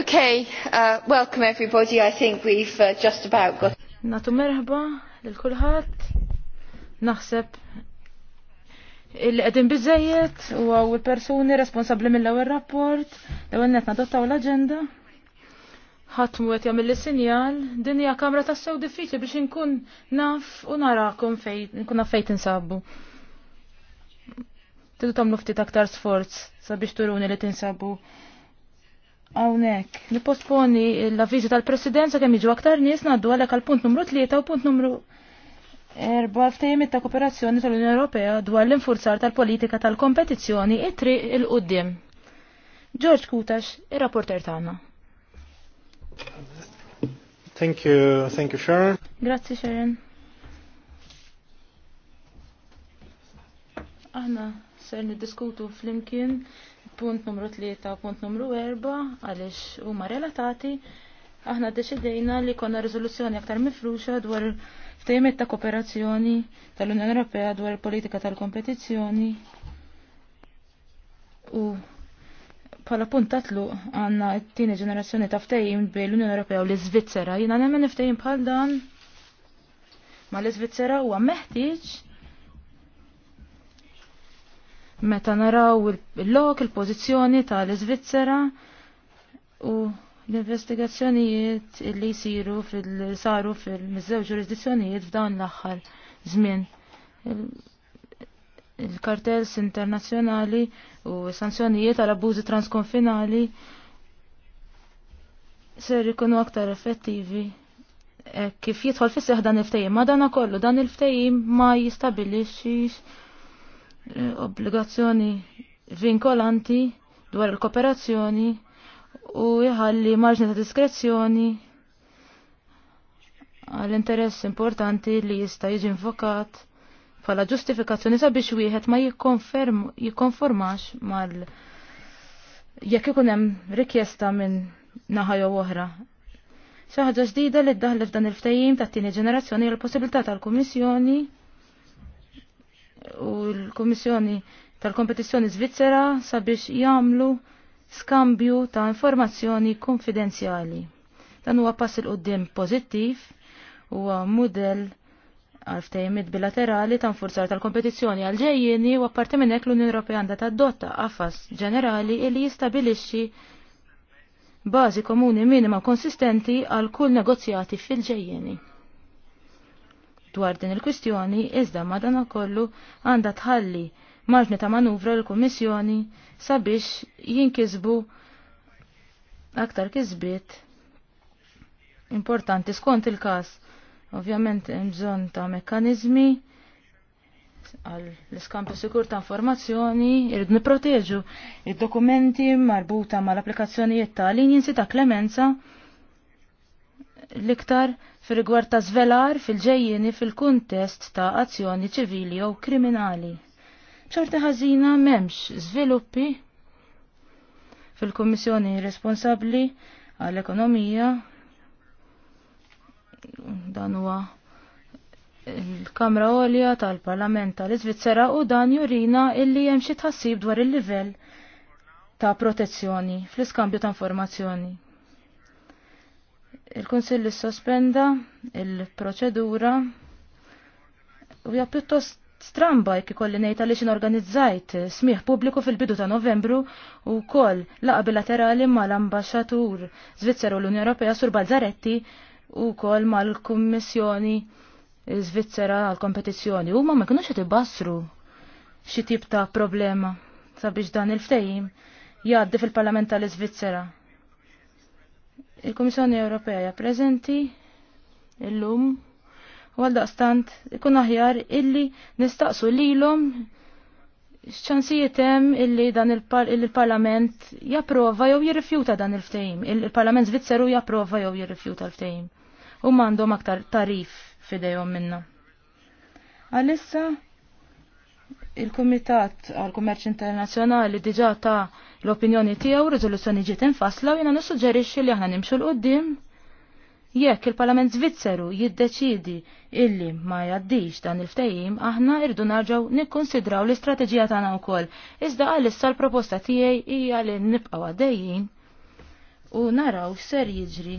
Okay, uh, welcome everybody. I think we've uh, just about got. Natu merħba lil kulħadd Naħseb il-qedin biżejjed u għaw persuni responsabbli mill ewwel rapport, l ewwel net nadottaw l aġenda ħatmu għet jamil sinjal din hija kamra tassew diffiċli biex inkun naf u narakom fejn, inkun naf fejn tinsabu. Tidu tamlu ftit aktar sforz sabiex turuni li tinsabu Hawnhekk nipposponi l-avvizi tal-presidenza kemm jiġu aktar nies ngħaddu għalek għal punt numru tlieta u punt numru erba' ftejmit ta' kooperazzjoni tal-Unjoni Ewropea dwar l-infurzar tal-politika tal-kompetizzjoni it-tri il qudiem George Kutax, ir-rapporter tagħna. Thank you, thank you Sharon. Grazzi Sharon. Aħna ser niddiskutu flimkien punt numru 3 u punt numru 4 għaliex huma relatati. Aħna deċidejna li konna riżoluzzjoni aktar mifruxa dwar ftejmet ta' kooperazzjoni tal-Unjoni Ewropea dwar politika tal-kompetizzjoni u bħala punt tatlu għanna t-tini ġenerazzjoni ta' ftejim bejn l-Unjoni Ewropea u l-Iżvizzera. Jina nemmen ftejim pal dan ma l-Iżvizzera huwa meħtieġ meta naraw il-lok, il-pozizjoni tal-Iżvizzera u l-investigazzjonijiet li jisiru fil-saru fil mizzew ġurisdizzjonijiet f'dawn l-aħħar żmien. Il-kartels internazzjonali u sanzjonijiet għal abbużi transkonfinali ser ikunu aktar effettivi eh, kif jidħol fis-seħ dan il-ftehim. Ma dan kollu dan il ftejim ma jistabilixx Eh, obbligazzjoni vinkolanti dwar il-kooperazzjoni u jħalli marġni ta' diskrezzjoni għall interess importanti li jista' jiġi invokat bħala ġustifikazzjoni sabiex wieħed ma jikkonformax mal jekk ikun hemm rikjesta minn naħa jew oħra. Xi ħaġa ġdida li ddaħlet f'dan il-ftehim tat-tieni ġenerazzjoni l possibilità tal-Kummissjoni u l-Kummissjoni tal-Kompetizzjoni Svizzera sabiex jagħmlu skambju ta' informazzjoni konfidenzjali. Dan huwa pass il qudiem pożittiv huwa mudell għal bilaterali ta' nfurzar tal-kompetizzjoni għal-ġejjini u apparti minn hekk l-Unjoni Ewropea għandha tadotta għafas ġenerali li jistabilixxi bażi komuni minima konsistenti għal kull negozjati fil-ġejjini dwar din il-kwistjoni iżda madanakollu għandha tħalli marġni ta' manuvra l-Kummissjoni sabiex jinkisbu aktar kisbiet importanti skont il-każ. Ovvjament hemm bżonn ta' mekkaniżmi għal l-iskampju sikur ta' informazzjoni, irrid niproteġu id-dokumenti marbuta mal-applikazzjonijiet ta' linjinsi ta' klemenza l-iktar fil-rigward ta' zvelar fil-ġejjini fil-kuntest ta' azzjoni ċivili jew kriminali. B'xorta ħażina m'hemmx żviluppi fil-Kummissjoni responsabbli għall-ekonomija dan huwa il-Kamra Olja tal-Parlament tal-Iżvizzera u dan jurina illi hemm xi tħassib dwar il-livell ta' protezzjoni fl-iskambju ta' informazzjoni il-Konsill sospenda il-proċedura u ja pjuttost stramba jek ikolli ngħid għaliex inorganizzajt smiħ pubbliku fil-bidu ta' Novembru u wkoll laqa bilaterali mal-ambaxxatur u l-Unjoni Ewropea Sur Balzaretti u wkoll mal-Kummissjoni Zvizzera għal kompetizzjoni huma ma kinux qed ibassru xi tip ta' problema sabiex dan il-ftehim jgħaddi fil-Parlament tal-Iżvizzera. Il-Komissjoni Ewropea ja preżenti illum u għaldaqstant ikun aħjar illi nistaqsu lilhom x'ċansijiet hemm illi dan il-Parlament japprova jew jirrifjuta dan il-ftehim. Il-Parlament Zvizzeru japprova jew jirrifjuta l-ftehim. U m'għandhom aktar tarif fidejhom minna. Għalissa il-Kumitat għal kummerċ Internazzjonali diġà ta' l-opinjoni tiegħu riżoluzzjoni ġiet infasla u jiena nissuġġerixxi li aħna nimxu l-qudiem jekk il-Parlament Zvizzeru jiddeċidi illi ma jgħaddix dan il-ftehim aħna irdu narġaw nikkonsidraw l-istrateġija tagħna wkoll. Iżda għalissa l-proposta tiegħi hija li nibqgħu għaddejjin u naraw ser jiġri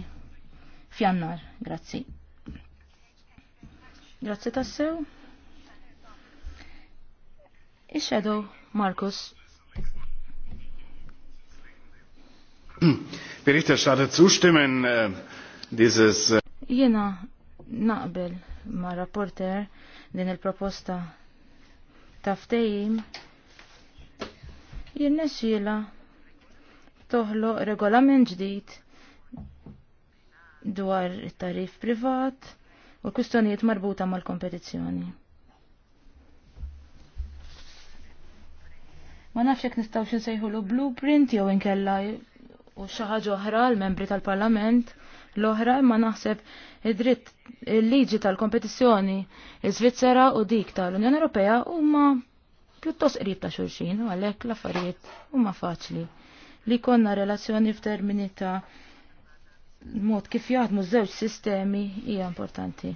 f'jannar. Grazzi. Grazzi tassew. Ix-shadow Markus. Berichterstatter zustimmen äh, dieses äh, Jena naqbel ma' rapporter din il-proposta ta' ftehim xila toħloq regolament ġdid dwar it-tarif privat u kwistjonijiet marbuta mal-kompetizzjoni. Ma nafx jekk nistgħu nsejħulu blueprint jew inkella u xi ħaġa oħra l-membri tal-Parlament l-oħra imma naħseb id-dritt il-liġi tal-kompetizzjoni Svizzera u dik tal-Unjoni Ewropea huma pjuttost qrib ta' xulxin u għalhekk l-affarijiet huma faċli li konna relazzjoni f'termini ta' mod kif jaħdmu żewġ sistemi hija importanti.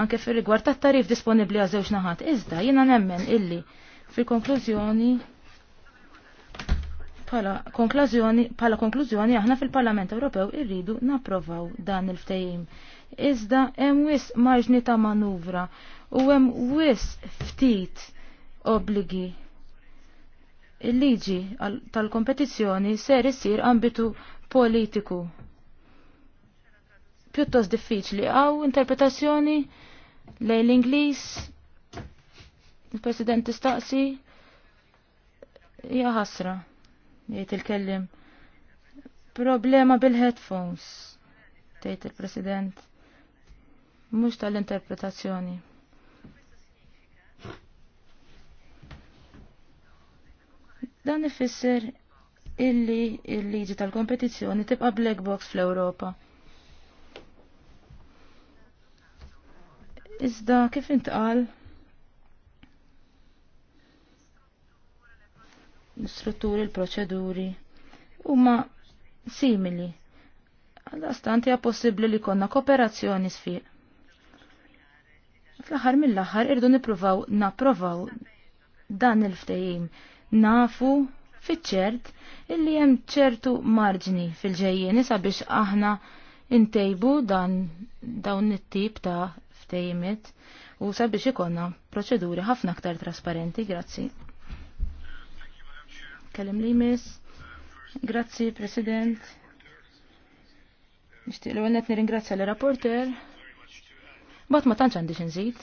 Anke fir rigward tat-tarif disponibbli għal żewġ naħat, iżda jiena nemmen illi fil-konklużjoni Pala konklużjoni, pala konklużjoni aħna fil-Parlament Ewropew irridu napprovaw dan il-ftehim. Iżda hemm wis marġni ta' manuvra u hemm wis ftit obligi. Il-liġi tal-kompetizzjoni ser isir ambitu politiku. Pjuttost diffiċli għaw interpretazzjoni lej l-Ingliż. Il-President tistaqsi hija ħasra jgħid il-kellim. Problema bil-headphones, tgħid il-President. Mhux tal-interpretazzjoni. Dan ifisser illi il-liġi tal-kompetizzjoni tibqa' black box fl-Ewropa. Iżda kif intqal l-istrutturi, l-proċeduri huma simili. Għal-astant possibbli li konna kooperazzjoni sfiq. Fl-aħħar mill-aħħar irdu nippruvaw napprovaw dan il-ftehim nafu fiċ-ċert illi hemm ċertu marġni fil ġejjien sabiex aħna intejbu dan dawn it-tip ta' ftejimet u sabiex ikonna proċeduri ħafna aktar trasparenti, grazzi nitkellem kellim li jmiss. Grazzi, President. Nishtiq li għennet nir-ingrazzja l-rapporter. Bat ma tanċ għandix nżid.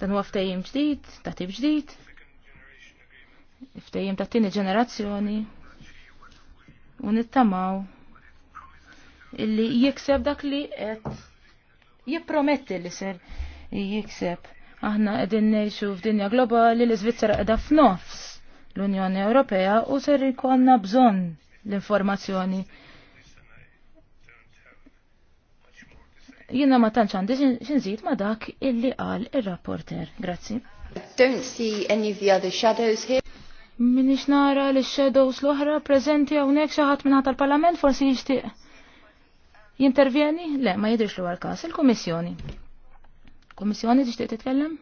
Dan huwa għaftajim ġdid, tatib ġdid. Iftajim ta' tieni ġenerazzjoni. U nittamaw illi jikseb dak li qed jipprometti li ser jikseb. Aħna qegħdin ngħixu f'dinja globali li l-Iżvizzera qiegħda f'nofs l-Unjoni Ewropea u ser ikonna bżonn l-informazzjoni. Jiena ma tantx għandi xinżid ma dak illi qal ir-rapporter. Grazzi. Don't see any of the other shadows here. Minix nara li shadows l-oħra preżenti hawnhekk xi ħadd minn tal-Parlament forsi jixtieq. Jintervjeni? Le, ma jidrix l-għal kas. Il-Komissjoni. Komissjoni tixtieq titkellem?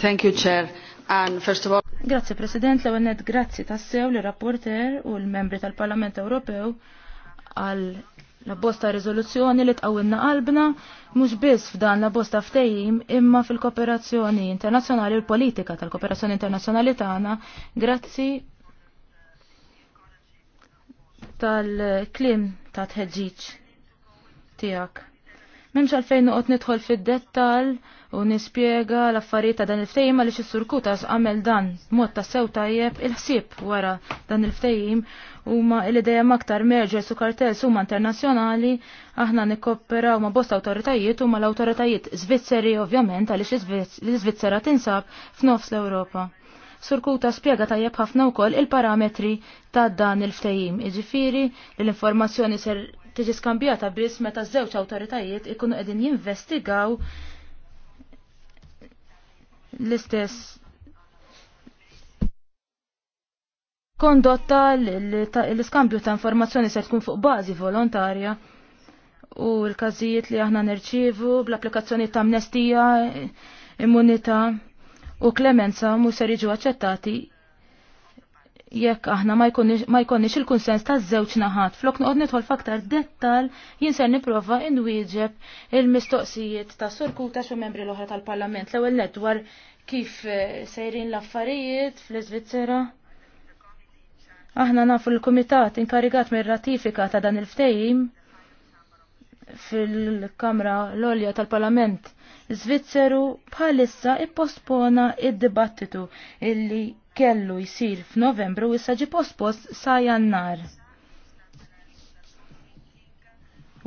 Thank you, Chair. And first of all... Grazie, President. L-ewel grazzi tassew li rapporter u l-membri tal-Parlament Ewropew għal la bosta rezoluzzjoni li tqawilna qalbna mhux biss f'dan la bosta ftehim imma fil-kooperazzjoni internazzjonali u l-politika tal-kooperazzjoni internazzjonali tagħna grazzi tal-klim ta' tħeġġiġ tiegħek. Memx għalfejn nuqot nidħol fid-dettal u nispjega l-affarijiet ta' dan il-ftejim għaliex is-surkutas għamel dan mod ta' sew tajjeb il-ħsieb wara dan il-ftejim huma li dejjem aktar mergers su kartels suma internazzjonali aħna nikkooperaw ma' bost awtoritajiet u ma' l-awtoritajiet Zvizzeri ovvjament għaliex l zvizzera tinsab f'nofs l-Ewropa. Surkuta spiega tajjeb ħafna wkoll il-parametri ta' dan il-ftejim, iġifiri l-informazzjoni ser tiġi skambjata biss meta żewġ awtoritajiet ikunu qegħdin jinvestigaw l-istess kondotta l-iskambju ta' informazzjoni se tkun fuq bażi volontarja u l-każijiet li aħna nirċievu bl-applikazzjoni ta' amnestija, immunità u klemenza mhux ser jiġu aċċettati jekk aħna ma jkonniex il-kunsens ta' żewġ naħat. Flok noqod nidħol f'aktar dettal jien ser nipprova inwieġeb il-mistoqsijiet ta' surkuta xi membri l-oħra tal-Parlament l-ewwel dwar kif eh, sejrin l-affarijiet fl-Iżvizzera. Aħna nafu l-Kumitat inkarigat mir-ratifika ta' dan il-ftehim fil-Kamra l-Olja tal-Parlament Zvizzeru bħalissa ippospona id-dibattitu illi kellu jisir f'Novembru issa ġi pospost sa jannar.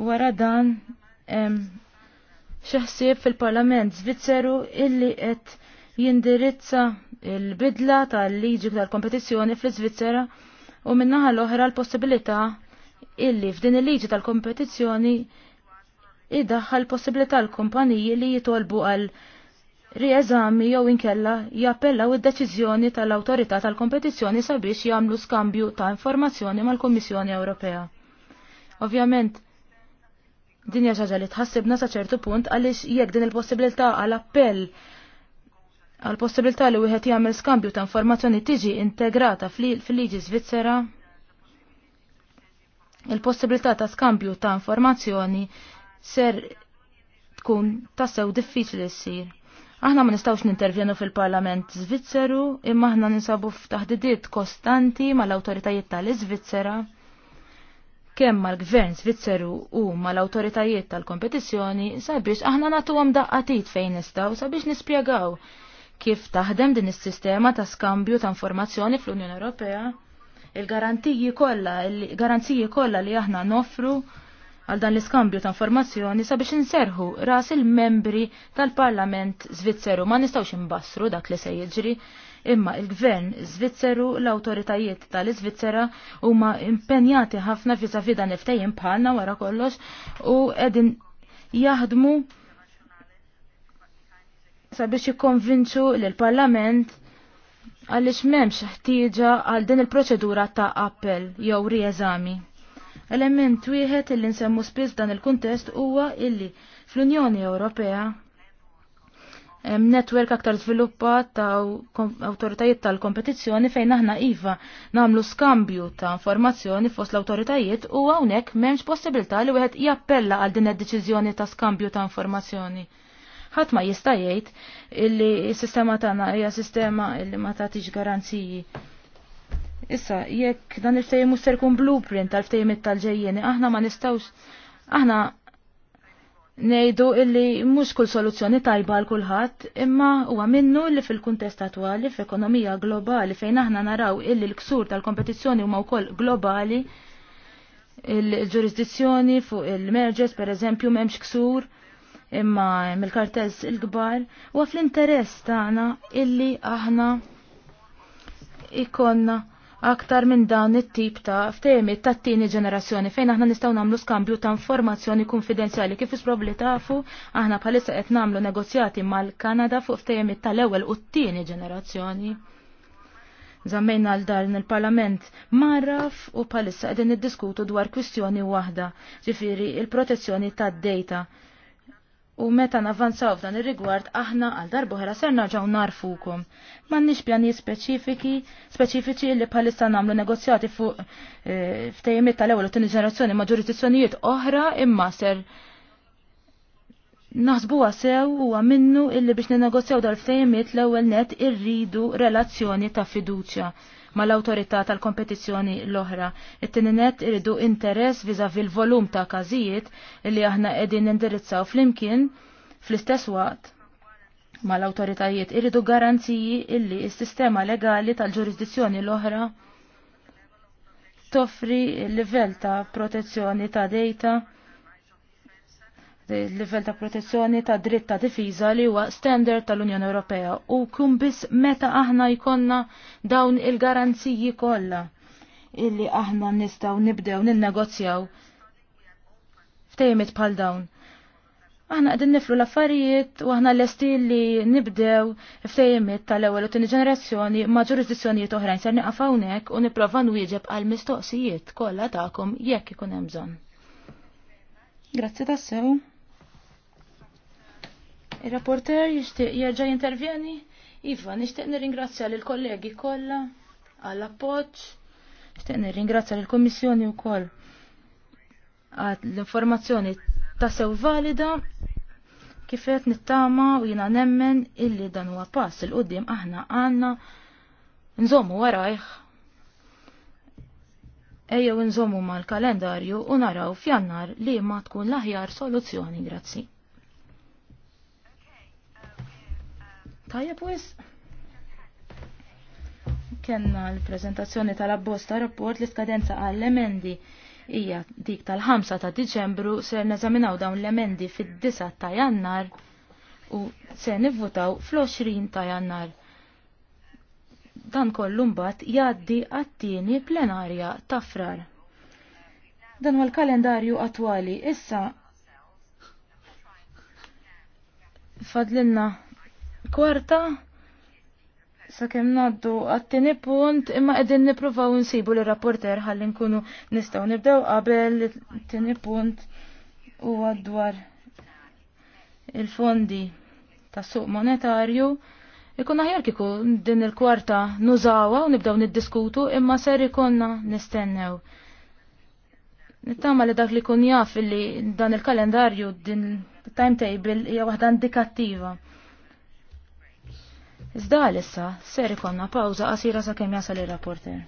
Wara dan xeħsib fil-Parlament Zvizzeru illi qed jindirizza il-bidla tal-liġi tal-kompetizzjoni fl iżvizzera u minnaħa l-oħra l-possibilità illi f'din il-liġi tal-kompetizzjoni idaħħal possibilità l-kumpaniji li jitolbu għal rieżami jew inkella jappellaw id-deċiżjoni tal-Awtorità tal-Kompetizzjoni sabiex jagħmlu skambju ta' informazzjoni mal-Kummissjoni Ewropea. Ovvjament, din hija li tħassibna sa ċertu punt għaliex jekk din il-possibilità għal appell għal possibilità li wieħed jagħmel skambju ta' informazzjoni tiġi integrata fil-liġi Svizzera, il-possibilità ta' skambju ta' informazzjoni ser tkun tassew diffiċli ssir. Aħna ma nistawx nintervjenu fil-Parlament Zvizzeru imma aħna ninsabu f'taħdidiet kostanti mal-awtoritajiet tal-Iżvizzera kemm mal-Gvern Zvizzeru u mal-awtoritajiet tal-kompetizzjoni sabiex aħna nagħtuhom daqqatit fejn nistgħu sabiex nispjegaw kif taħdem din is-sistema ta' skambju ta' informazzjoni fl-Unjoni Ewropea il-garantiji kollha il-garanziji kollha li aħna noffru għal dan l-iskambju ta' informazzjoni sabiex inserħu ras il-membri tal-Parlament Zvizzeru. Ma nistawx imbassru dak li se jiġri, imma il-Gvern Zvizzeru l-autoritajiet tal-Iżvizzera huma impenjati ħafna fisa fidan il-ftejjin bħalna wara kollox u edin jaħdmu sabiex jikkonvinċu l-Parlament għaliex memx ħtieġa għal din il-proċedura ta' appell jew rieżami. Element wieħed illi nsemmu spiss dan il-kuntest huwa illi fl-Unjoni Ewropea hemm netwerk aktar żviluppat ta' awtoritajiet tal-kompetizzjoni fejn aħna iva nagħmlu skambju ta' informazzjoni fost l-awtoritajiet u hawnhekk m'hemmx possibilità li wieħed jappella għal din id-deċiżjoni ta' skambju ta' informazzjoni. Ħadd ma jista' jgħid illi s-sistema tagħna hija sistema illi ma tagħtix garanziji Issa, jekk dan il-ftejim muster kun blueprint tal-ftejim tal-ġejjeni, aħna ma nistawx, aħna nejdu illi mhux kull soluzzjoni tajba għal kulħadd, imma huwa minnu li fil-kuntest attwali f'ekonomija globali fejn aħna naraw illi l-ksur tal-kompetizzjoni huma wkoll globali, il-ġurisdizzjoni fuq il-mergers pereżempju m'hemmx ksur imma mill kartez il-kbar, huwa fl-interess tagħna illi aħna ikonna aktar minn dan it-tip ta' ftemi ta' t-tieni ġenerazzjoni fejn aħna nistgħu nagħmlu skambju ta' informazzjoni konfidenzjali kif isprob li tafu aħna bħalissa qed nagħmlu negozjati mal-Kanada fuq ftehimiet tal-ewwel u t-tieni ġenerazzjoni. Zammejna għal dan il-Parlament marraf u bħalissa qegħdin niddiskutu dwar kwistjoni waħda, ġifieri il-protezzjoni tad-dejta U meta navanzaw f'dan ir-rigward aħna għal darbohra ser narġaw narfukom. M'għandniex pjani speċifiki, speċifiċi li bħalissa nagħmlu negozjati fuq eh, f'tejmiet tal-ewwel u tieni ġenerazzjoni ma' ġurisdizzjonijiet oħra imma ser naħsbuha sew huwa minnu illi biex ninegozjaw dal ftejmiet l-ewwel net irridu relazzjoni ta' fiduċja mal-autorità tal-kompetizzjoni l-oħra. It-tininet irridu interess viżavi l-volum ta' każijiet li aħna qegħdin nindirizzaw flimkien fl-istess waqt mal-autoritajiet irridu garanziji illi s-sistema legali tal-ġurisdizzjoni l-oħra toffri il-livell ta' protezzjoni ta' data il-livell ta' protezzjoni ta' dritt ta' difiża li huwa standard tal-Unjoni Ewropea u kun biss meta aħna jkonna dawn il-garanziji kollha illi aħna nistgħu nibdew ninnegozjaw ftejmit bħal dawn. Aħna qegħdin niflu l-affarijiet u aħna lesti li nibdew ftejmit tal-ewwel u tieni ġenerazzjoni ma' ġurisdizzjonijiet oħrajn ser nieqaf hawnhekk u nipprova nwieġeb għal mistoqsijiet kollha tagħkom jekk ikun hemm bżonn. Grazzi tassew. Il-rapporter jishtiq jerġa' jintervjeni? Iva, nixtieq nirringrazzja l kollegi kollha għall appoġġ nixtieq nirringrazzja l-komissjoni wkoll koll l-informazzjoni ta' sew valida kifet nittama u jina nemmen illi dan huwa pass il-qudiem aħna għandna nżommu warajh ejjew nżommu mal-kalendarju u naraw f'jannar li ma tkun l-aħjar soluzzjoni grazzi. Tajja pues. Kenna l-prezentazzjoni tal ta' rapport li skadenza għall-emendi hija dik tal-5 ta' Diċembru se neżaminaw dawn l-emendi fid-9 ta' Jannar u se nivvutaw fl-20 ta' Jannar. Dan kollu mbagħad jgħaddi għat-tieni plenarja ta' frar dan huwa l-kalendarju attwali. Issa fadlilna il-kwarta sakemm naddu għat-tieni punt imma qegħdin nippruvaw nsibu li rapporter ħalli nkunu nistgħu nibdew qabel it-tieni punt huwa dwar il-fondi tas-suq monetarju ikun aħjar kiku din il-kwarta nużawa u nibdew niddiskutu imma ser ikonna nistennew. Nittama li dak li kun jaf li dan il-kalendarju din timetable hija waħda indikattiva. Iżda għalissa ser ikonna pawża qasira sakemm jasal ir-rapporter.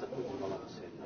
Jesu.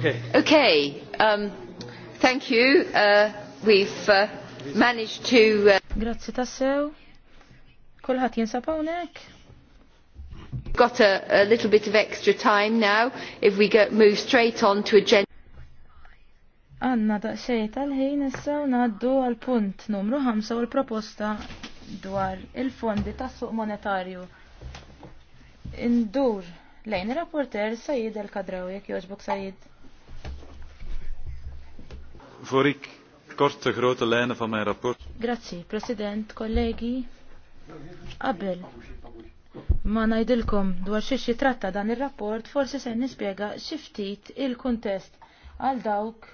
Okay. Okay. Um, thank you. Uh, we've uh, managed to... Uh, Grazie tassew. Kolħat jinsab hawnhekk. Got a, a little bit of extra time now if we go, move straight on to agenda. Anna daqxej l ħin issa naddu għal punt numru 5 u l-proposta dwar il-fondi tas suq monetarju. Indur lejn ir rapporter Sajid El-Kadrawi, kjoġbuk joġbok Sajid. Voor grote lijnen van mijn rapport. Grazie, president, colleghi. Abel, ma najdilkom dwar xiex jitratta dan il-rapport, forsi se nispiega xiftit il-kontest għal dawk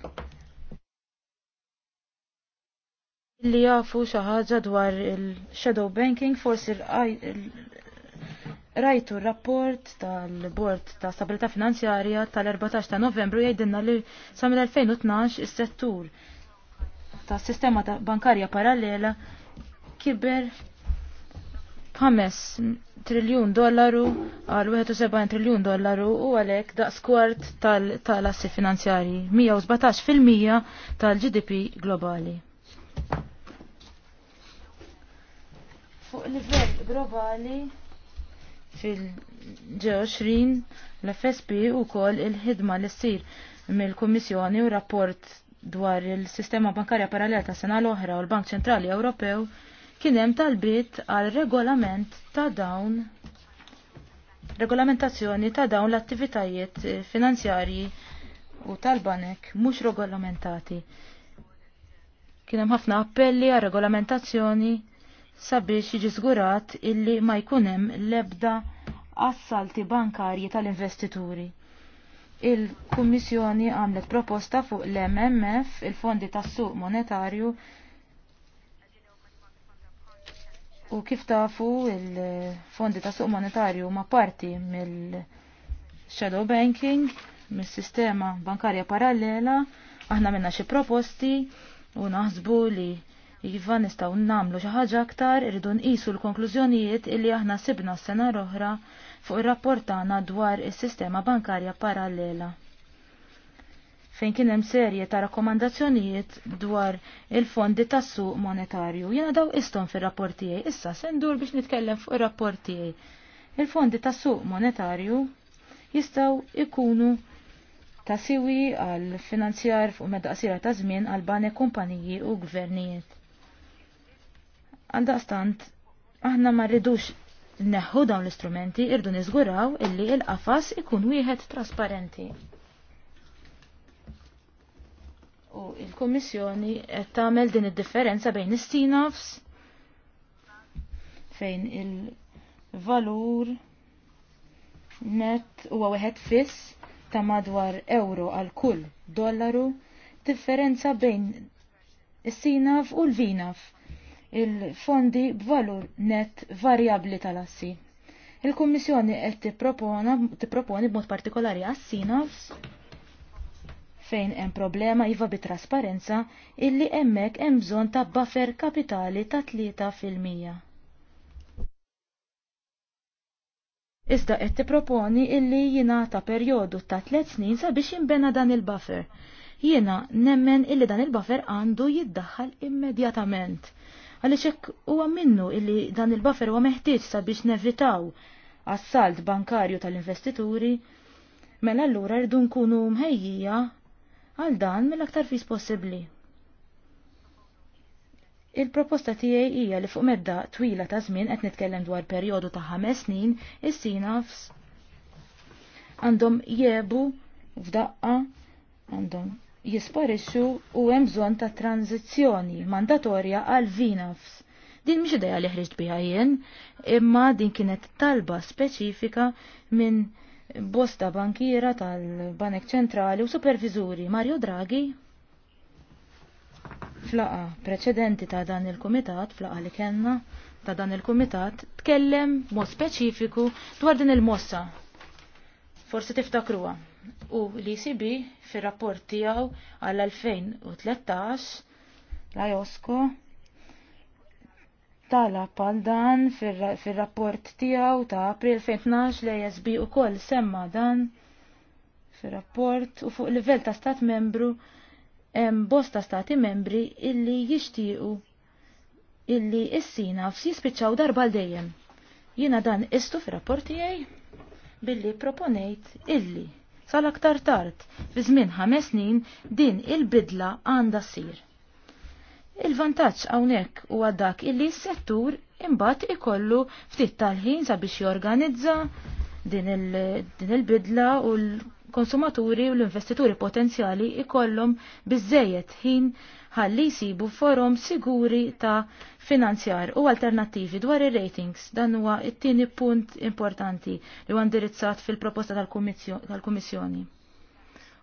li jafu xaħġa dwar il-shadow banking, forsi il rajtu r-rapport tal-Bord ta' Stabilità Finanzjarja tal-14 ta' Novembru jgħidilna li sa mill-2012 is-settur ta' sistema ta' bankarja parallela kiber ħames triljun dollaru għal 71 triljun dollaru u għalek da' skwart tal-assi tal finanzjari 117% tal-GDP globali. Fuq livell globali fil-20 l fsp u kol il-ħidma li ssir mill-Kummissjoni u rapport dwar il-sistema bankarja parallel ta' sena l-oħra u l-Bank Ċentrali Ewropew kien hemm talbiet għal regolament ta' dawn regolamentazzjoni ta' dawn l-attivitajiet finanzjarji u tal-banek mhux regolamentati. Kien hemm ħafna appelli għal regolamentazzjoni sabiex jiġi żgurat illi ma jkun hemm l-ebda assalti bankarji tal-investituri. Il-Kummissjoni għamlet proposta fuq l-MMF, il-Fondi tas-Suq Monetarju, u kif tafu il-Fondi tas-Suq Monetarju ma parti mill-Shadow Banking, mill-sistema bankarja parallela, aħna minna xi proposti u naħsbu li Iva nistgħu nagħmlu xi ħaġa aktar irridu nqisu l-konklużjonijiet illi aħna sibna s-sena l-oħra fuq ir-rapport dwar is-sistema bankarja parallela fejn kien hemm serje ta' rakkomandazzjonijiet dwar il-fondi tas-suq monetarju. Jiena daw istom fir-rapport tiegħi. Issa se ndur biex nitkellem fuq ir-rapport tiegħi. Il-fondi tas-suq monetarju jistgħu ikunu ta' siwi għal finanzjar fuq medaqsira ta' żmien għal banek kumpaniji u gvernijiet. Għandaqstant, aħna ma rridux neħħu dawn l-istrumenti irdu niżguraw illi il-qafas ikun wieħed trasparenti. U il-Kummissjoni qed tagħmel din id-differenza bejn is-sinofs fejn il-valur net huwa wieħed fiss ta' madwar euro għal kull dollaru differenza bejn is-sinaf u l-vinaf il-fondi b'valur net varjabli tal-assi. Il-Kummissjoni qed tipproponi b'mod partikolari għas-sinafs fejn hemm problema iva bi trasparenza illi hemmhekk hemm bżonn ta' buffer kapitali ta' tlieta fil-mija. Iżda qed tipproponi illi jingħata perjodu ta' tliet snin sabiex jinbena dan il-buffer. Jiena nemmen illi dan il-buffer għandu jiddaħħal immedjatament. Għaliex hekk huwa minnu illi dan il-buffer huwa meħtieġ sabiex nevitaw assalt bankarju tal-investituri, mela allura rridu nkunu mħejjija għal dan mill-aktar fis possibbli. Il-proposta tiegħi hija li fuq medda twila ta' żmien qed nitkellem dwar perjodu ta' ħames snin, is-sinafs għandhom jebu f'daqqa għandhom jisparixxu u hemm bżonn ta' tranzizzjoni mandatorja għal vinafs. Din mhix idea li ħriġt biha jien, imma din kienet talba speċifika minn bosta bankiera tal-Banek Ċentrali u Supervizuri Mario Draghi flaqa preċedenti ta' dan il-kumitat, flaqa li kellna ta' dan il-kumitat, tkellem mod speċifiku dwar din il-mossa. Forsi tiftakruha u l-ECB fir rapport tiegħu għall-2013 la Josko talab għal dan fir rapport tiegħu ta' April 2012 l ASB ukoll semma dan fir rapport u fuq livell ta' stat membru hemm bosta stati membri illi jixtiequ illi issina f'sispiċċaw darba l dejjem. Jiena dan istu fir rapport tiegħi billi proponejt illi sal-aktar tard, fi żmien ħames snin din il-bidla għandha ssir. Il-vantaġġ hawnhekk huwa dak illi s-settur imbagħad ikollu ftit tal-ħin sabiex jorganizza din il-bidla il u l-konsumaturi u l-investituri potenzjali ikollum bizzejet ħin ħalli jsibu forum siguri ta' finanzjar u alternattivi dwar ir-ratings. Dan huwa it-tieni punt importanti li huwa indirizzat fil-proposta tal-Kummissjoni.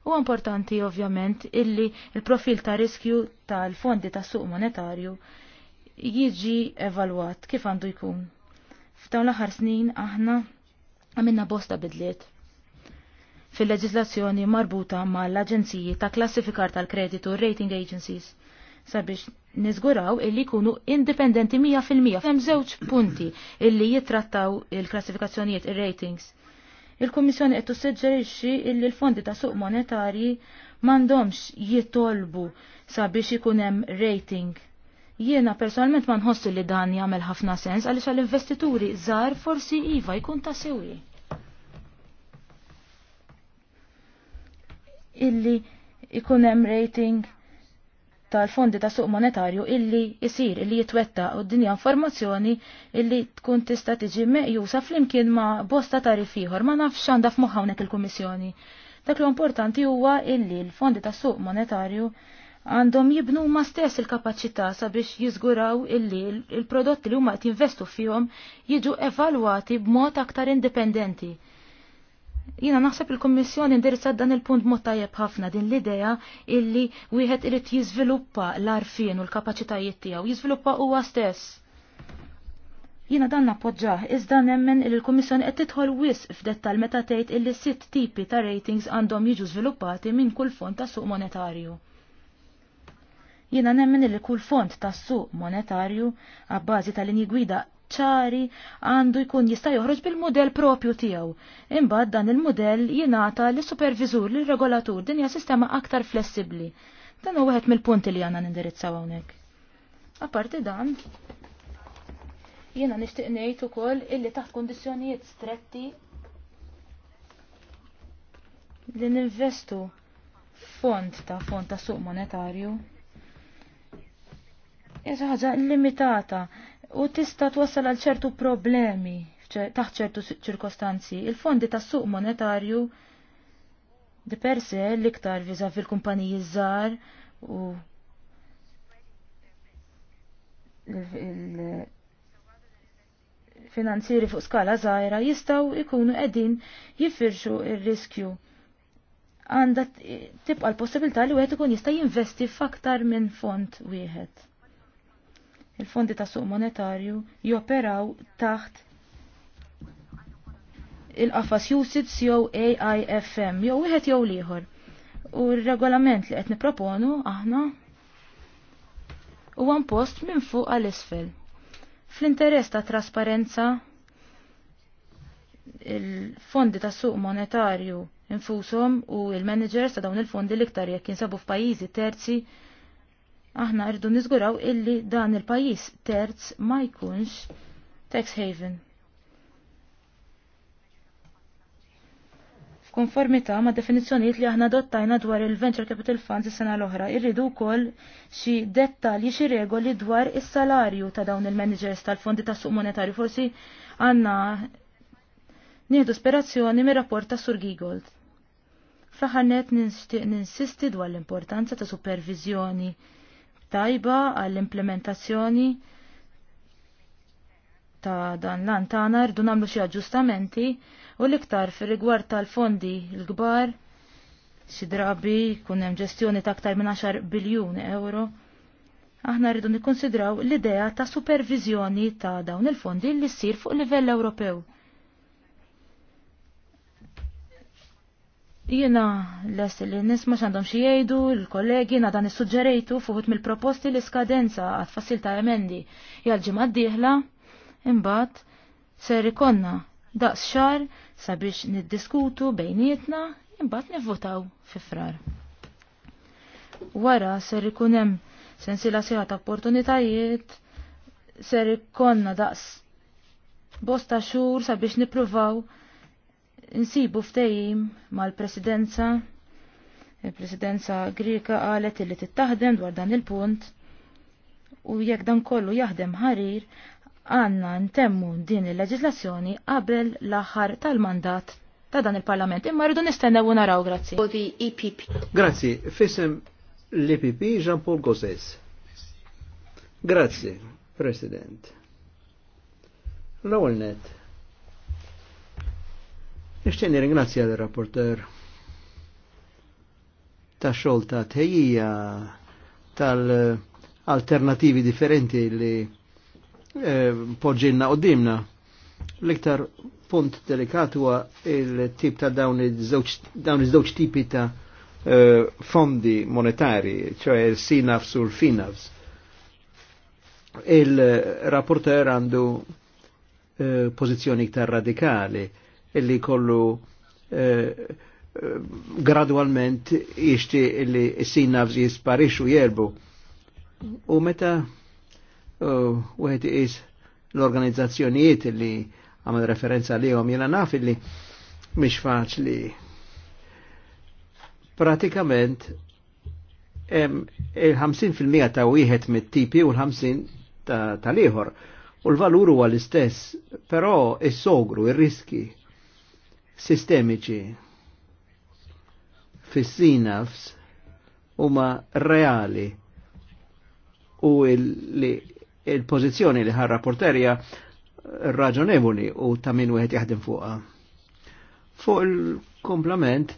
U importanti ovvjament illi il-profil ta' riskju tal-fondi ta' suq monetarju jiġi evalwat kif għandu jkun. F'dawn l-aħħar snin aħna għamilna bosta bidliet fil-leġislazzjoni marbuta mal-Aġenziji ta' klassifikar tal-kreditu rating agencies sabiex nizguraw illi kunu indipendenti 100%. Hemm żewġ punti illi jitrattaw il-klassifikazzjonijiet ir-ratings. Il klassifikazzjonijiet ir ratings il kommissjoni kummissjoni qed tissuġġerixxi illi l-fondi ta' suq monetarji m'għandhomx jitolbu sabiex ikun hemm rating. Jiena personalment ma nħossu li dan jagħmel ħafna sens għaliex għall-investituri żgħar forsi iva jkun ta' sewi. illi ikun hemm rating tal-fondi ta' suq monetarju illi jisir illi jitwetta u dinja informazzjoni illi tkun tista' tiġi meqjusa flimkien ma' bosta tarif ieħor ma nafx għandha f'moħħa hawnhekk il-Kummissjoni. Dak li importanti huwa illi l-fondi ta' suq monetarju għandhom jibnu ma stess il-kapaċità sabiex jiżguraw illi l-prodotti li huma qed jinvestu fihom jiġu evalwati b'mod aktar indipendenti Jina naħseb il-Kommissjoni indirizzat dan il-punt mod tajjeb ħafna din l-idea illi wieħed irid jiżviluppa l-arfien u l-kapaċitajiet tiegħu, jiżviluppa huwa stess. Jina dan nappoġġah, iżda nemmen il l-Kummissjoni qed tidħol wisq f'dettal meta tgħid illi sitt tipi ta' ratings għandhom jiġu żviluppati minn kull fond ta' suq monetarju. Jina nemmen il kull fond ta' suq monetarju għabbażi tal-linji gwida ċari għandu jkun jista' joħroġ bil-mudell propju tiegħu. Imbagħad dan il-mudell jingħata lis superviżur lir regolatur din hija sistema aktar flessibbli. Dan huwa wieħed mill-punti li għandna nindirizzaw hawnhekk. Apparti dan, jiena nixtieq ngħid ukoll illi taħt kundizzjonijiet stretti li ninvestu fond ta' fond ta' suq monetarju. Ija ħaġa limitata u tista' twassal għal ċertu problemi taħt ċertu ċirkostanzi. Il-fondi tas suq monetarju di per se l-iktar viza fil-kumpaniji żgħar u l-finanzieri fuq skala żgħira jistgħu jkunu qegħdin jiffirxu il riskju għandha tibqa' l-possibilità li wieħed ikun jista' jinvesti f'aktar minn fond wieħed il-fondi ta' suq monetarju joperaw taħt il-qafas usage jew AIFM jew wieħed jew lieħor. U r-regolament li qed niproponu aħna huwa impost minn fuq għal isfel. Fl-interess ta' trasparenza il-fondi ta' suq monetarju infushom u il-managers ta' dawn il-fondi l-iktar jekk jinsabu f'pajjiżi terzi Aħna rridu niżguraw illi dan il-pajjiż terz ma jkunx tax haven. F'konformità ma' definizzjonijiet li aħna dottajna dwar il-Venture Capital Funds is-sena l-oħra, irridu wkoll xi dettalji xi regoli dwar is-salarju ta' dawn il-managers tal-fondi tas-suq monetarju forsi għandna nieħdu sperazzjoni mir-rapport ta' Sur Gigold. Fl-aħħar net ninsisti dwar l-importanza ta' supervizjoni tajba għall-implementazzjoni ta' dan l-antana rridu nagħmlu xi aġġustamenti u l-iktar fir-rigward tal-fondi l-kbar xi drabi jkun hemm ġestjoni ta' aktar minn 10 biljun euro. Aħna rridu nikkonsidraw l-idea ta' supervizjoni ta' dawn il-fondi li ssir fuq livell Ewropew. Jiena lest li nisma xandom xi jgħidu l-kollegi na dan sugġerejtu fuħut mill-proposti li skadenza għad-fasil ta' emendi jgħal ġimgħa d-dieħla imbagħad ser ikonna daqs xar sabiex niddiskutu bejnietna imbagħad nivvotaw fi frar. Wara ser ikun hemm sensila siħat opportunitajiet ser ikonna daqs bosta xhur sabiex nippruvaw Insibu ftejim mal-presidenza, il-presidenza Grika qalet illi tittaħdem dwar dan il-punt u jekk dan kollu jaħdem ħarir għanna ntemmu din il-leġislazzjoni qabel l-aħħar tal-mandat ta' dan il-parlament. Imma rridu nistennew naraw, grazzi. E grazzi, fisem l-EPP Jean-Paul Gosses. Grazzi, President. L-ewwel net Nishtieni ringrazzja l-rapporter ta' xogħol ta' tejjija tal-alternativi differenti li eh, poġġilna qoddimna. L-iktar punt delikat huwa il-tip ta' dawn iż-żewġ tipi ta' eh, fondi monetari, ċoħe il-sinafs u l-finafs. Il-rapporter għandu eh, pozizjoni iktar radikali illi kollu eh, eh, gradualment jishti illi s-sinavs jisparixu jerbu. U meta u eh, għet is l-organizzazzjonijiet illi għamil referenza li għom jena naf illi mish faċli. Pratikament il-50% ta' wieħed mit-tipi u l-50 ta' liħor. U l valuru għal l-istess, però il sogru il riski sistemiċi fis-sinafs huma reali u il-pożizzjoni li ħar rapporterja raġonevoli u ta' min wieħed jaħdem fuqha. Fuq il-komplement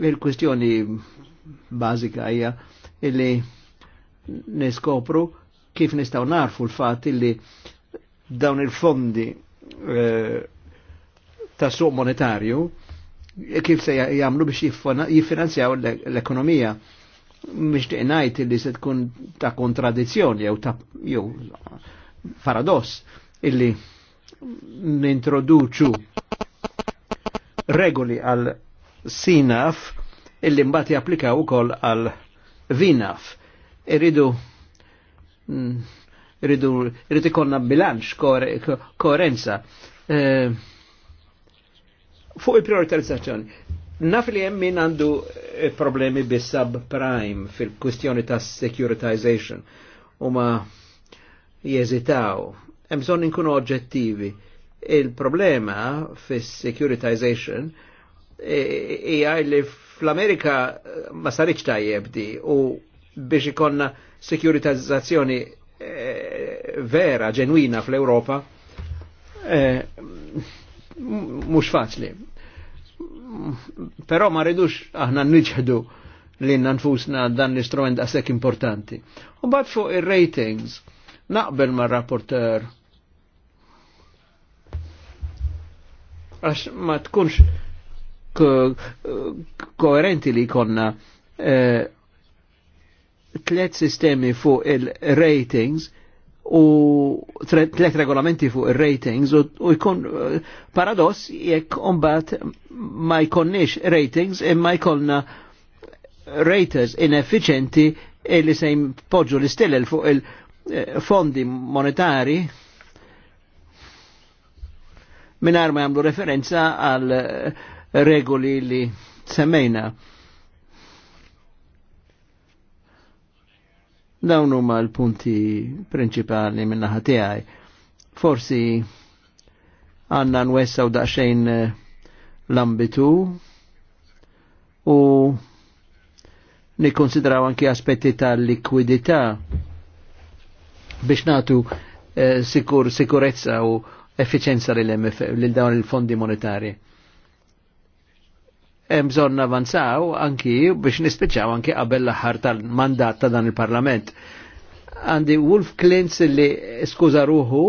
il-kwistjoni bażika hija illi niskopru kif nistgħu narfu l-fatt illi dawn il-fondi eh, ta' suq monetarju kif se jagħmlu biex jiffinanzjaw l-ekonomija mhix ngħid li se tkun ta' kontradizzjoni jew ta' jew paradoss illi nintroduċu regoli għal sinaf illi mbagħad japplikaw ukoll għal vinaf. Iridu mm, iridu ikollna bilanċ koerenza. Kore, eh, fuq il-prioritizzazzjoni. Naf li hemm min għandu eh, problemi bis subprime fil-kwistjoni ta' securitization u ma jeżitaw. Hemm bżonn inkunu oġġettivi. Il-problema fis securitization eh, hija li fl-Amerika eh, ma saritx tajjeb di u biex ikonna sekuritizzazzjoni e, vera, ġenwina fl-Europa, mux faċli. Però ma rridux aħna nġħdu li nfusna dan l-istrument għasek importanti. U bat fuq ir-ratings, naqbel ma' rapporter. Għax ma tkunx koherenti li konna eh, tlet sistemi fuq il-ratings u tlet regolamenti fuq ir-ratings u jkun eh, paradoss jekk umbat ma jkonniex ratings imma jkollna raters inefficienti e li se jpoġġu l-istilel fuq il-fondi eh, monetari minar ma jagħmlu referenza għal eh, regoli li semmejna. Dawn huma l-punti prinċipali minn naħa tiegħi. Forsi għandna nwessaw daqsxejn eh, l-ambitu u nikkonsidraw anki aspetti tal-likwidità biex natu eh, sikur, sikurezza u effiċenza lil dawn il-fondi monetari hemm bżonn avanzaw anki biex nispiċċaw anki qabel l-aħħar tal-mandat ta' dan il-Parlament. Għandi Wolf Klintz li skuża ruħu,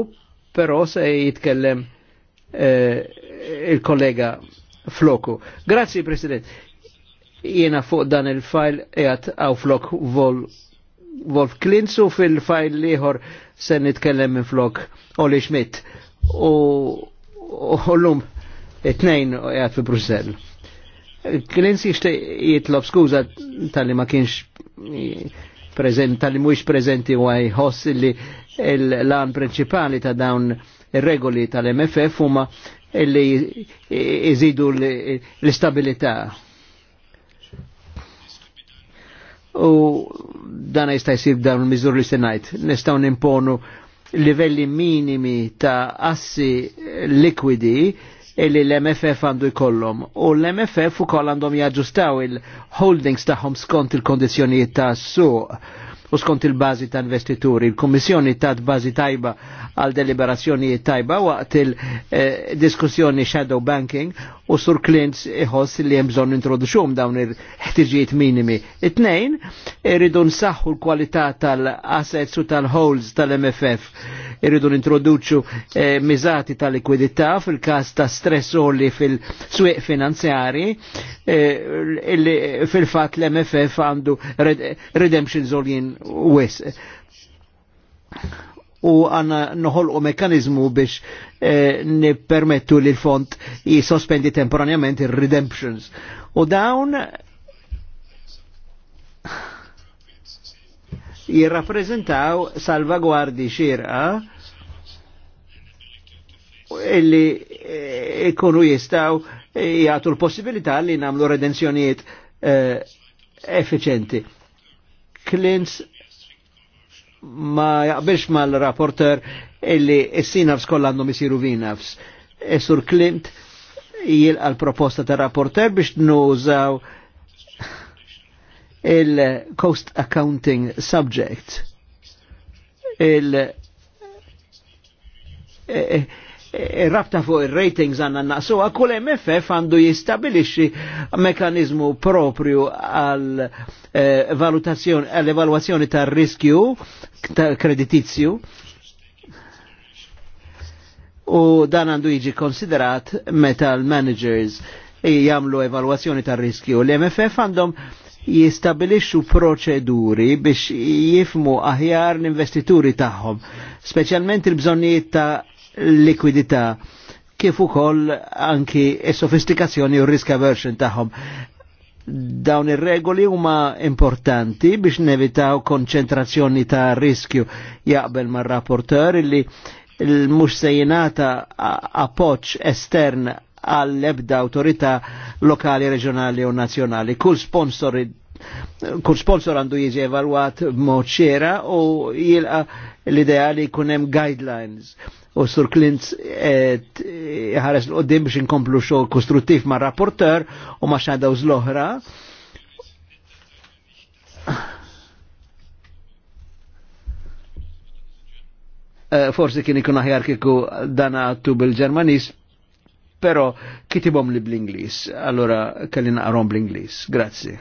però se jitkellem eh, il-kollega Floku. Grazzi, President. Jiena fuq dan il-fajl qiegħed għaw Flok Vol Wolf Klintz u fil-fajl liħor se nitkellem minn Flok Oli Schmidt. U l-lum it-tnejn qiegħed fi Bruxelles xte jitlob skuza tal-li ma kienx prezent, tal-li mux prezenti u għajħoss li l-lan principali ta' dawn regoli tal-MFF huma li jizidu l istabilita U dana jista' jsir dawn il-miżur li senajt. Nistgħu nimponu livelli minimi ta' assi likwidi illi l-MFF għandu jkollhom. U l-MFF ukoll għandhom jaġġustaw il-holdings tagħhom skont il-kondizzjonijiet tas suq u skont il-bazi ta' investituri. Il-Kommissjoni tat bazi tajba għal deliberazzjonijiet tajba waqt il-diskussjoni eh, shadow banking u sur Klintz iħoss li hemm bżonn introduxum dawn il-ħtiġijiet minimi. It-tnejn irridu nsaħħu l-kwalità tal-assets u tal-holds tal-MFF. Irridu nintroduċu eh, miżati tal-likwidità fil-każ ta' stress li fil-swieq finanzjari eh, fil-fatt l-MFF għandu redemption zolin wis. U għanna noħolqu mekanizmu biex eh, nipermettu li l-font jisospendi temporanjament il-redemptions. U dawn jirrapprezentaw salvaguardi xirqa illi eh, ikunu jistaw eh, jgħatu l-possibilità li namlu redenzjoniet eh, efficienti. effiċenti. Klins ma jaqbilx mal-rapporter illi s-sinafs kollha għandhom isiru vinafs. Esur Klimt jilqa l-proposta ta' rapporter biex nużaw il-Coast Accounting Subject. Il- e- e- rabta fuq il-ratings għanna naqsu, so, MFF għandu jistabilixi mekanizmu propju għal eh, evaluazzjoni tar riskju ta' kreditizju u dan għandu jiġi konsiderat meta l-managers jamlu evaluazzjoni tar riskju l-MFF għandhom jistabilixu proċeduri biex jifmu aħjar l-investituri tagħhom, speċjalment il-bżonnijiet ta' likwidità kif ukoll anki s-sofistikazzjoni u risk aversion tagħhom. Dawn ir-regoli huma importanti biex nevitaw konċentrazzjoni ta' riskju jaqbel mar-rapporteur illi l-mux sejnata appoġġ estern għall-ebda autorità lokali, reġjonali u nazzjonali. Kull sponsor kull sponsor għandu jiġi evalwat mod u jilqa l ideali kunem guidelines u Sur Klintz ħares l-qoddim biex inkomplu xogħol kostruttiv ma' rapporter u ma' xadaws l-oħra. Eh, forsi kien ikun aħjar kiku dan għattu bil-Ġermanis, pero kitibom li bl-Inglis, allora kellin naqrom bl-Inglis. Grazie.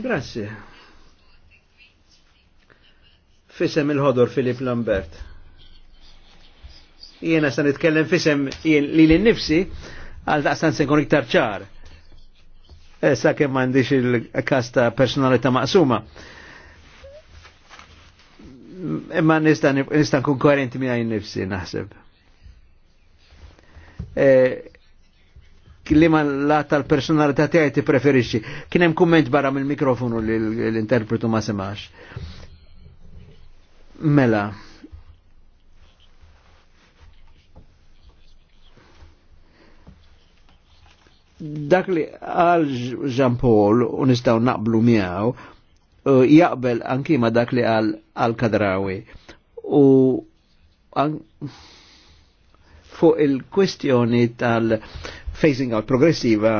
Grazie. Fisem il-ħodor Filip Lambert. Jiena sa nitkellem fisem jien li l-nifsi għal daqstan se nkun iktar ċar. Eh, sa kem m'għandix il-kasta personalità maqsuma. Imma nista' nkun koerenti minn nifsi naħseb. Kli eh, ma la tal-personalità tiegħi ti preferixxi. Kien hemm kumment barra mill-mikrofonu li l-interpretu ma semax. Mela. Dak li għal Jean Paul u nistaw naqblu miegħu jaqbel anki ma dak li għal għal kadrawi. U an... fuq il-kwestjoni tal-phasing out progressiva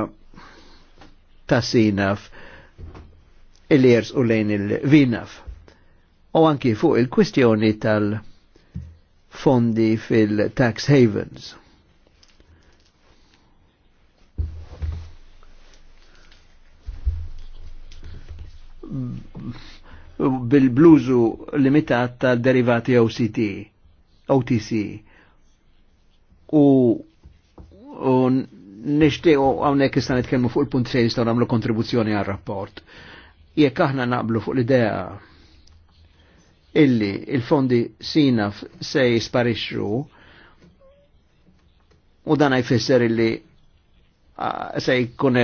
ta' sinaf il-jers u lejn il-vinaf u anki fuq il-kwistjoni tal-fondi fil-tax havens. bil-bluzu limitat tal-derivati OCT, OTC. U, u nishtiqo għawnek istan fuq il-punt 6 nistaw nagħmlu kontribuzzjoni għal rapport. Jekk aħna naqblu fuq l-idea illi il-fondi sinaf se jisparixxu u dan jfisser illi se jkun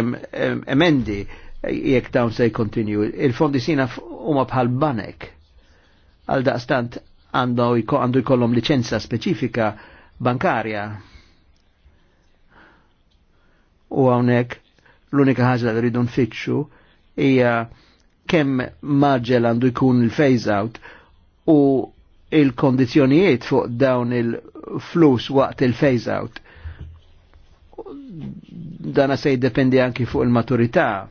emendi jekk dawn se jkontinju. Il-fondi sinaf huma bħal banek għal daqstant għandu jkollhom liċenza speċifika bankarja. U hawnhekk l-unika ħaġa li rridu nfittxu hija kemm maġġel għandu jkun il-phase out u il-kondizjonijiet fuq dawn il-flus waqt il-phase out. Dana se jiddependi anki fuq il-maturità.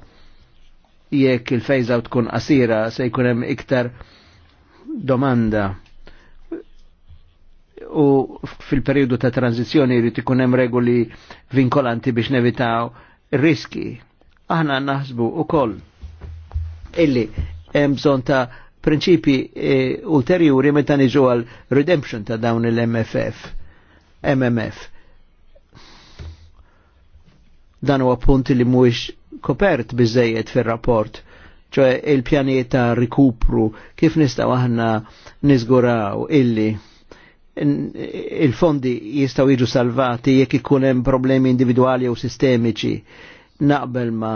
Jekk il-phase out kun qasira se jkun hemm iktar domanda. U fil-periodu ta' tranzizjoni jrid ikun hemm regoli vinkolanti biex nevitaw riski. Aħna naħsbu ukoll illi hemm bżonn ta' prinċipi e, eh, ulterjuri meta niġu għal redemption ta' dawn il-MFF, MMF. Dan huwa punt li mhuwiex kopert bizzejiet fir-rapport ċoħe il ta' rikupru, kif nistaw aħna nizguraw illi il-fondi jistaw jiġu salvati jekk ikun hemm problemi individuali u sistemiċi. Naqbel ma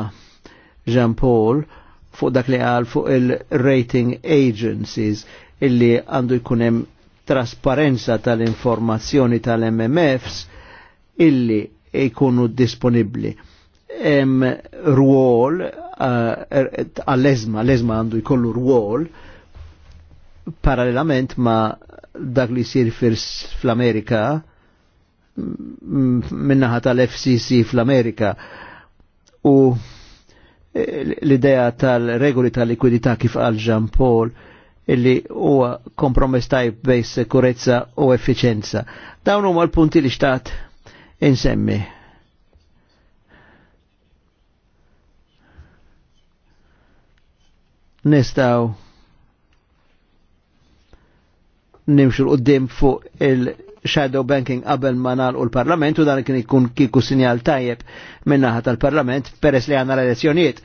Jean Paul fuq dak li għal fuq il-rating agencies illi għandu jkunem trasparenza tal-informazzjoni tal-MMFs illi jkunu disponibli. Em ruol eh, għall-ezma, l-ezma għandu jkollu ruol parallelament ma dak li sir fl-Amerika minnaħa tal-FCC fl-Amerika u l-idea tal-regoli tal-likwidità kif għal Jean Paul illi huwa kompromess tajb bej sekurezza u effiċenza. Dawn huma l-punti li xtat insemmi. Nistaw nimxu l-qoddim fuq il- shadow banking qabel ma nalqu l-Parlament u dan kien ikun kiku sinjal tajjeb minn naħa tal-Parlament peress li għandna l-elezzjonijiet.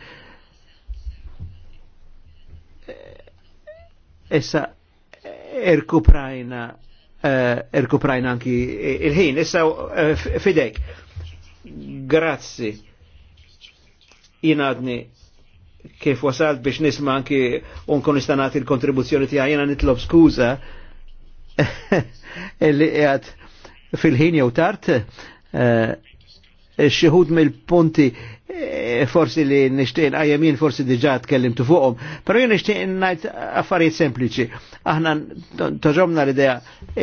Issa irkuprajna eh, irkuprajna anki il-ħin, issa eh, fidejk. Grazzi. Jinadni kif wasalt biex nisma anki unkun istanat il-kontribuzzjoni tiegħi jiena nitlob skuża illi qiegħed fil-ħin jew tard eh, xieħud mill-punti eh, forsi li nishtiq nqajjemin forsi diġà tkellimtu fuqhom, però jien nixtieq ngħid affarijiet sempliċi. Aħna toġobna l-idea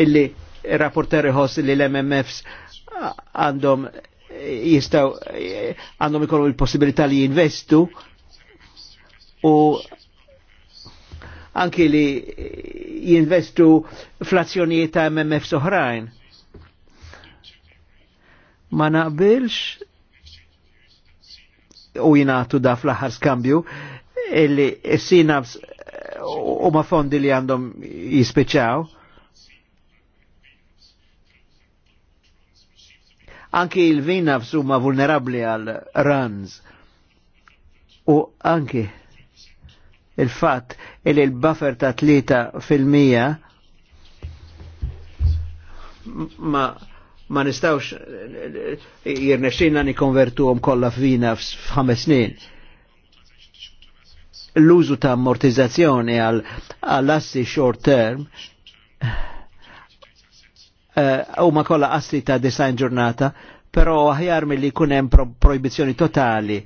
illi rapporter iħoss li l-MMFs għandhom eh, jistaw għandhom ikonu il-possibilità li jinvestu u anki li jinvestu flazzjonijiet ta' MMF soħrajn. Ma naqbilx u jinaħtu da fl ħar skambju illi s-sinaps eh, u ma fondi li għandhom jispeċaw. Anki il-vinaps huma vulnerabli għal runs u anki il-fatt li l-buffer ta' 3% ma ma nistawx jirnexxina nikonvertuhom kollha f'vina f'ħames snin. L-użu ta' ammortizzazzjoni għal assi short term eh, u ma kolla assi ta' design ġurnata, però aħjar mill-li kunem proibizjoni totali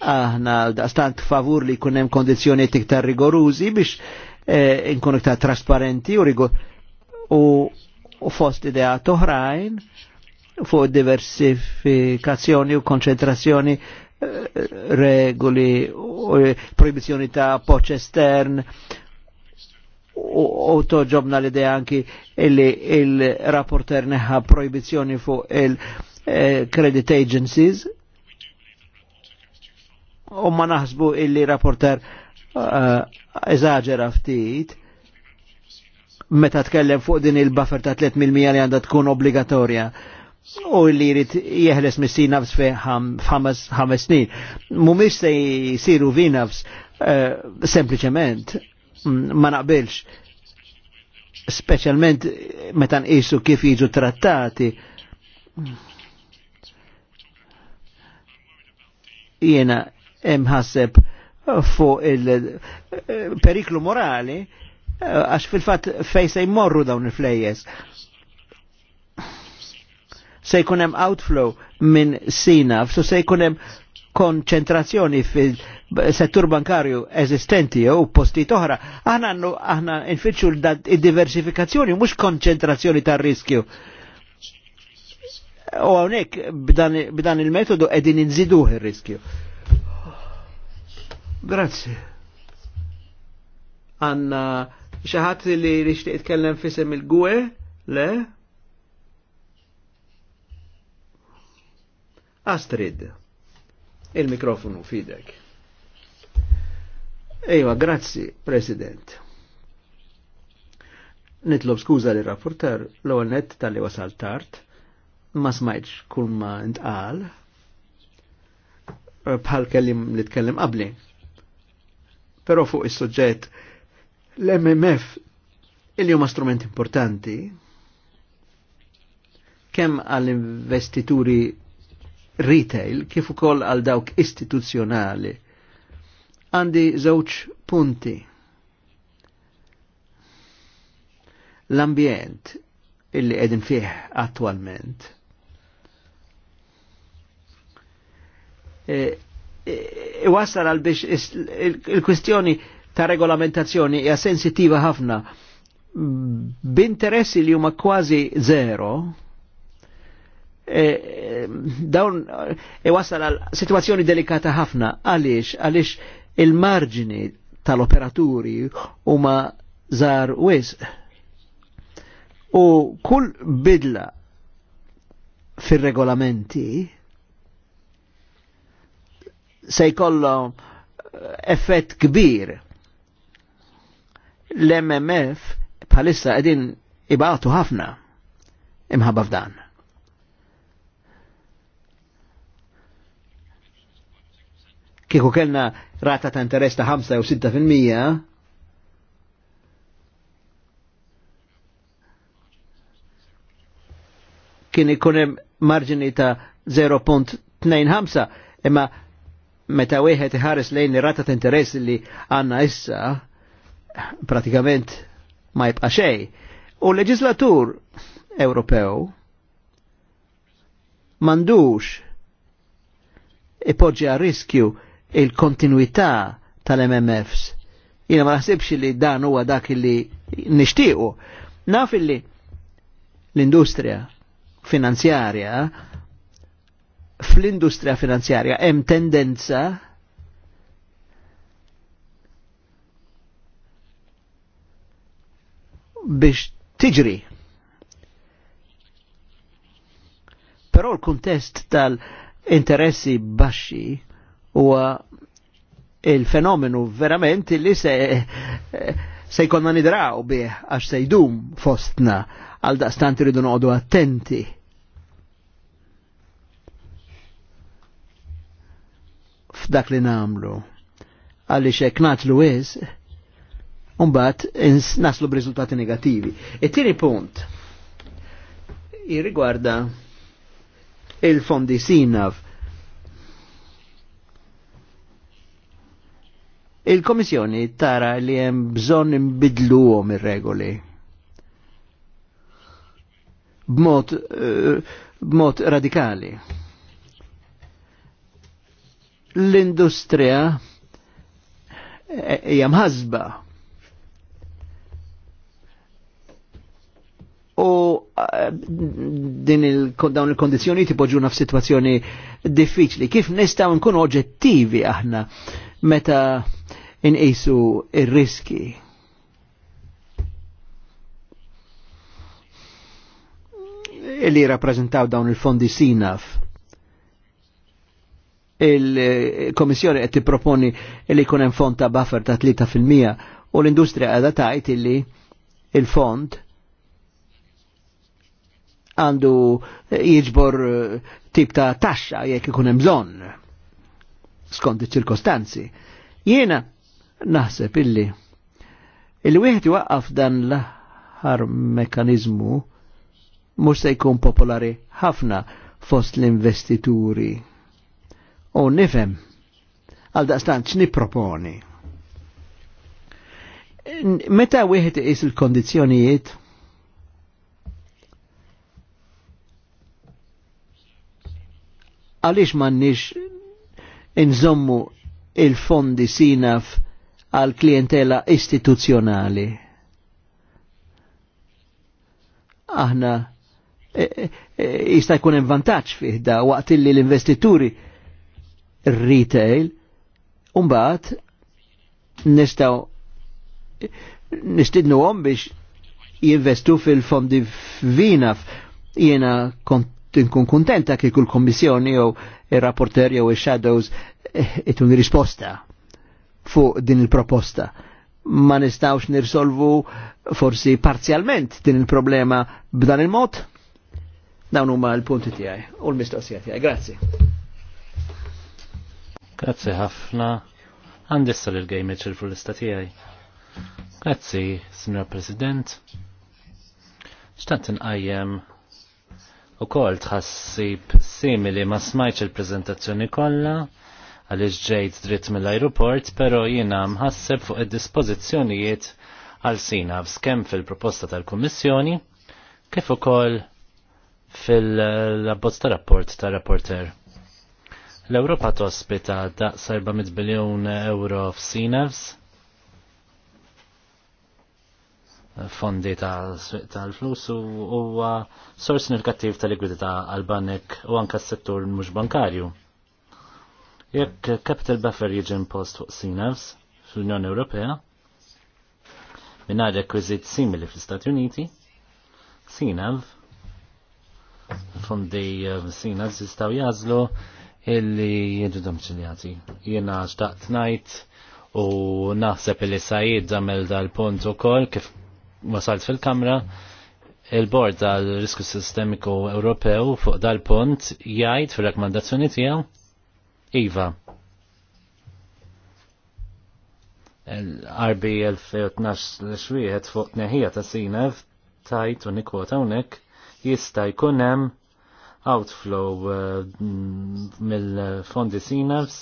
aħna stant favur li kunem kondizjoni tiktar rigorużi biex eh, iktar trasparenti u, u, u fost idea toħrajn fuq diversifikazzjoni u konċentrazzjoni eh, regoli u proibizjoni ta' poċ estern u toġobna l-idea anki illi il-rapporter neħa proibizjoni fuq il-credit eh, agencies u ma naħsbu illi rapporter eh, eżagġera ftit meta tkellem fuq din il-buffer ta' 300 li għandha tkun obbligatorja u li jrid jeħles missi nafs fe ħames snin. Mumiex se jisiru vi nafs eh, sempliciment mm, ma naqbilx specialment meta nqisu kif jiġu trattati. jiena imħasseb fuq il-periklu eh, morali eh, għax fil-fat fej se jmorru dawn il-flejjes. Se jkun hemm outflow minn Sina, so se jkun hemm konċentrazzjoni fil-settur bankarju eżistenti u posti oħra, aħna għannu aħna nfittxu l-diversifikazzjoni mhux konċentrazzjoni tar-riskju. U hawnhekk b'dan il-metodu edin inżiduh riskju il riskju Grazzi. Anna, xaħat li rixtiq itkellem fisem il-gwe? Le? Astrid, il-mikrofonu fidek. Ejwa, grazzi, President. Nitlob skuza li rapporter l net tal-li wasal tard, ma smajtx kull ma intqal, bħal kellim li tkellim qabli. Però fuq is-suġġett l-MMF il huma strument importanti kemm għall-investituri retail kif ukoll għal dawk istituzzjonali. Għandi żewġ punti. L-ambjent illi qegħdin fih attualment. E, iwassal għal biex il-kwistjoni ta' regolamentazzjoni hija sensitiva ħafna b'interessi li huma kważi zero e, dawn iwassal għal situazzjoni delikata ħafna għaliex għaliex il-marġini tal-operaturi huma żar wisq. U kull bidla fir-regolamenti se jkollhom eh, effett kbir. L-MMF bħalissa qegħdin ibaħtu ħafna imħabba f'dan. Kieku kellna rata ta' interess ta' 5 u 6 kien ikun marġini ta' 0.25 imma meta wieħed iħares lejn li rata ta' interess li għandna issa pratikament ma jibqa' xejn. U l-leġislatur Ewropew mandux ipoġġi għal riskju il-kontinuità tal-MMFs. Jina ma naħsibx li dan huwa dak li nixtiequ. Naf li l-industrija finanzjarja fl-industrija finanzjarja hemm tendenza biex tiġri. Però l-kuntest tal-interessi baxxi huwa il-fenomenu verament li se se jkollna nidraw bih għax se jdum fostna għal daqstant iridu noqogħdu attenti. f'dak li namlu. Għaliex hekk natlu wis, mbagħad naslu b'riżultati negattivi. It-tieni punt jirrigwarda il-fondi sinaf. Il-Komissjoni tara li hemm bżonn imbidluhom ir-regoli. B'mod uh, b'mod radikali l-industrija hija mħasba. U eh, din il dawn il-kondizjoni tipoġuna f'sitwazzjoni diffiċli. Kif nistgħu nkunu oġettivi aħna meta inqisu ir-riski? li rappresentaw dawn il-fondi sinaf il-Komissjoni qed tipproponi li jkun hemm fond ta' buffer ta' 3% u l-industrija qiegħda tgħid illi il-fond għandu jiġbor eh, tip ta' taxxa jekk ikun hemm bżonn skont iċ-ċirkostanzi. Jiena naħseb illi il-wieħed iwaqqaf dan l-aħħar mekanizmu mhux se jkun popolari ħafna fost l-investituri u nifem għal daqstan ċni proponi. Meta wieħed is il-kondizzjonijiet għaliex m'għandniex inżommu il-fondi sinaf għal klientela istituzzjonali. Aħna e, e, e, jista' jkun hemm vantaġġ fih da waqt li l-investituri retail, umbat nistaw nistidnu għom biex jinvestu fil-fondi f'vina jena nkun kontenta kif kull kommissjoni jew il rapporter jew il shadows itun risposta fuq din il-proposta. Ma nistawx nirsolvu forsi parzjalment din il-problema b'dan il-mod? Dawn huma l-punti tiegħi u l-mistoqsija tiegħi. Grazzi. Grazzi ħafna. Għandissa l-game Mitchell fuq l-lista tiegħi. Grazzi, Signor President. Xtant inqajjem u kol tħassib simili ma smajċ il-prezentazzjoni kollha għaliex ġejt dritt mill-ajruport, pero jiena mħasseb fuq id-dispożizzjonijiet għal sina f'skemm fil-proposta tal-Kummissjoni kif ukoll fil-abbozz ta' rapport ta' rapporter. L-Europa tospita daqs 400 biljun euro f-sinevs fondi tal-flus ta u huwa sors nirkattiv tal-likwidità għal-banek u anka s-settur mhux bankarju. Jekk capital buffer jiġi impost fuq Sinevs fl-Unjoni Ewropea, minna rekwizit simili fl-Stati Uniti, Sinev, fondi eh, Sinevs jistaw jazlu illi jiġu domċinjati. Jena xtaqt najt u naħseb illi sajid damel dal-punt u kol kif wasalt fil-kamra il-bord dal risku sistemiku Ewropew fuq dal-punt jgħid fil-rakkomandazzjoni tiegħu Iva. l-RB 2012 l-xwieħed fuq neħija ta' Sinev tajt u nikwota unek jista' jkun hemm outflow uh, mill-fondi sinavs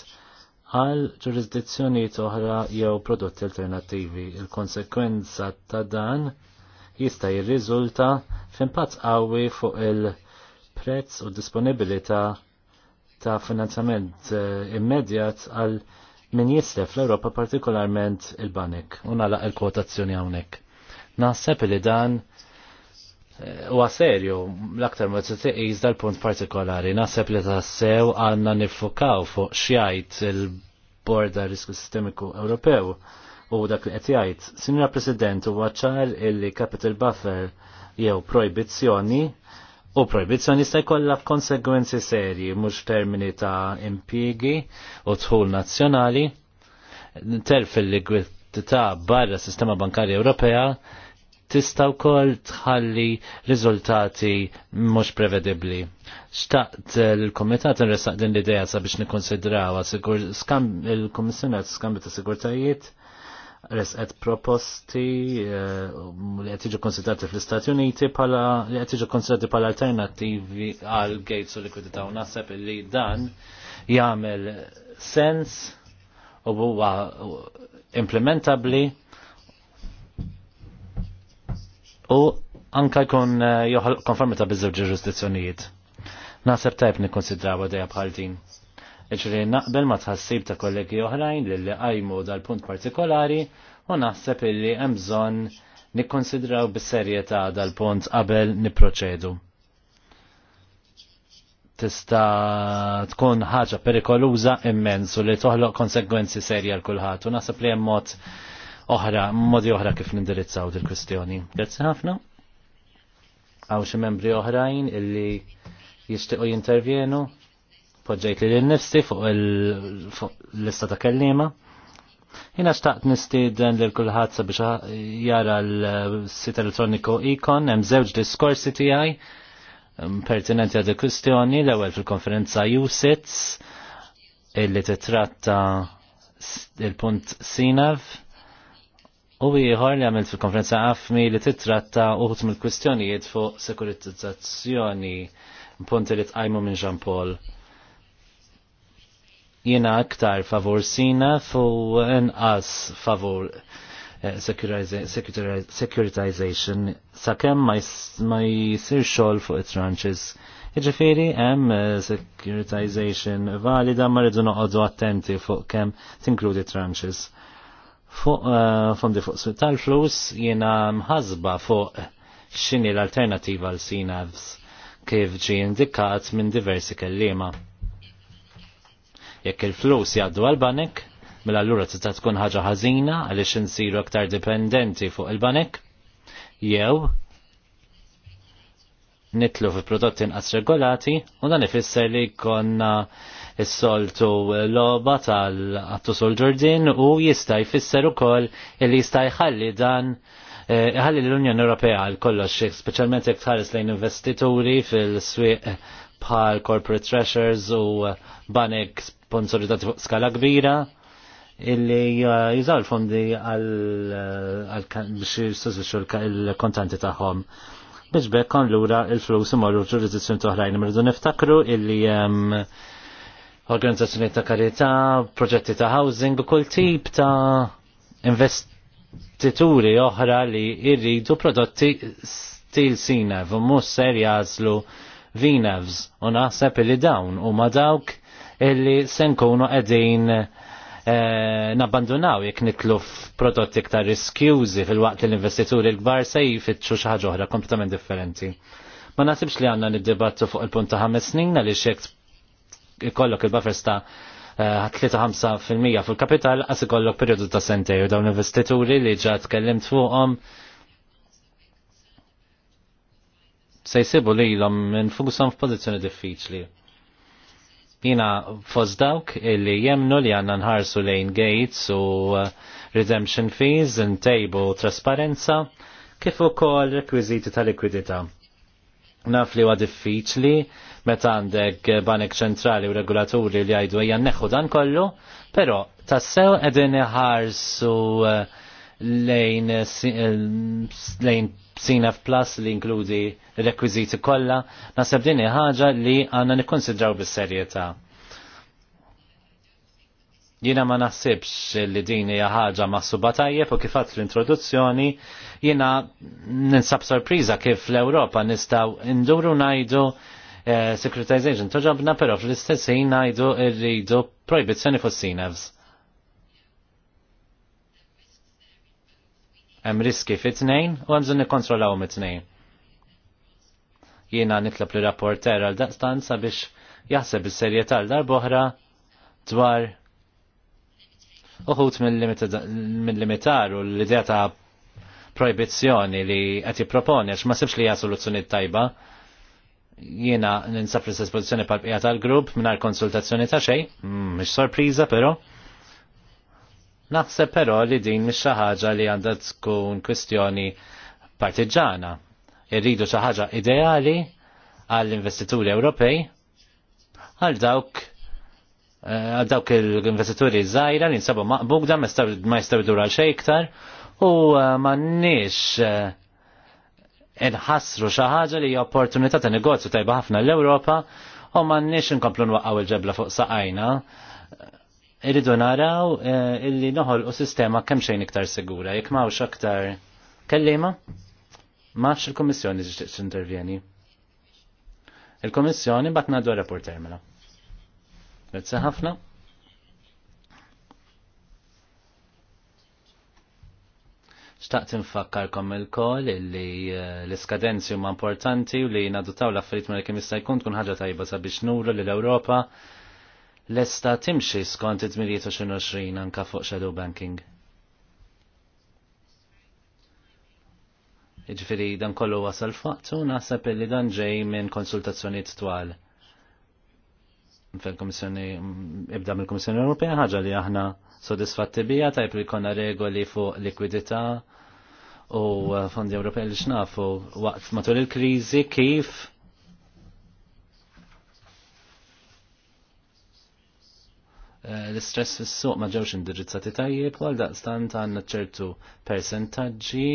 għal ġurisdizzjonijiet oħra jew prodotti alternattivi. Il-konsekwenza ta' dan jista' jirriżulta f'impatt qawwi fuq il-prezz u disponibilità ta' finanzjament uh, immedjat għal min jislef l-Europa partikolarment il-banek u nalaq il-kwotazzjoni hawnhekk. Naħseb li dan Eh, u għaserju l-aktar ma t l punt partikolari, nasib li tassew għanna nifukaw fuq xjajt il-borda riskju sistemiku Ewropew u dak li qed jgħid. Sinjora President u għacċar illi capital buffer jew proibizzjoni u proibizzjoni sta' jkollha konsegwenzi serji mhux termini ta' impjiegi u tħul nazzjonali, terf il-likwidità barra sistema bankarja Ewropea tista' wkoll tħalli riżultati mhux prevedibbli. Xtaqt l-Komitat n-resaq din l-idea sabiex nikkonsidrawha il-Kummissjoni skambi ta' sigurtajiet resqet proposti eh, li qed konsidrati fl-Istati Uniti bħala li qed konsidrati bħala alternattivi għal gates u likwidità u naħseb li dan jagħmel sens u huwa implementabbli u anka jkun eh, joħal konformita bizzewġ ġurisdizzjonijiet. Naħseb tajb nikkonsidraw għadeja bħal din. Iġri naqbel ma tħassib ta' kollegi oħrajn li li għajmu dal-punt partikolari u naħseb illi hemm bżonn nikkonsidraw bis-serjetà dal-punt qabel niproċedu. Tista' tkun ħaġa perikoluża immens u li toħloq konsegwenzi serja l kulħadd u naħseb li hemm mod oħra, modi oħra kif nindirizzaw dil kwistjoni Grazzi ħafna. Għaw xi membri oħrajn illi jixtiequ jintervjenu, poġġejt li l-nifsi fuq l-lista ta' kellima. Jina xtaqt nistieden li l-kulħadd sabiex jara l-sit elettroniku ikon, hemm żewġ diskorsi tiegħi um, pertinenti għad il-kwistjoni, l-ewwel fil-konferenza USITS illi titratta il-punt Sinav U ieħor li għamilt fil-konferenza għafmi li titratta uħut mill-kwistjonijiet fuq sekuritizzazzjoni punti li tqajmu minn Jean Paul. Jiena aktar favur sina fu inqas favur eh, securitization sakemm ma jisir xogħol fuq it-tranches. Iġifiri, hemm eh, securitization valida ma rridu noqogħdu attenti fuq kemm tinkludi tranches fuq eh, fondi fuq tal-flus jiena mħazba fuq x'inhi l-alternativa l sinavs kif ġi indikat minn diversi kellima. Jekk il-flus jgħaddu għal-banek, mela t tista' tkun ħaġa ħażina għaliex insiru aktar dipendenti fuq il-banek, jew nitlu fi prodotti inqas regolati u dan ifisser li konna uh, is-soltu loba tal-Attu Sol Ġordin u jista' jfisser ukoll li jista' jħalli dan eh, ħalli l-Unjoni Ewropea għal kollox, speċjalment jekk tħares lejn investituri fil-swieq bħal corporate treasures u banek sponsorizzati fuq skala kbira illi eh, jużaw l-fondi eh, biex jistazwiċu l-kontanti taħħom. Biex l lura il-flus imorru ġurisdizzjoni toħrajn, mridu niftakru illi ehm, organizzazzjoni ta' karità, proġetti ta' housing kull tip ta' investituri oħra li irridu prodotti stil sinev u mhux ser jazlu vinevs u naħseb li dawn u ma dawk illi se nkunu qegħdin eh, nabbandunaw jekk nitlu f'prodotti iktar riskjużi fil-waqt l-investituri l-kbar se jfittxu xi ħaġa oħra kompletament differenti. Ma nasibx li għanna niddibattu fuq il-punt ta' ħames snin għaliex ikollok il-buffers ta' 3-5% eh, fil-kapital għas ikollok periodu ta' sentej u dawn investituri li ġa tkellimt fuqhom se jsibu li l-om minn fuqsom f'pożizzjoni diffiċli. Jina fos dawk illi jemnu li għanna nħarsu lejn gates u eh, redemption fees, ntejbu trasparenza, kif ukoll rekwiżiti ta' likwidità. Naf li huwa diffiċli meta għandek banek ċentrali u regolaturi li għajdu għajan neħu dan kollu, pero tassew edin iħarsu eh, lejn eh, lejn CNF Plus li inkludi rekwiziti kollha, nasab din ħaġa li għandna nikonsidraw bis-serjetà. Jiena ma naħsibx li din hija ħaġa maħsuba tajjeb u kifat l-introduzzjoni, jiena ninsab sorpriża kif l-Ewropa nistgħu nduru ngħidu Eh, securitization toġabna, però fl-istess ħin rridu prohibizjoni fuq sinevs. Hemm riski fit-tnejn u hemm bżonn nikkontrollaw mit tnejn Jiena nitlob li rapporter għal daqstanza biex jaħseb is-serjetà għal boħra dwar uħut mill-limitar u l-idea ta' proibizzjoni li qed jipproponi għax ma sibx li hija soluzzjoni tajba jiena ninsab l esposizjoni pal bqija tal-grupp mingħajr konsultazzjoni ta' xejn, mish mm, sorpriża però. Naħseb però li din mhix xi ħaġa li għandha tkun kwistjoni partiġana. Irridu xi ħaġa ideali għall-investituri Ewropej għal dawk eh, għal dawk l-investituri żgħira li nsabu maqbugda ma jistaw jdur għal xejn iktar u eh, m'għandniex eh, inħassru xi ħaġa li hija opportunità ta' negozju tajba ħafna l-Ewropa u m'għandniex inkomplu nwaqgħu il-ġebla fuq saqajna. Irridu naraw eh, illi noħolqu sistema kemm xejn iktar sigura, jekk m'hawnx aktar kellima? M'għafx il-Kummissjoni ġiġ intervjeni. Il-Kummissjoni bat ngħidu rapport termina. Mela. Grazie ħafna. Xtaqt infakkarkom il-kol illi eh, l-iskadenzi huma importanti u li nadutaw l-affarijiet mill mela kemm jista' jkun tkun ħaġa tajba sabiex nuru lil Ewropa lesta timxi skont id 2020 anka fuq shadow banking. Iġifiri dan kollu wasal fatt u naħseb illi dan ġej minn konsultazzjonijiet twal fil-Komissjoni, ibda mill-Komissjoni Ewropea ħaġa li aħna sodisfatti bija tajp li konna regoli fuq likwidità u uh, fondi Ewropej li xnafu waqt matul il-kriżi kif eh, l-istress fis-suq ma ġewx indirizzati tajjeb għal daqstant għandna ċertu persentaġġi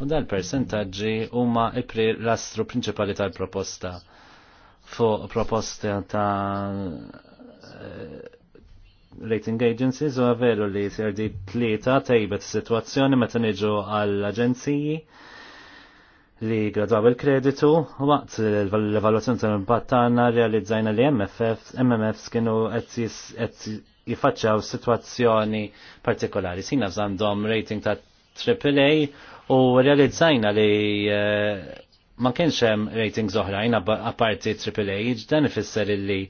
u dal-persentaġġi huma ipri l-astru prinċipali tal-proposta fuq proposta ta' eh, rating agencies u veru li CRD tlieta tejbet situazzjoni meta niġu għall-aġenziji li gradwaw il-kreditu waqt l-evaluazzjoni tal-impatt tagħna realizzajna li MFF, MMFs kienu qed jifaċċaw situazzjoni partikolari. Sina għandhom rating ta' AAA u realizzajna li eh, ma kienx hemm ratings oħrajn apparti AAA, dan ifisser illi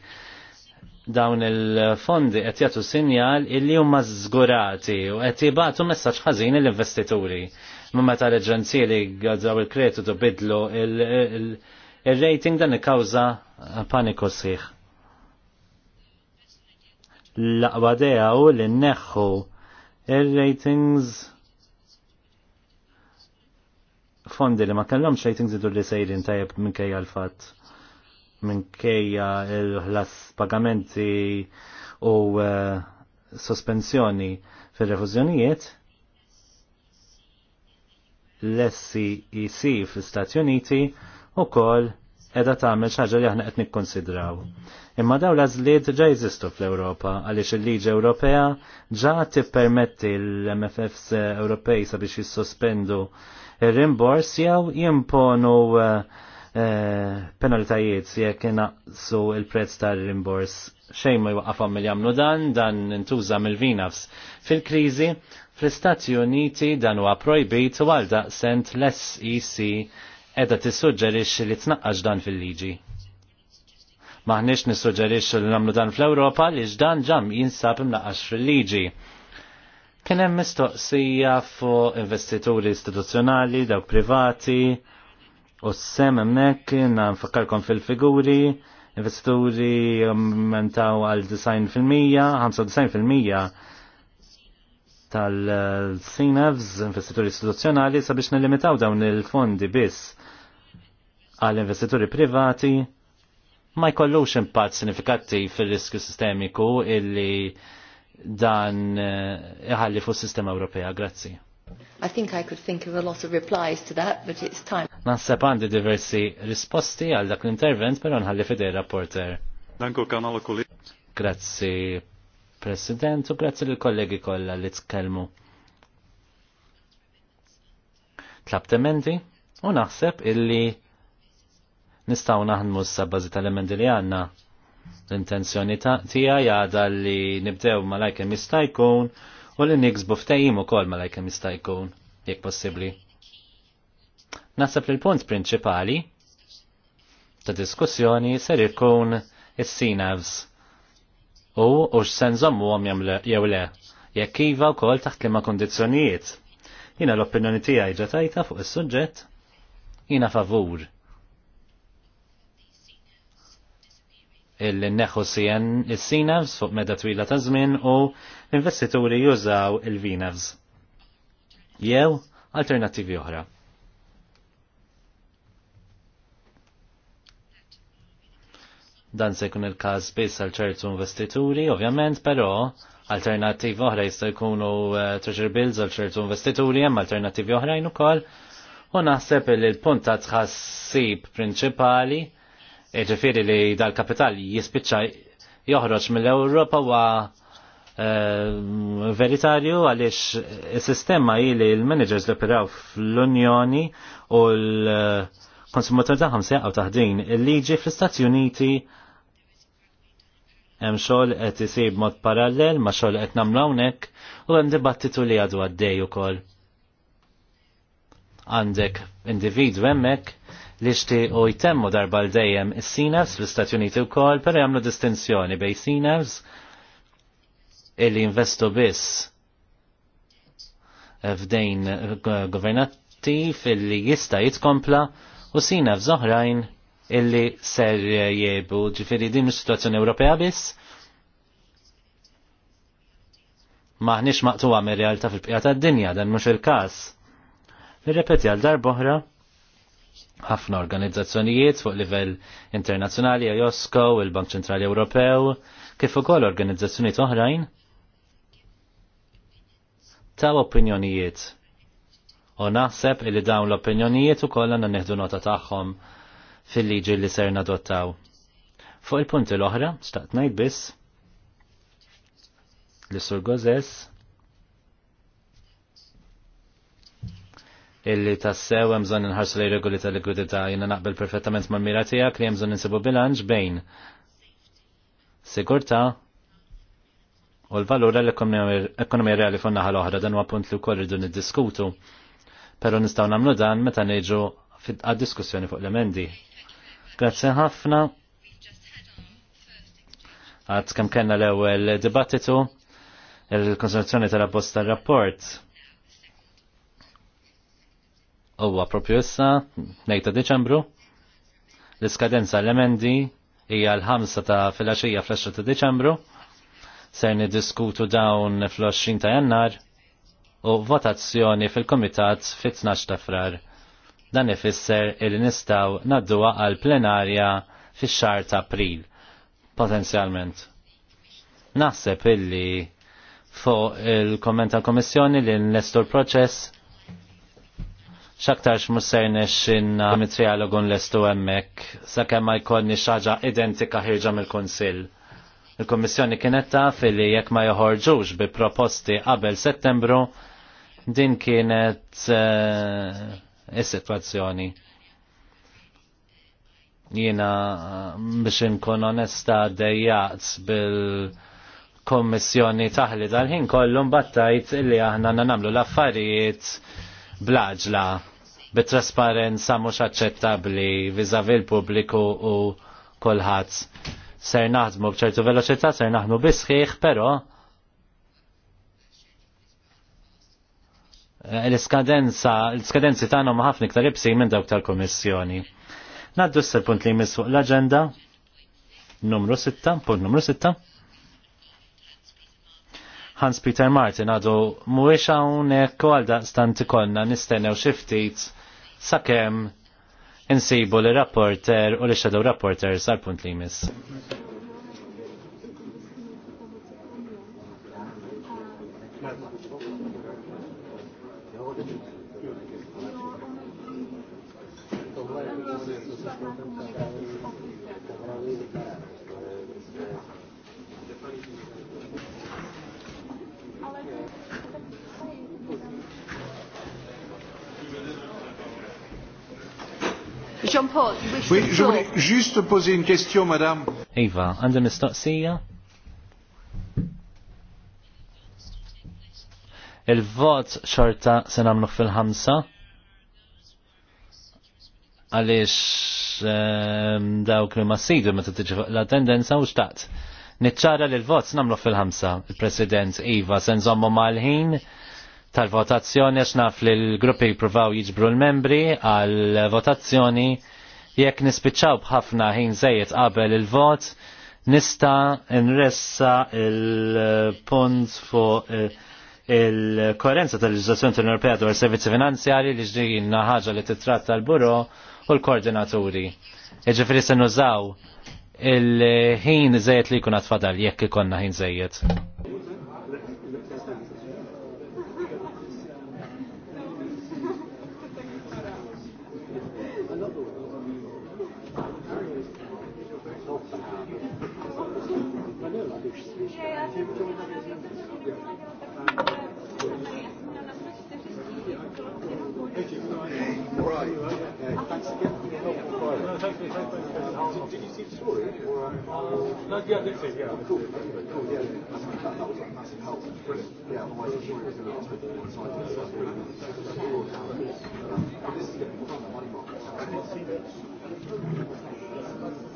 dawn il-fondi qed jagħtu sinjal illi huma żgurati u qed jibgħatu messaġġ ħażin l-investituri. Ma meta l-eġenziji li għadżaw il-kreditu bidlu il-rating dan ikkawża paniku sħiħ. L-aqwa u li nneħħu il-ratings fondi li ma kellhomx ratings idur li sejrin tajjeb minkejja l-fatt minkejja il-ħlas pagamenti u eh, sospensjoni fil-refużjonijiet l-SCEC e fl-Istati Uniti u kol edha tagħmel xi ħaġa li aħna qed nikkonsidraw. Imma dawn l-għażliet ġa jizistu fl-Ewropa għaliex il-liġi Ewropea ġa tippermetti l-MFFs Ewropej sabiex jissospendu il rimbors jew jimponu uh, Eh, penalitajiet jekk naqsu il-prezz tar-rimbors xejn ma jwaqafhom mill jagħmlu dan, dan intuża mill-vinafs. Fil-kriżi, fl-Istati Uniti dan huwa projbit u għal daqsent l-SEC edha tissuġġerixxi li tnaqqax dan fil-liġi. Maħniex nissuġġerixxu li nagħmlu dan fl-Ewropa li x'dan ġam jinsab imnaqqax fil-liġi. Kien hemm mistoqsija fuq investituri istituzzjonali, dawk privati, U s-sem emmek, nfakkarkom fil-figuri, investuri mentaw għal 90%, 95% tal-CNFs, investituri istituzzjonali, sabiex nelimitaw dawn il-fondi biss għal investituri privati, ma jkollux impatt signifikanti fil-riskju sistemiku illi dan eh, iħalli fuq sistema Ewropea. Grazzi. I think I could think of a lot of replies to that, but it's time. Nasseb għandi diversi risposti għal dak l-intervent, pero nħalli fidej rapporter. Danko kanal kolli. Grazzi, President, u grazzi l-kollegi kolla li tkellmu. Tlabt emendi, u naħseb illi nistaw naħnmu s sabbazi tal-emendi li għanna. L-intenzjoni tija jgħada li nibdew malajke jista' jkun u li niksbu ftejim u kol ma jista' jkun jekk possibbli. Nasab li l-punt prinċipali ta' diskussjoni ser ikun is-sinavs u u x'sen jew le kiva iva wkoll taħt ma' kondizjonijiet. Jiena l-opinjoni tiegħi ġa tajta fuq is-suġġett jiena favur Il-neħħu neħu il sinavs fuq meda twila ta' żmien u l-investituri jużaw il vinavs Jew alternattivi oħra. Dan se jkun il-każ biss għal ċertu investituri, ovvjament, però alternattivi oħra jista' jkunu eh, treasure bills għal ċertu investituri, hemm alternattivi oħrajn ukoll. U naħseb li l-punt ta' tħassib prinċipali ġifiri li dal-kapital jispicċa joħroġ mill-Ewropa wa eh, veritarju għaliex il-sistema ili il-managers li operaw fl-Unjoni u l-konsumatori taħħom seħaw taħdin il-liġi fl-Istati Uniti hemm xogħol qed isib mod parallel ma' xogħol qed nagħmlu hawnhekk u hemm dibattitu li għadu għaddej ukoll. Għandek individu hemmhekk li u jtemmu darba l dejjem is-sinevs fl-Istati Uniti wkoll, però jagħmlu distinzjoni bej sinevs illi investu biss f'dejn governattiv illi jista' jitkompla u sinevs oħrajn illi ser jiebu ġifiri din mis-sitwazzjoni Ewropea biss. Maħniex maqtuwa mir-realtà fil-bqija tad-dinja dan mhux il-każ. Nirrepeti għal darba oħra ħafna organizzazzjonijiet fuq livell internazzjonali, IOSCO, il-Bank Ċentrali Ewropew, kif ukoll organizzazzjonijiet oħrajn ta' opinjonijiet. U naħseb li dawn l-opinjonijiet ukoll għandna neħdu nota tagħhom fil-liġi li ser nadottaw. Fuq il-punti l-oħra, staqt ngħid biss, li sur Gozes, illi tassew hemm bżonn inħarsu lej regoli tal likwidità jiena naqbel perfettament ma' mira tiegħek li hemm bżonn insibu bilanċ bejn sigurtà u l-valura l-ekonomija reali fuq naħa l-oħra dan huwa punt li wkoll irdu niddiskutu. Però nistgħu nagħmlu dan meta ngħidu għad-diskussjoni fuq l-emendi. Grazzi ħafna. Għad kemm kellna l-ewwel dibattitu il konsultazzjoni tal-apposta rapport huwa propju issa, nejta Deċembru. L-iskadenza l-emendi hija l-5 ta' filgħaxija fl-10 ta' Deċembru. Ser niddiskutu dawn fl-20 ta' Jannar u votazzjoni fil-Komitat fit-12 ta' frar. Dan ifisser il nistaw nadduwa għal plenarja fix-xar ta' April potenzjalment. Naħseb illi fuq il-komment tal-Komissjoni li l nestur Proċess xaktarx mussejni xinna għamit trialogun l-estu emmek, sakke ma jkonni xaġa identika ħirġa mill-Konsil. Il-Kommissjoni kienet taf li jekk ma joħorġux bi proposti qabel settembru, din kienet eh, is-sitwazzjoni. Jiena eh, biex inkun onesta dejjaqt bil-Kommissjoni taħli dal-ħin kollu mbattajt illi aħna namlu l-affarijiet blaġla bit-trasparenza mhux aċċettabbli viżavi l-pubbliku u kulħadd. Ser naħdmu bċertu veloċità, ser naħdmu bisħiħ, però l-iskadenza, l-iskadenzi tagħna ma ħafna iktar ibsi minn dawk tal-Kummissjoni. Naddu s-punt li jmiss fuq l-aġenda, numru 6, punt numru 6. Hans Peter Martin għadu muwix hawnhekk u għal daqstant ikollna nistennew xi ftit sakemm insibu li rapporter u li shadow rapporter sal-punt li jmiss. Jean-Paul, Oui, je voulais juste poser une question, madame. Eva, mistoqsija? Il-vot xorta se namlu fil-ħamsa? Għalix ehm, dawk li ma s-sidu meta tiġi la tendenza u xtaqt. Nitċara li l-vot namlu fil-ħamsa, il-President Iva, senżommu mal-ħin tal-votazzjoni għax naf li l-gruppi jipruvaw jiġbru l-membri għal votazzjoni jekk nispiċċaw bħafna ħin żejjed qabel il-vot nista nressa il-punt fuq eh, il-koerenza tal-leġizzazzjoni tal-Ewropea dwar servizzi finanzjari li ġdijinna ħaġa li titratta l-buro u l-koordinaturi. Iġifieri se nużaw il-ħin żejjed li jkun għatfadal jekk ikonna ħin żejjed. thank you, Did you see the story? Cool, That was like massive help. Brilliant. Yeah, otherwise the story was in the hospital, so I did that. This is going to the money market.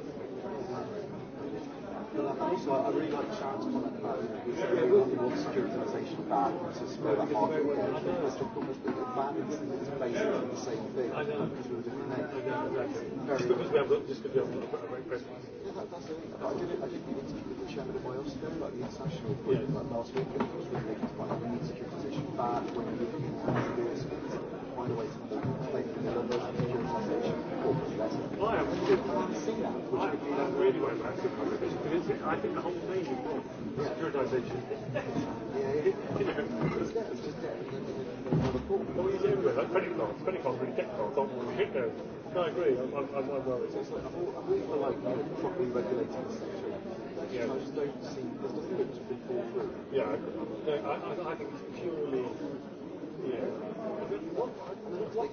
But I've also, I really like Sharon's comment about the market. Let's talk about the I know. Because I know, exactly. Very because Yeah, I did, I did interview with the chairman of IOS there, like the international group, last week, and it was really making quite a securitization back when we looking at this, find a way to make it, make it, I wouldn't see that. Which would be that really way back to privatization. But I think the whole thing Securitization is debt. debt. It's just you doing No, I agree. I'm, I'm, I'm, I'm worried. It's like, I really feel like properly regulating Yeah, I, I, I think it's purely, yeah. What? What you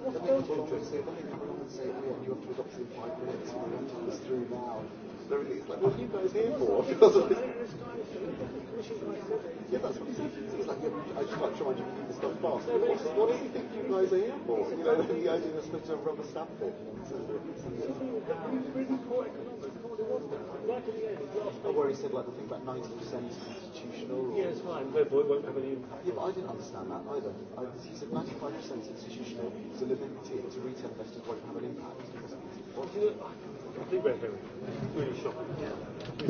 yeah, that's what I just like trying to keep this stuff fast. what, do you think you guys are here for? You know, the idea of rubber stamp it. I worry he said like I think about 90% institutional. Or... Yeah, it's fine. But it won't have any impact. Yeah, but I didn't understand that either. I, he said 95% institutional, so limiting it to retail investors won't have an impact. Well, you know, I think we're very, really shocking. Yeah.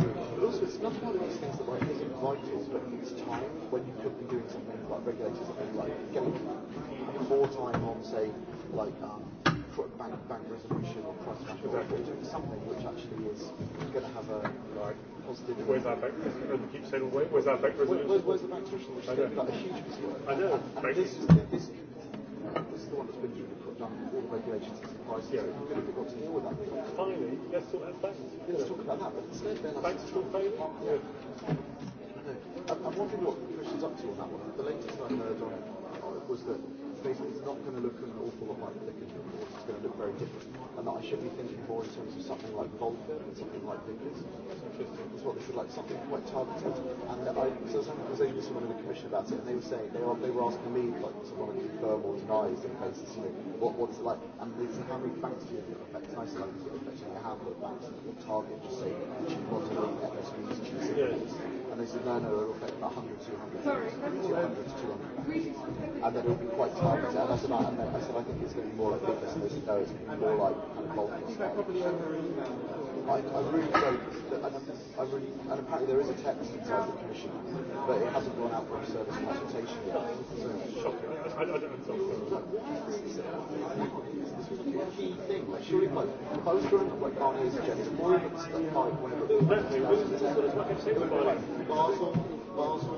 But also, it's not one of those things that like isn't vital, but it's time when you could be doing something like regulators, something like getting more time on, say, like um, put bank, bank resolution or price resolution, doing something which actually is going to have a like, positive Where's our bank resolution? keep saying, where, where's our bank resolution? Where, where's the bank resolution? Which is like a huge piece of work. I know. And, and this, is this, this is the one that's been put down all the regulations and supplies. Yeah. We're going to pick up to deal with that. Finally, let's talk about banks. Yeah, let's talk about that. But instead, then banks still failing. Yeah. yeah. I'm, wondering what the Commission's up to on that one. The latest I heard on was that basically it's not going to look an awful lot like the Dickens report going to look very different and that I should be thinking more in terms of something like Volker and something like Vickers. That's what this is like, something quite targeted. And uh, I, so I was able to someone in the commission about it and they were saying, they were, they were asking me, like, someone it want to confirm or deny some cases, you know, what, what's it like? And they said, how many banks do you think affect Iceland? Does a affect how that facts? What target, just say, which you want to know FSBs, choosing you And they said, no, no, it'll affect 100, 200, Sorry, 200, 200. And then it'll be quite targeted. And I said, I, I said, I think it's going to be more like this. And they said, no, it's going to be more like kind of stuff. I, I'm really sorry, and, I'm, I'm really, and apparently there is a text inside the commission, but it hasn't gone out for a service consultation yet. So it's shocking. I, I don't know. Why is this? a key thing. Like, surely, like, if I was drawing up like Barnier's agenda, why would it like whenever? Basel, Basel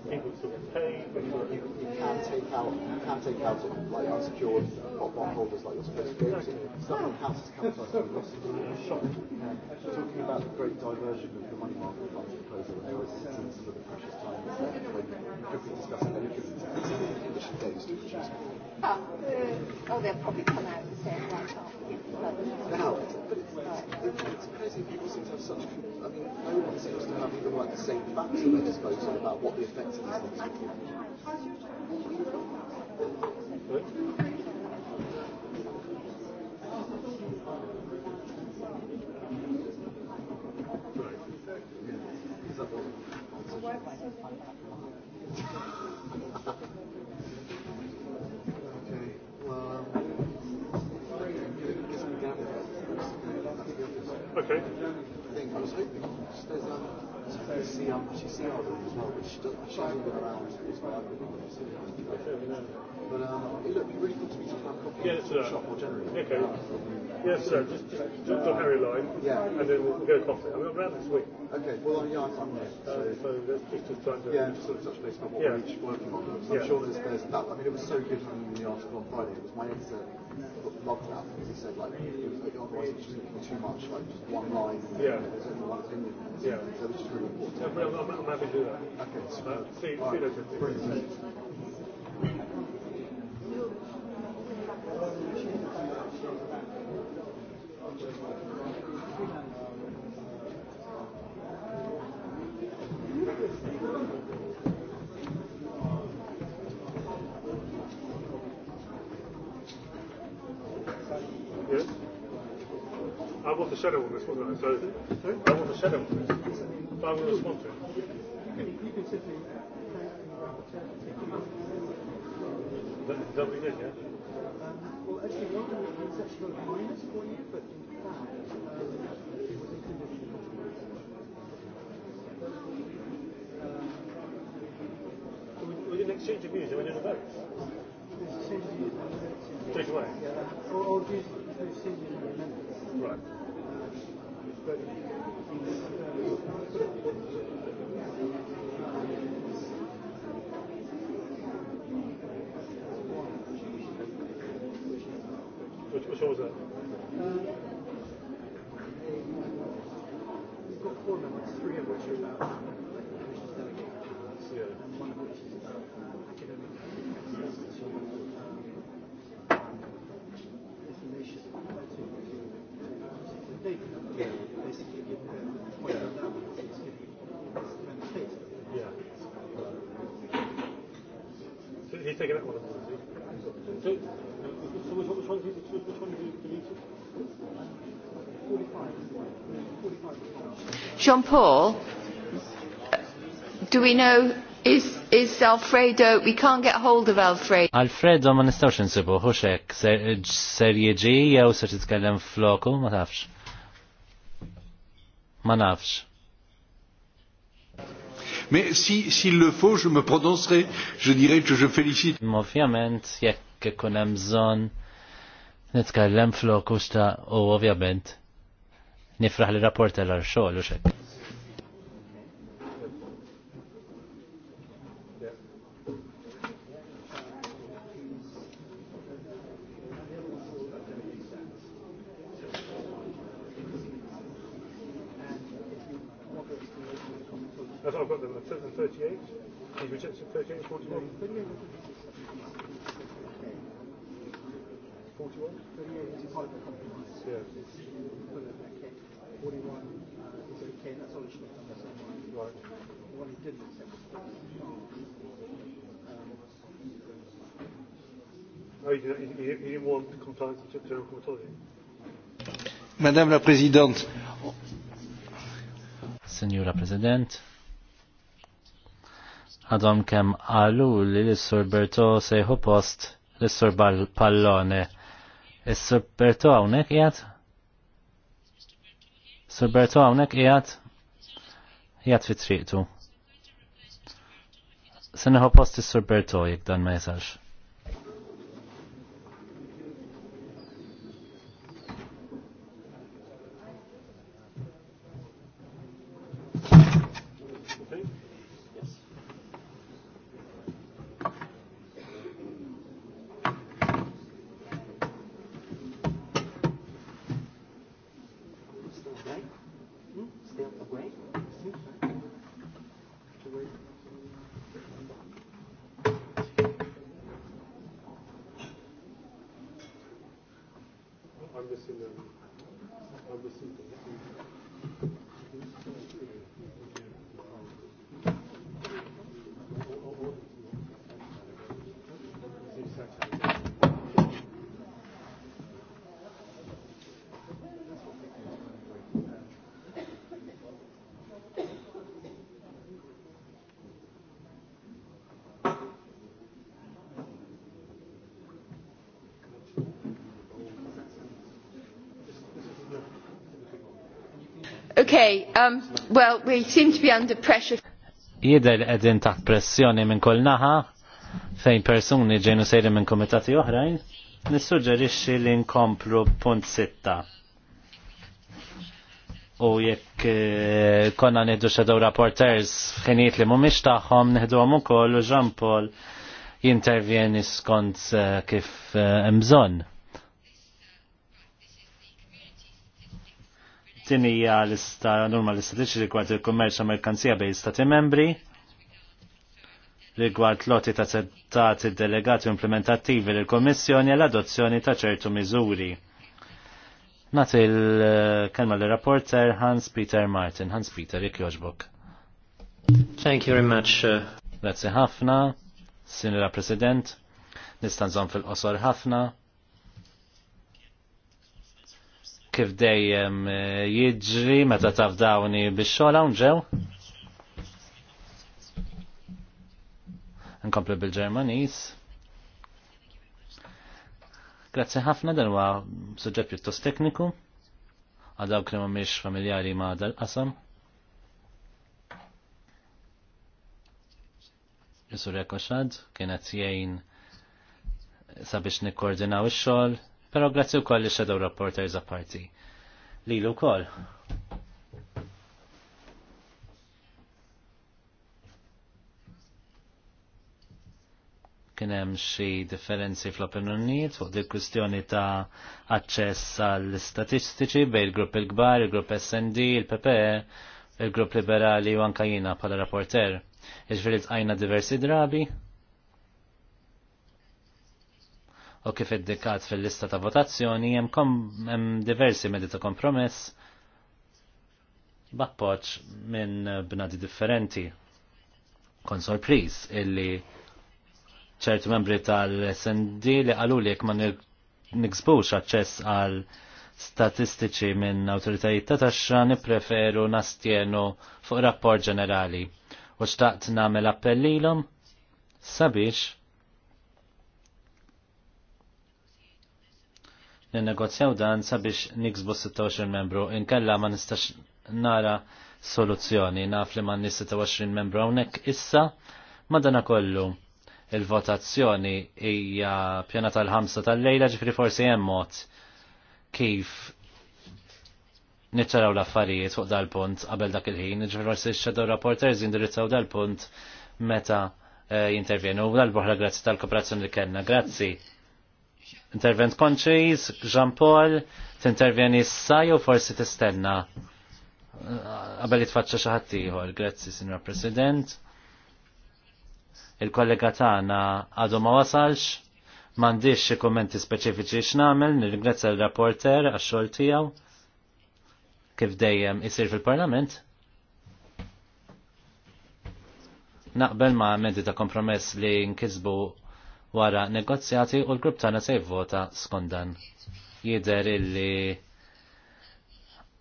people to get paid. But you, you, you can take out, you can take out like unsecured bond bondholders like you're supposed to go to. Someone houses comes out and lost it in a shock. Um, talking about the great diversion of the money market fund proposal and how it's in sort of precious time when you could be discussing anything in days to produce But, uh, oh, they'll probably come out and say right Now, it's, crazy people seem to have such. I mean, no one seems to have even like the same facts at their about what the effects of this is. Right. Okay um, it, look, really good to meet you for coffee yes, sir. shop or generally. Okay. Uh, Just, just uh, the Harry line. Yeah. And then we'll, we'll get a coffee. I mean, around this week. Okay. Well, yeah, I'm, there. So, uh, so that's just a time to. Yeah, just sort of touch base on what yeah. we're each working on. So yeah. I'm sure there's, there's that. I mean, it was so good from the article on Friday. It was my editor loved that because he said like otherwise oh, it's just thinking too much like just one line. Yeah. There's only one opinion. So yeah. So it's just really important. Yeah, I'm, I'm happy to do that. Okay. So, uh, see, uh, see you later. Brilliant shadow on this one. So I want a shadow on this. But I will respond to it. That'll yeah? actually, rather than conceptual minus for you, but in fact, um, uh, uh, we, didn't exchange of views, we didn't vote. Straight away. Yeah, or, Right. Uh, shows John Paul, do we know is is Alfredo? We can't get hold of Alfredo. Alfredo ma nistgħux insibu ħuxek ser jiġi jew se titkellem floku ma tafx. Ma nafx. Mais si, s'il le faut, je me prononcerai, je dirai que je félicite. Ma Ovvjament, jekk ikun hemm bżonn nitkellem floku sta u ovvjament nifraħ li rapport għal xogħol u xekk. Oh, Madame la Présidente. Signora President. Adam kem għallu l'Issor Berto sejħu post l-Sur Pallone. Issor sur Berto għawnek jgħat? Issor Berto għawnek jgħat? Jgħat fit tu. Senħu post is-Sur Berto jek dan ma jisax. Okay, um, well, we seem to be under pressure. Jider li qegħdin taħt pressjoni minn kol naħa fejn persuni ġenu sejri minn komitati oħrajn, nissuġġerixxi li nkomplu punt sitta. U jekk eh, konna nieħdu xedaw rapporters f'ħinijiet li mhumiex tagħhom nieħduhom ukoll u Jean Paul jintervjeni skont eh, kif eh, mżon. bżonn. Tinija lista normalista li rigward il-kummerċ merkanzija bej stati membri rigward loti ta' settati delegati implementativi l komissjoni għall adozzjoni ta' ċertu miżuri. Nati il-kelma l-rapporter Hans Peter Martin. Hans Peter, jek joġbok. Thank you very much. Uh, Grazie ħafna, Sinjora President. Nistanżon fil-qosor ħafna. kif dejjem eh, jiġri meta taf dawni biex xogħol ġew. Nkompli bil-Ġermaniż. Grazzi ħafna dan huwa suġġett pjuttost tekniku għal dawk li mhumiex familjari ma' dal-qasam. Jisur Ekoxad kienet jgħin sabiex nikkoordinaw ix-xogħol Pero grazzi u koll li xedaw rapporters apparti. Lilu koll. kien hemm xi differenzi fl opinjoniet fuq di kwistjoni ta' aċċess għall statistiċi bejn il-grupp il-kbar, il-grupp SND, il-PPE, il-grupp liberali u anka jina bħala rapporter. Iġveri tqajna diversi drabi, u kif iddikat fil-lista ta' votazzjoni hemm hemm diversi medita kompromess b'appoġġ minn bnadi differenti. Kon sorpriż illi ċertu membri tal-SND li qalu li jekk ma niksbux aċċess għal statistiċi minn awtoritajiet ta' taxxa nippreferu nastienu fuq rapport ġenerali u xtaqt nagħmel appellilhom sabiex ninnegozjaw dan sabiex niksbu 26 membru inkella ma nistax nara soluzzjoni naf li ma 26 membru hawnhekk issa madana kollu il-votazzjoni hija pjana tal-ħamsa tal-lejla ġifri forsi hemm mod kif niċċaraw l-affarijiet fuq dal-punt qabel dak il-ħin, ġifri forsi x-shadow rapporters jindirizzaw dal-punt meta eh, jintervjenu. Dal-boħra grazzi tal-kooperazzjoni li kellna. Grazzi intervent konċis, Jean Paul, t-intervjeni issa jew forsi t-istenna għabel jitfacċa xaħat ieħor. Grazzi, Signor President. Il-kollega tagħna għadu ma wasalx, m'għandix xi kummenti speċifiċi x'namel, nirringrazzja l-rapporter għax-xogħol tiegħu kif dejjem jisir fil-Parlament. Naqbel ma' mendi ta' kompromess li nkisbu wara negozjati u l-grupp tagħna se jivvota skondan. dan. illi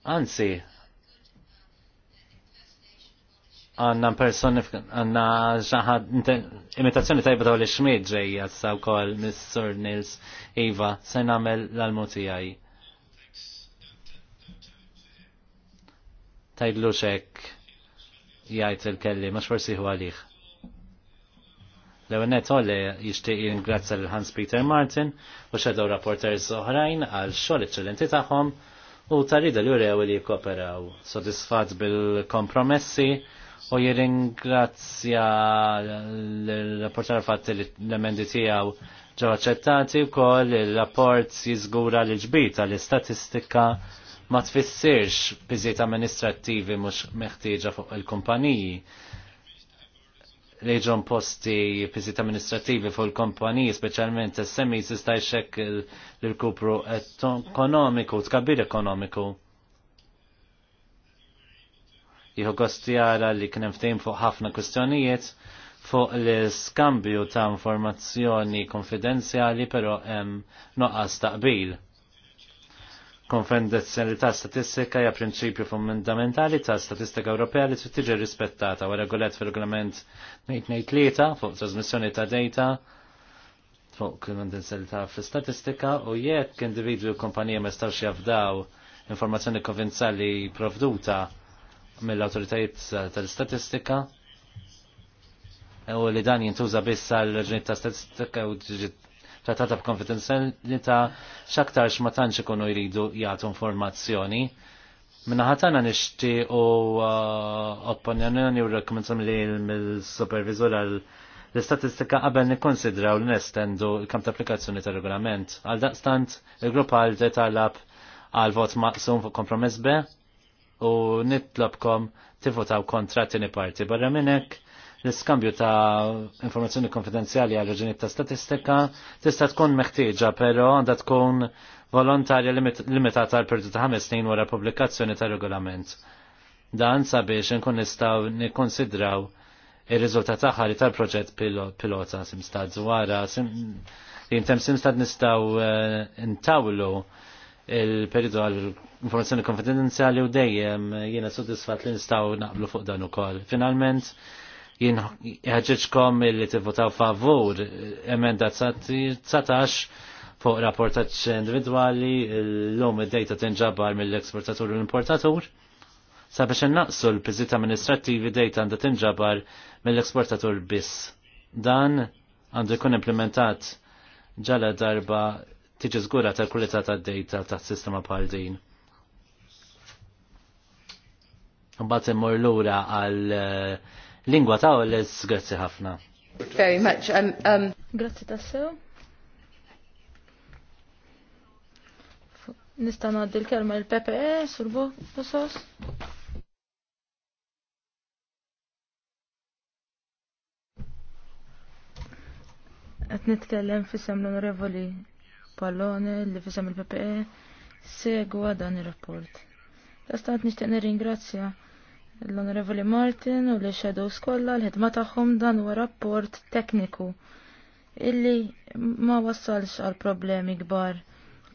anzi għanna personi għanna ġaħad imitazzjoni tajba daw li xmid ġeja saw kol Mr. Nils Iva se namel l-almuti għaj. Tajdlu xek jajt il-kelli, maċ forsi hu għalih. L-għonet għolle jishtiq jingrazzja l Hans Peter Martin u xedaw rapporters oħrajn għal xogħol eċċellenti tagħhom u tarida li għu li jkoperaw sodisfat bil-kompromessi u jirringrazzja l-rapporter fatt l-emendi tiegħu ġew aċċettati wkoll l rapport jiżgura l-ġbita l-istatistika ma tfissirx biżiet amministrattivi mhux meħtieġa fuq il-kumpaniji reġon posti pisit amministrativi fuq il-kompaniji, specialment s-semmi jista jxek l-kupru ekonomiku, tkabbir ekonomiku. Jħu għara li kienem ftejn fuq ħafna kustjonijiet fuq l-skambju ta' informazzjoni konfidenzjali, pero hemm noqas taqbil konfidenzjalità statistika hija prinċipju fundamentali ta' statistika Ewropea li trid tiġi rispettata wara regolet fil-regolament 223 fuq trasmissjoni ta' data fuq konfidenzjalità fl istatistika u jekk individwi u kumpanija ma jistgħux jafdaw informazzjoni konvenzjali provduta mill-autoritajiet tal-statistika u li dan jintuża biss għal ġnit ta' statistika u ta' ta' ta' li x'aktarx ma tantx ikunu jridu jagħtu informazzjoni. Minna ħatana nishti uh, u opponjoni u rekomendam li l-supervisor għal l-istatistika qabel nikkonsidraw li nestendu l-kamp ta' applikazzjoni ta' regolament. Għal daqstant, il-grupp għal talab għal vot maqsum fuq kompromess B u nitlobkom tifotaw kontra tini parti. Barra minnek, l-iskambju ta' informazzjoni konfidenzjali għal raġunijiet ta' statistika tista' tkun meħtieġa, pero għandha tkun volontarja limitata għal perdu ta' ħames snin wara pubblikazzjoni ta' regolament. Dan sabiex nkun nistgħu nikkonsidraw ir-riżultat tagħha li tal-proġett pilota simstad wara jintem simstad nistgħu eh, ntawlu il-periodu għal informazzjoni konfidenzjali u dejjem jiena soddisfat li nistgħu naqblu fuq dan ukoll. Finalment, jien ħagġiġkom li tivvotaw favur emenda 19 fuq rapportaċ individwali l-lum id-dejta tinġabar mill-eksportatur u l-importatur sabiex innaqsu l-piżit amministrativi dejta għandha tinġabar mill-eksportatur biss. Dan għandu jkun implementat ġala darba tiġi żgura tal-kulità tad-dejta ta' sistema bħal din. Mbagħad immur lura għal eh, Lingwa ta' u les, grazzi ħafna. Very much. Um, um... Grazzi sew. Nista' ngħaddi l-kelma l-PPE, surbu l-sos. Qed nitkellem fisem l-onorevoli Pallone li fisem il-PPE segwa dan ir-rapport. Tastat nixtieq nirringrazzja l-Onorevoli Martin u l Shadows kollha l-ħidma tagħhom dan huwa rapport tekniku illi ma wassalx għal problemi kbar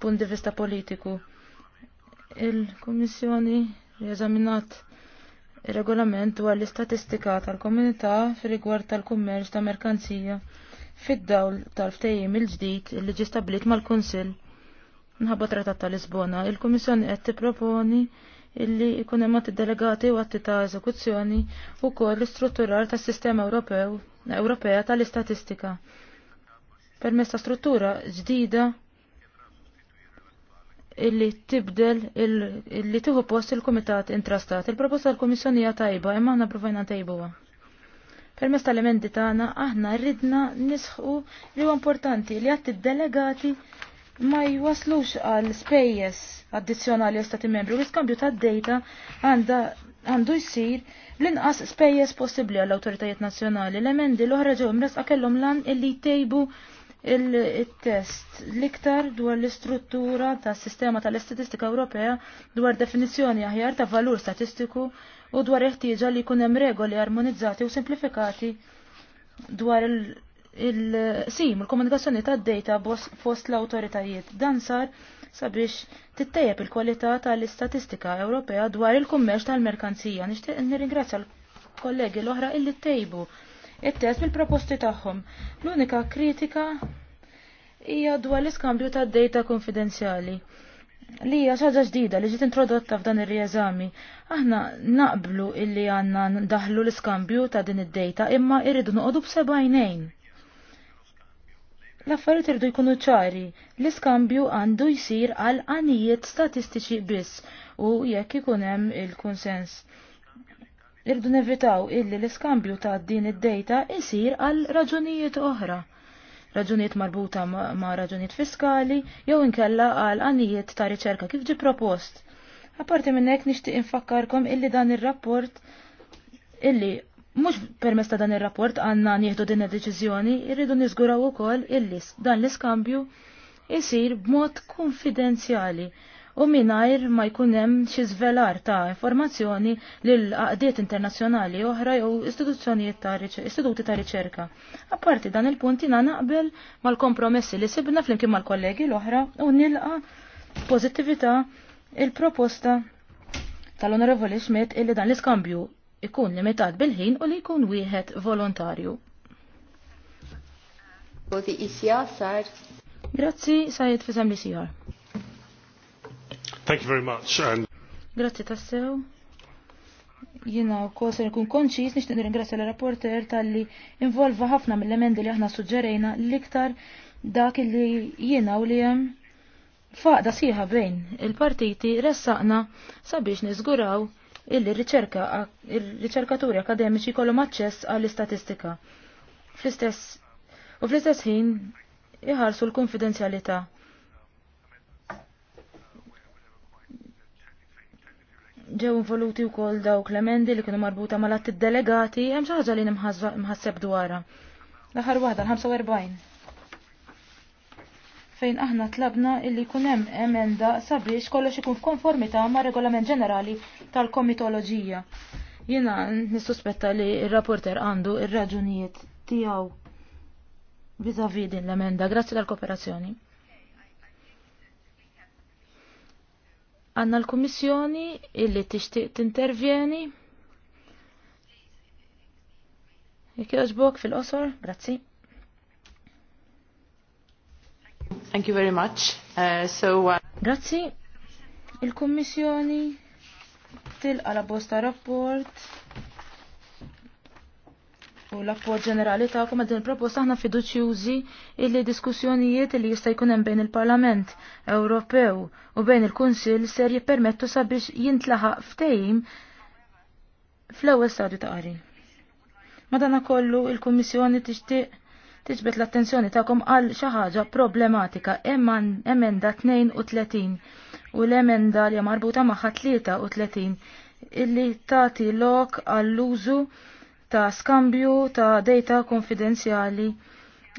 punt di vista politiku. Il-Kummissjoni jeżaminat regolament dwar l-istatistika tal-komunità fir-rigward tal-kummerċ ta' merkanzija fid-dawl tal-ftejjim il-ġdid illi ġi stabbliet mal-Kunsill minħabba Trattat ta' Lisbona. Il-Kummissjoni qed tipproponi proponi illi jkun hemm delegati u għatti ta' eżekuzzjoni u kol l-istrutturar tas sistema Ewropew Ewropea tal-istatistika. Permess ta' struttura ġdida illi tibdel illi tieħu post il-Kumitat Intrastat. Il-proposta tal-Kummissjoni hija tajba imma aħna provajna tajbuha. Permess tal-emendi tagħna aħna rridna nisħu li huwa importanti li għatti delegati ma jwaslux għal spejjes addizzjonali għal stati u l-iskambju ta' data għandu jsir l-inqas spejjeż possibbli għall awtoritajiet nazzjonali. L-emendi l-oħra ġew imresqa kellhom lan illi jtejbu il-test l-iktar dwar l-istruttura tas sistema tal-istatistika Ewropea dwar definizzjoni aħjar ta' valur statistiku u dwar il li jkun hemm regoli armonizzati u simplifikati dwar il- il-sim, il-komunikazzjoni ta' data fost l-autoritajiet. Dan sar sabiex tittejjeb il-kwalità tal-istatistika Ewropea dwar il-kummerċ tal-merkanzija. Nixtieq nirringrazzja l-kollegi l-oħra illi ttejbu it-test bil-proposti tagħhom. L-unika kritika hija dwar l-iskambju ta' data konfidenzjali. Li hija xaġa ġdida li ġiet introdotta f'dan ir-rieżami. Aħna naqblu illi għandna ndaħlu l-iskambju ta' din id-data imma irridu noqogħdu b'seba' L-affarijiet irdu jkunu ċari, l-iskambju għandu jsir għal għanijiet statistiċi biss u jekk ikun hemm il-konsens. Irdu nevitaw illi l-iskambju ta' din id-dejta jsir għal raġunijiet oħra. Raġunijiet marbuta ma', raġunijiet fiskali jew inkella għal għanijiet ta' riċerka kif ġi propost. Apparti minn hekk nixtieq infakkarkom illi dan ir-rapport illi Mux permess ta' dan il-rapport għanna nieħdu din id-deċiżjoni, irridu niżguraw ukoll il-lis dan l-iskambju isir b'mod konfidenzjali u minajr ma jkun hemm xi żvelar ta' informazzjoni lil qaqdiet internazzjonali oħra jew istituzzjonijiet ta' istituti ta' riċerka. Apparti dan il-punt jiena naqbel mal-kompromessi li sibna flimkien mal-kollegi l-oħra u nilqa pożittività il-proposta tal-Onorevoli Schmidt illi dan l-iskambju ikun limitat bil-ħin u li jkun wieħed volontarju. Grazzi, sajt fizem li sijar. Thank you very much. And... Grazzi tassew. Jina u kosa li kun konċis nix nirringrazzja l-rapporter tal-li involva ħafna mill-emendi li aħna suġġerejna l-iktar dak li jina u li jem faqda siħa bejn il-partiti ressaqna sabiex nizguraw illi r-riċerkaturi akademiċi kollhom aċċess għall-istatistika. Fl-istess u fl-istess ħin iħarsu l-konfidenzjalità. Ġew involuti wkoll dawk l-emendi li kienu marbuta mal-atti delegati hemm xi ħaġa li nimħasseb dwarha. L-aħħar waħda l-45 fejn aħna tlabna illi jkun hemm emenda sabiex kollox ikun f'konformità ma' regolament ġenerali tal-komitoloġija. Jiena nissuspetta li r-rapporter għandu ir-raġunijiet tiegħu vizavi din l-emenda. Grazzi tal-kooperazzjoni. Għanna l-Kummissjoni illi tixtieq tintervjeni. Jekk jogħġbok fil-qosor, grazzi. Thank you very much. Uh, so, uh... Grazzi. Il-Kommissjoni tilqa la bosta rapport u l-appoġġ ġenerali ta' għal din il-proposta ħna fiduċjużi illi diskussjonijiet li jista' jkun hemm bejn il-Parlament Ewropew u bejn il-Kunsill ser jippermettu sabiex jintlaħaq ftehim fl-ewwel stadju ta' qari. Madana kollu il-Kummissjoni tixtieq tiġbet l-attenzjoni tagħkom għal xi ħaġa problematika emenda 32 u l-emenda li marbuta magħha 33 illi tagħti lok għall-użu ta' skambju ta' data konfidenzjali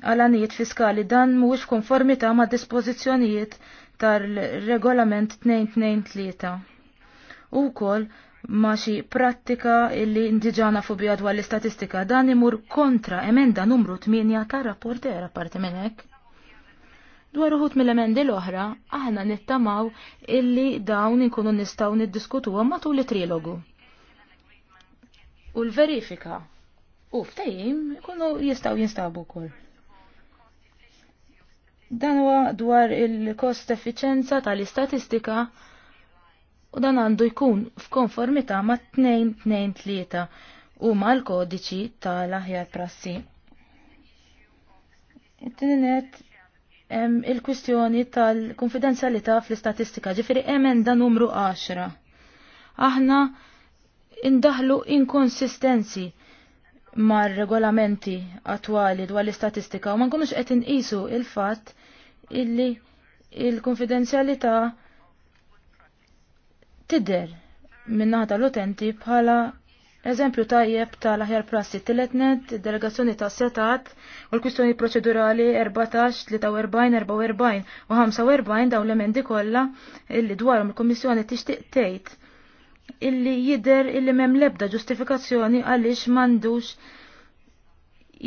għal anijiet fiskali dan mhuwiex konformità ma' dispożizzjonijiet tar-regolament 223. U ma' xi prattika illi indiġana fubija dwar l-istatistika dan imur kontra emenda numru 8 ta' rapporter apparti minn hekk. Dwar uħut mill-emendi l-oħra, aħna nittamaw illi dawn inkunu nistaw niddiskutuhom matul it-trilogu. U l-verifika u ftejim ikunu jistaw jinstabu wkoll. Dan huwa dwar il-kost effiċenza tal-istatistika u dan għandu jkun f'konformità ma' 223 u l kodiċi tal-aħjar prassi. It-tinet il-kwistjoni tal-konfidenzjalità fl-istatistika, ġifiri emenda numru 10. Aħna indaħlu inkonsistenzi mar regolamenti attwali dwar l-istatistika u ma nkunux qed inqisu il-fatt illi il-konfidenzjalità il tidher minnaħta tal-utenti bħala Eżempju tajjeb tal-aħjar prassi tiletnet, delegazzjoni ta' setat u l-kwistjoni proċedurali 14, 43, 44 u 45 daw l-emendi kollha illi dwarhom il-Kummissjoni tixtieq tgħid illi jidher illi m'hemm lebda ġustifikazzjoni għaliex m'għandux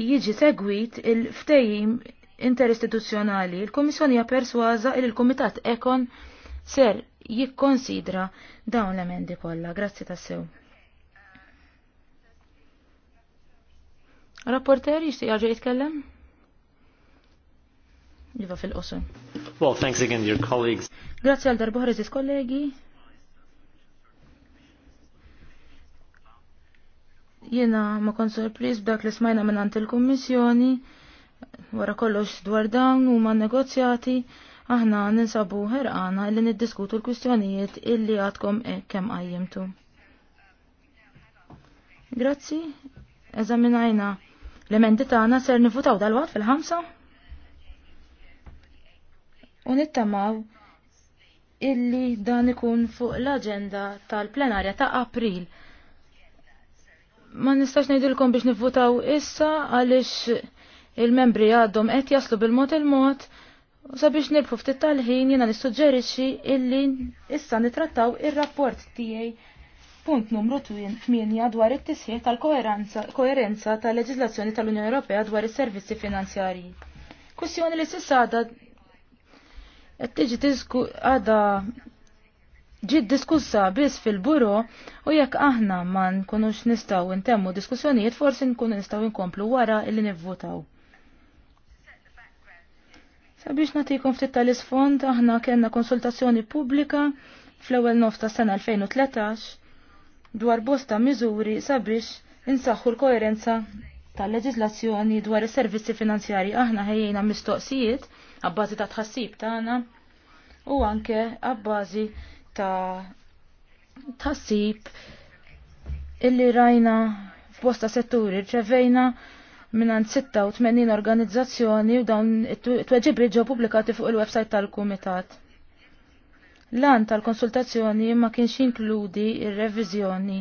jiġi segwit il-ftejim interistituzzjonali. Il-Kummissjoni hija persważa il il-Kumitat Ekon ser jikkonsidra dawn l-emendi kollha. Grazzi tassew. Rapporter jixtieq jarġa' jitkellem? Iva fil-qosor. Well, thanks again your colleagues. Grazzi għal darbu żis kollegi. Jiena ma kont sorpriz b'dak li smajna minn il-Kummissjoni wara kollox dwar dawn huma negozjati aħna ninsabu ħerqana li niddiskutu l-kwistjonijiet illi għadkom e kemm qajjimtu. Grazzi, eżaminajna l-emendi tagħna ser nifutaw dal-waqt fil-ħamsa. U nittamaw illi dan ikun fuq l-aġenda tal-plenarja ta' April. Ma nistax ngħidilkom biex nifutaw issa għaliex il-membri għadhom qed jaslu bil-mod il-mod il mod Sabiex nirfu ftit tal-ħin jiena nissuġġerixxi illi issa nitrattaw ir-rapport tiegħi punt numru 8 dwar it-tisħiħ tal-koerenza tal-leġiżlazzjoni tal-Unjoni Ewropea dwar is-servizzi finanzjarji. Kwissjoni li għadha qed tiġi għadha għada ġid diskussa biss fil-buro u jekk aħna ma nkunux nistgħu ntemmu diskussjonijiet forsi nkunu nistgħu nkomplu wara illi nivvotaw. Sabiex natikom ftit tal-isfond, aħna kellna konsultazzjoni pubblika fl-ewwel nof ta' sena 2013 dwar bosta miżuri sabiex insaħħu l-koerenza tal-leġislazzjoni dwar is-servizzi finanzjari aħna ħejjina mistoqsijiet għabbażi ta' tħassib tagħna u anke għabbażi ta' tħassib illi rajna f'bosta setturi rċevejna minant 86 organizzazzjoni u dawn it-tweġibri ġew pubblikati fuq il-website tal-Kumitat. L-an tal-konsultazzjoni ma kienx inkludi ir-reviżjoni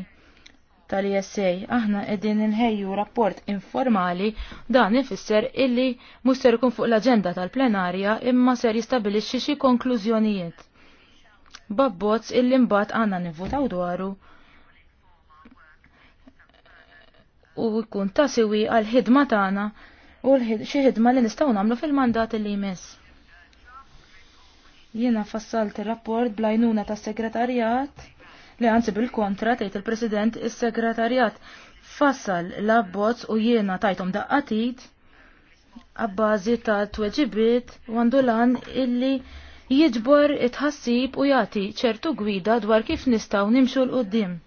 tal-ISA. Aħna qegħdin inħejju rapport informali dan ifisser illi mhux ser ikun fuq l-aġenda tal-plenarja imma ser jistabilixxi xi konklużjonijiet. Babbozz illi mbagħad għandna nivvutaw dwaru u jkun ta' siwi għal ħidma tagħna u xi ħidma li nistgħu nagħmlu fil-mandat li jmiss. Jiena fassalt ir-rapport blajnuna tas-segretarjat li anzi bil-kontra tgħid il-President is-segretarjat fassal l-abbozz u jiena tajtom daqqatit għabbażi ta' tweġibiet u lan illi jiġbor itħassib u jati ċertu gwida dwar kif nistaw nimxu l-qoddim.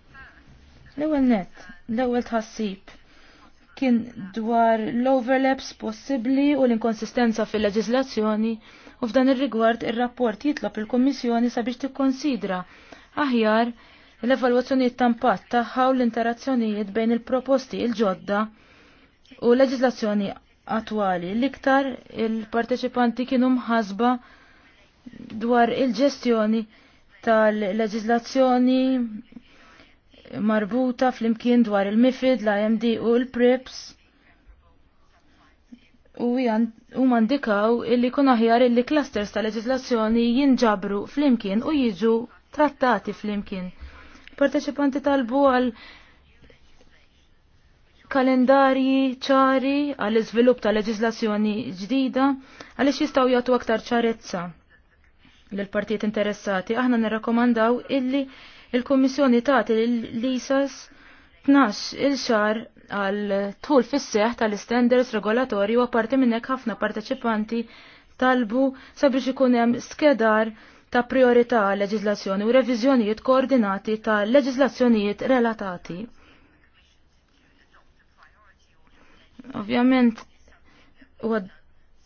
L-ewel net, l-ewel tħassib kien dwar l-overlaps possibbli u l-inkonsistenza fil-leġislazzjoni u f'dan ir-rigward ir-rapport jitlob il-Kummissjoni sabiex tikkonsidra aħjar l-evalwazzjonijiet ta' impatt tagħha u l-interazzjonijiet bejn il-proposti il-ġodda u leġislazzjoni attwali. L-iktar il-parteċipanti kienu mħasba dwar il-ġestjoni tal-leġislazzjoni marbuta fl-imkien dwar il-MIFID, l-IMD u l-PRIPS u mandikaw illi kun aħjar illi clusters ta' leġislazzjoni jinġabru fl-imkien u jiġu trattati fl-imkien. Parteċipanti talbu għal kalendarji ċari għall iżvilupp ta' leġislazzjoni ġdida għaliex jistgħu jagħtu aktar ċarezza lill partijiet interessati. Aħna nirrakkomandaw illi il-Kummissjoni tagħti l-ISAS 12 il-xar għal tul fis-seħ tal-standards regolatorju u apparti minnek ħafna parteċipanti talbu sabiex ikun hemm skedar ta' priorità leġizlazzjoni u reviżjonijiet koordinati ta' leġizlazzjonijiet relatati. Ovvjament,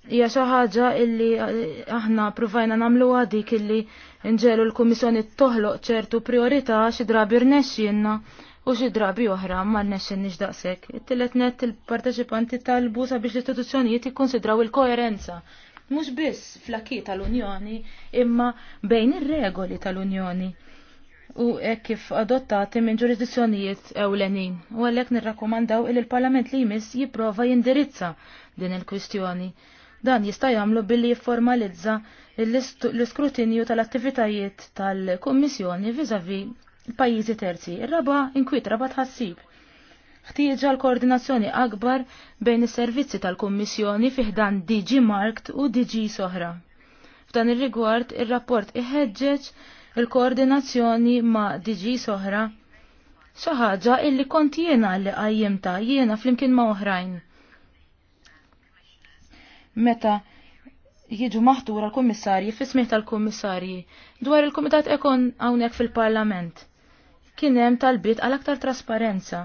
hija xi ħaġa illi eh, aħna provajna nagħmluha dik illi Inġelu l-Kummissjoni toħloq ċertu priorità xi drabi rnexxinna u xi drabi oħra ma rnexxinniex daqshekk. It-tielet net il-parteċipanti talbu sabiex l-istituzzjonijiet jikkonsidraw il-koerenza mhux biss fl-akki tal-Unjoni imma bejn ir-regoli tal-Unjoni u hekk kif adottati minn ġurisdizzjonijiet ewlenin. U għalhekk nirrakkomandaw il-Parlament li jmiss jipprova jindirizza din il-kwistjoni Dan jista' jagħmlu billi jifformalizza l-iskrutinju tal-attivitajiet tal-Kummissjoni viżavi pajjiżi terzi. Ir-raba inkwiet raba tħassib. Ħtieġa l-koordinazzjoni akbar bejn is-servizzi tal-Kummissjoni fiħdan DG Markt u DG soħra. F'dan ir-rigward ir-rapport iħeġġeġ il-koordinazzjoni ma' DG soħra xi ħaġa illi kont jiena li qajjimta jiena flimkien ma' oħrajn meta jiġu maħtur l-kummissarji fismiħ tal-kummissarji dwar il-Kumitat Ekon hawnhekk fil-Parlament. Kien hemm talbiet għal aktar trasparenza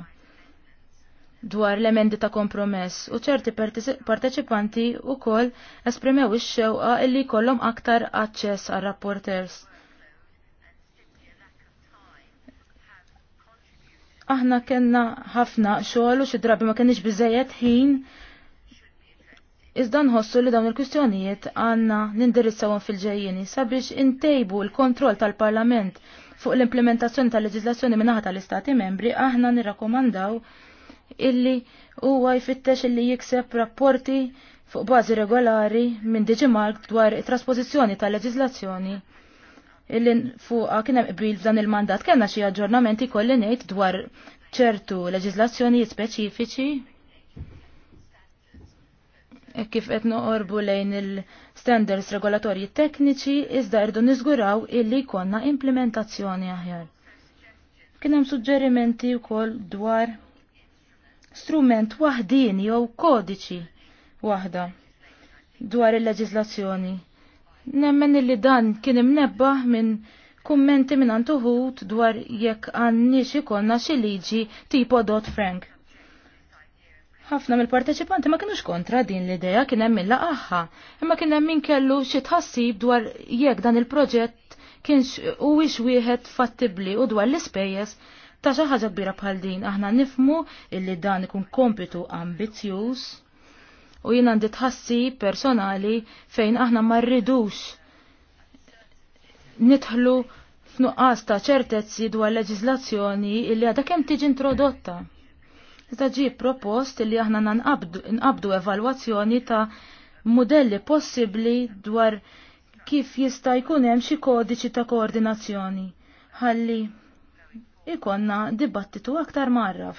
dwar l-emendi ta' kompromess u ċerti parteċipanti u koll esprimew ix-xewqa illi kollom aktar aċċess għal rapporters. Aħna kena ħafna xogħol u xi drabi ma kenniex biżejjed ħin Iżda nħossu li dawn il-kwistjonijiet għanna nindirizzawhom fil-ġejjieni sabiex intejbu l-kontroll tal-Parlament fuq l-implementazzjoni tal-leġislazzjoni minnaħa tal-Istati membri, aħna nirrakkomandaw illi huwa jfittex illi jikseb rapporti fuq bażi regolari minn Digi Mark dwar it-trasposizzjoni tal leġiżlazzjoni illi fuqa kien hemm qbil f'dan il-mandat kellna xi aġġornamenti kolli ngħid dwar ċertu leġislazzjonijiet speċifiċi kif qed noqorbu lejn il-standards regolatorji tekniċi iżda rdu niżguraw illi jkollna implementazzjoni aħjar. Kien hemm suġġerimenti wkoll dwar strument waħdin jew kodiċi waħda dwar il-leġiżlazzjoni. Nemmen illi dan kien imnebbaħ minn kummenti minn antuħut dwar jekk għanni ikollna xi liġi tipo Dot Frank ħafna mill-parteċipanti ma kienux kontra din l-idea kien hemm minla aħħa, imma kien hemm min kellu xi tħassib dwar jekk dan il-proġett kien huwiex wieħed fattibbli u dwar l-ispejjeż ta' xi ħaġa kbira bħal din aħna nifmu illi dan ikun kompitu ambizzjuż u jien għandi tħassib personali fejn aħna ma rridux nidħlu f'nuqqas ta' ċertezzi dwar leġiżlazzjoni illi għadha kemm tiġi introdotta. Iżda ġie propost li aħna nqabdu evalwazzjoni ta' modelli possibbli dwar kif jista' jkun hemm xi kodiċi ta' koordinazzjoni. Ħalli ikonna dibattitu aktar marraf.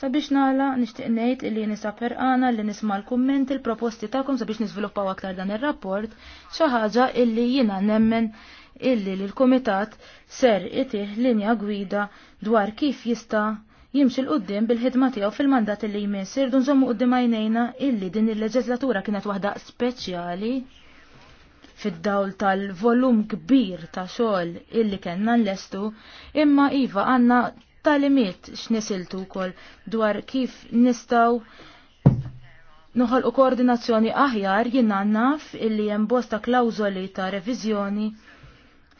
Sabiex nala, nishtiq ngħid li nisa perqana li nisma' l-kumment il-proposti tagħkom sabiex niżviluppaw aktar dan ir-rapport xi ħaġa illi jiena nemmen illi l-Kumitat ser itih linja gwida dwar kif jista' jimxil qoddim bil-ħidma tiegħu fil-mandat li jmiss irdu nżommu qoddim għajnejna illi din il-leġislatura kienet waħda speċjali fid-dawl tal-volum kbir ta' xogħol illi kellna nlestu, imma iva għandna talimiet x'nisiltu wkoll dwar kif nistgħu Noħol u koordinazzjoni aħjar jina naf illi hemm bosta klawzoli ta' revizjoni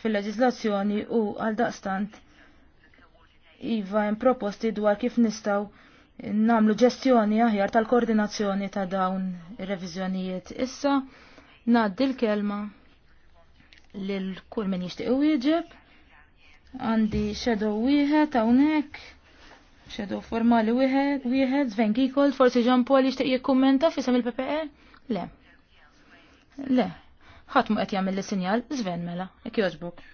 fil-leġizlazzjoni u għal daqstant iva hemm proposti dwar kif nistgħu nagħmlu ġestjoni aħjar tal-koordinazzjoni ta' dawn ir-reviżjonijiet. Issa ngħaddi l-kelma lil kull min jixtieq jieġib. Għandi shadow wieħed hawnhekk. Shadow formali wieħed, wieħed, Sven Gikold, forsi Jean Paul jixtieq jikkummenta fi il PPE? Le. Le. Ħadd mu qed jagħmel li sinjal, Sven mela, jekk jogħġbok.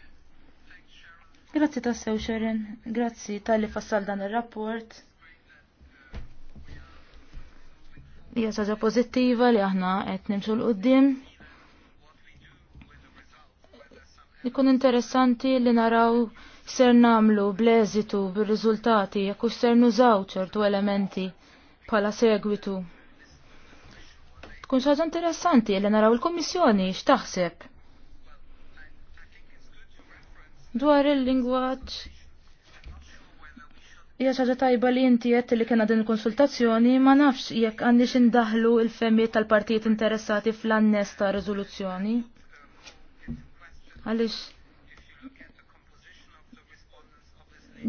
Grazzi ta' sew Sharon, grazzi tal-li fassal dan il-rapport. Hija ħaġa pożittiva li aħna qed nimxu l qudiem Ikun interessanti li naraw ser namlu bleżitu eżitu bil-riżultati jekk hux ser nużaw ċertu elementi bħala segwitu. Tkun xaġa interessanti li naraw il-Kommissjoni x'taħseb Dwar il-lingwaġġ hija xaġa tajba li inti jett li kena din il-konsultazzjoni ma nafx jekk għandi xindahlu il-femmiet tal-partijiet interessati fl annesta ta' riżoluzzjoni.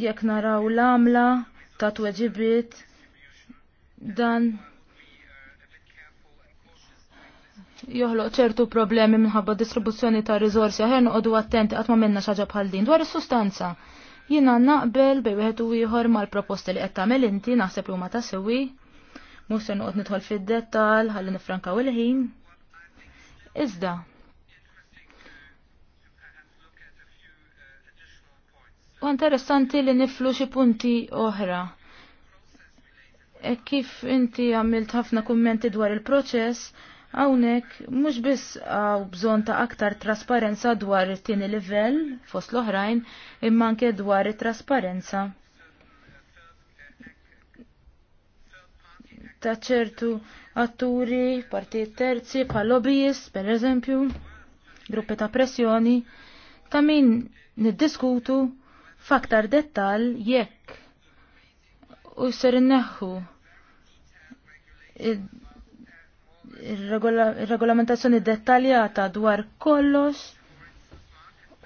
jekk naraw l-għamla ta' tweġibiet dan joħloq ċertu problemi minħabba distribuzzjoni ta' rizorsi ħer noqogħdu attenti qatt ma minna ħaġa bħal din dwar is-sustanza. Jiena naqbel bej wieħed u ieħor mal-proposti li qed tagħmel inti naħseb li huma ta' sewwi. Mhux se noqgħod nidħol fid-dettal ħalli nifrankaw il-ħin. Iżda. U interessanti li niflu xi punti oħra. E kif inti għamilt ħafna kummenti dwar il-proċess, Hawnhekk mhux biss għaw bżonn ta' aktar trasparenza dwar it-tieni livell fost l-oħrajn imma anke dwar it-trasparenza ta' ċertu atturi, partijiet terzi, pa' lobbyist, per eżempju, gruppi ta' pressjoni, ta' min niddiskutu f'aktar dettal jekk u ser inneħħu regolamentazzjoni dettaljata dwar kollox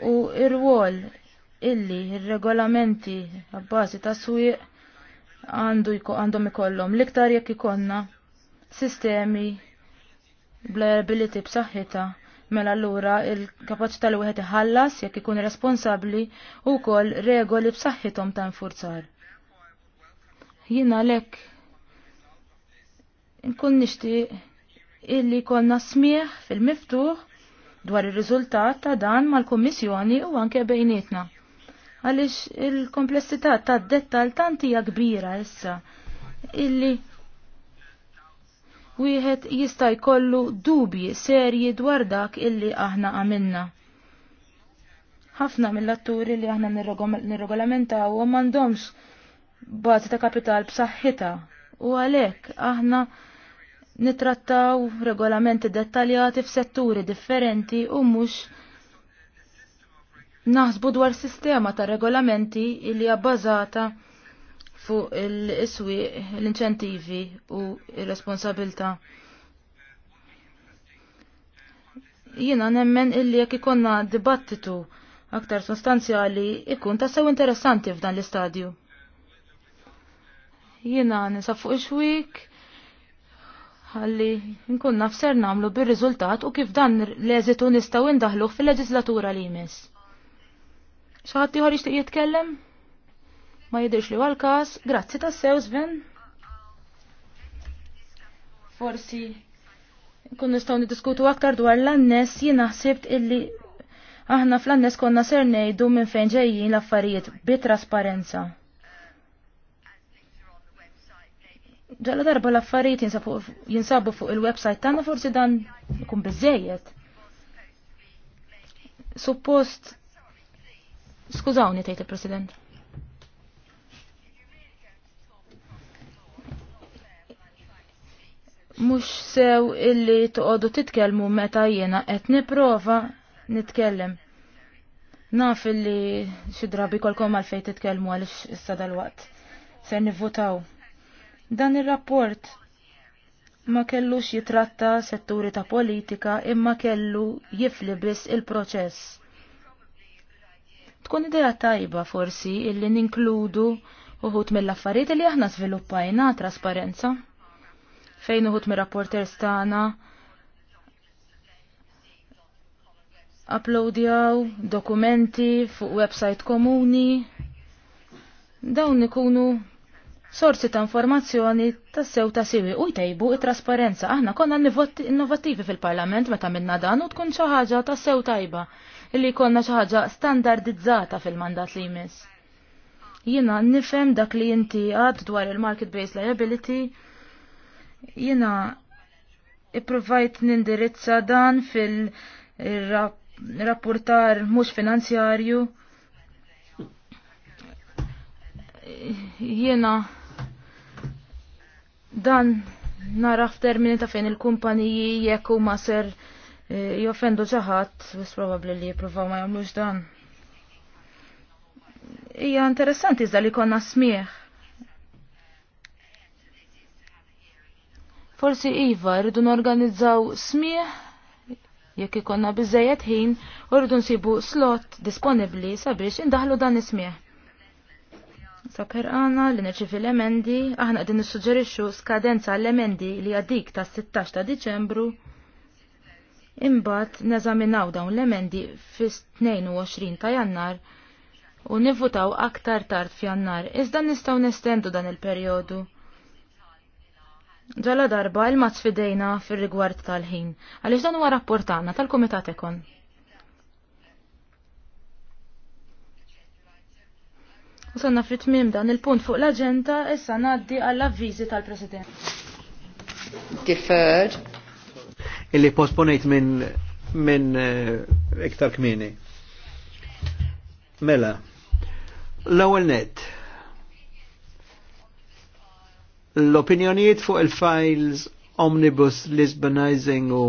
u ir-wol illi il regolamenti għabbażi ta' swieq għandu għandhom ikollhom l-iktar jekk ikonna sistemi bl-ability b'saħħitha mela allura il-kapaċità li wieħed iħallas jekk ikun responsabbli u wkoll regoli b'saħħithom ta' nfurzar. Jiena lek nkun nixtieq illi konna smieħ fil-miftuħ dwar ir-riżultat ta' dan mal-Kummissjoni u anke bejnietna. Għaliex il-komplessità ta' dettal tant hija kbira issa illi wieħed jista' jkollu dubji serji dwar dak illi aħna għamilna. Ħafna mill-atturi li aħna nirregolamentaw u m'għandhomx bażi ta' kapital b'saħħitha u għalhekk aħna nitrattaw regolamenti dettaljati f'setturi differenti u mhux naħsbu dwar sistema ta' regolamenti li hija bbażata fuq il-iswi l-inċentivi u ir-responsabilta. Jiena nemmen illi jekk ikonna dibattitu aktar sostanzjali ikun ta' sew interessanti f'dan l-istadju. Jiena nisa fuq ix-week ħalli nkun nafser namlu bir-riżultat u kif dan l-eżitu nistaw indaħlu fil-leġislatura li jmiss. ħadd tiħor jixtieq jitkellem? Ma jidirx li għal każ, grazzi tas-sew Sven. Forsi kun nistgħu nidiskutu aktar dwar l-annes jina ħsibt illi aħna fl-annes konna ser ngħidu minn fejn ġejjin l-affarijiet bi trasparenza. ġalla darba l-affarijiet jinsabu fuq il-website tagħna forsi dan ikun biżejjed. Suppost skużawni tgħid il-President. Mhux sew illi toqogħdu titkellmu meta jiena qed nipprova nitkellem. Naf illi xi drabi kolkom għalfejn titkellmu għaliex issa dalwaqt. Ser nivvutaw. Dan ir-rapport ma kellux jitratta setturi ta' politika imma kellu jifli biss il-proċess. Tkun idea tajba forsi illi ninkludu uħut mill-affarijiet li aħna sviluppajna trasparenza. Fejn uħut mir-rapporters stana uploadjaw dokumenti fuq website komuni. Dawn ikunu sorsi ta' informazzjoni ta' sew ta' siwi u jtejbu i trasparenza Aħna konna innovativi fil-parlament meta minna dan u tkun xi ħaġa ta' sew tajba illi konna xi ħaġa standardizzata fil-mandat li jmiss. Jiena nifem dak li inti għad dwar il-market based liability. Jiena provajt nindirizza dan fil-rapportar mhux finanzjarju. Jiena Dan nara f'termini ta' fejn il-kumpaniji jekk huma ser eh, joffendu ċaħat, bis probabli probabbli li jippruvaw ma jagħmlux dan. Hija interessanti iżda li konna smieħ. Forsi iva rridu norganizzaw smieħ jekk ikonna biżejjed ħin u rridu nsibu slot disponibbli sabiex indaħlu dan smieħ. Sa għana li neċifi l-emendi, aħna għedin nissuġġerixxu skadenza l-emendi li għaddik ta' 16 ta' Diċembru, imbat neżaminaw dawn l-emendi fis-22 ta' Jannar u nivvutaw aktar tard f'Jannar, iżda nistgħu nestendu dan il-perjodu. Ġala darba il-mazz fidejna fir-rigward tal-ħin, għaliex dan huwa rapportana tal-Kumitat Ekon. Sanna fit mim dan il-punt fuq l-agenda issa ngħaddi għall-avviżi tal-President. Deferred. Illi posponejt minn minn eh, iktar kmini. Mela, l-ewwel net. L-opinjonijiet fuq il-files Omnibus Lisbonizing u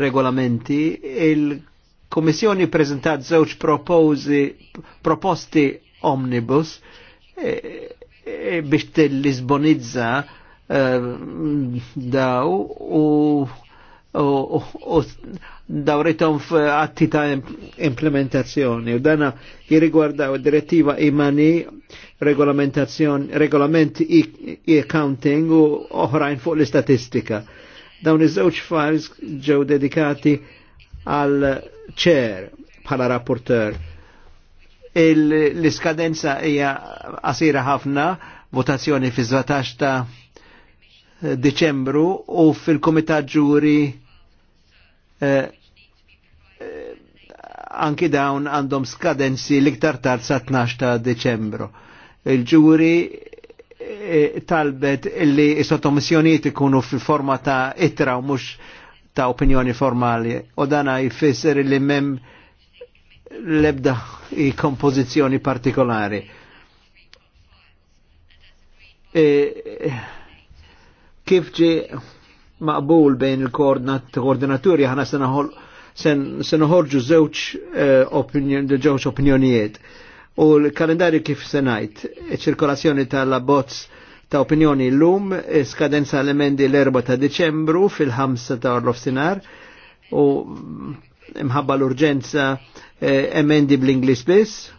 regolamenti, il-Komissjoni prezentat żewġ proposti omnibus e, e, biex t-lisbonizza e, daw u dawritom f'atti ta' implementazzjoni. U dana jirrigwardaw direttiva imani, regolament e-accounting u oħrajn fuq l-istatistika. Dawn iż-żewġ files ġew dedikati għal ċer bħala rapporteur L-iskadenza hija qasira ħafna, votazzjoni fi 17 ta' Deċembru u fil kumitat Ġuri eh, eh, anki dawn għandhom skadenzi l-iktar tard sa' 12 ta' Deċembru. Il-ġuri eh, talbet illi sottomissjoniet ikunu fi forma ta' itra u mux ta' opinjoni formali. U dana jfisser illi mem lebda i kompozizjoni partikolari. E, kif ġi maqbul bejn il-koordinaturi ħana se noħorġu żewġ uh, opinjonijiet. U l-kalendarju kif se ngħid, e, ċirkolazzjoni tal-abbozz ta' opinjoni l-lum, e, skadenza l-emendi l-4 ta' Deċembru fil-5 ta' Orlof Sinar u mħabba l-urġenza Eh, emendi bl-Inglis biss,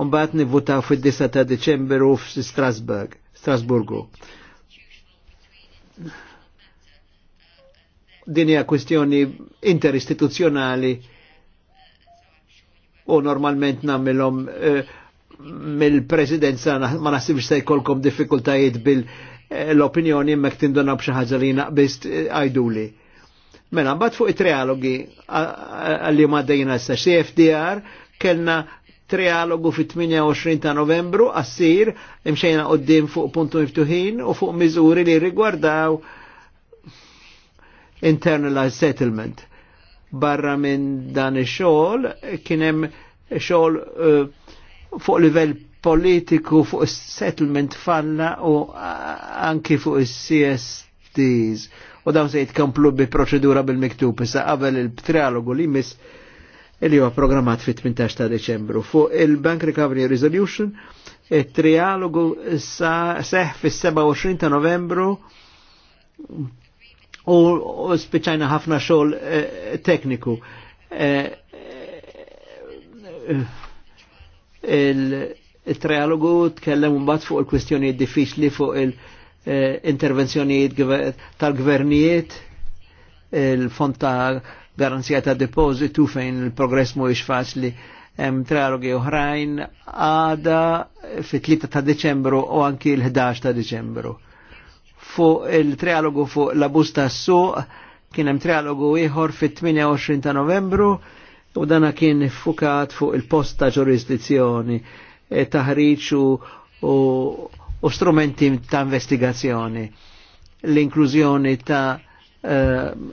un bat nivvutaw fid 10 ta' Deċember u Deċembru strasburg Strasburgu. Dini hija kwestjoni interistituzjonali u normalment namilom eh, mill-presidenza ma nasibx se jkollkom diffikultajiet bil-opinjoni eh, mek tindona b'xi li naqbist eh, għajduli. Eh, Mela, mbagħad fuq it-trialogi għalli ma dejna issa CFDR kellna trialogu fit-28 ta' novembru għassir imxejna qoddim fuq puntu miftuħin u fuq miżuri li rigwardaw internalized settlement. Barra minn dan ix-xogħol kien hemm xogħol uh, fuq livell politiku fuq settlement falla u uh, anki fuq is-CSDs u dawn se jitkomplu bi proċedura bil-miktub issa qabel il-trialogu li mis li huwa programmat fit-18 ta' Deċembru. Fuq il-Bank Recovery Resolution, il-trialogu sa seħ fis-27 ta' Novembru u spiċajna ħafna xogħol eh, tekniku. Eh, eh, il-trialogu tkellem mbagħad fuq il-kwistjonijiet diffiċli fuq il-, il Eh, intervenzjonijiet tal-gvernijiet, il-fond ta' garanzija ta' depositu fejn il-progress mhuwiex faċli hemm trialogi oħrajn għada fit-3 ta' Deċembru u anki l-11 ta' Deċembru. Fuq il-trialogu fuq l Busta ta' kien hemm trialogu ieħor fit-28 ta' Novembru u dana kien fukat fuq il-post ta' ġurisdizzjoni eh, taħriċu u u strumenti ta' investigazzjoni, l-inklużjoni ta' uh,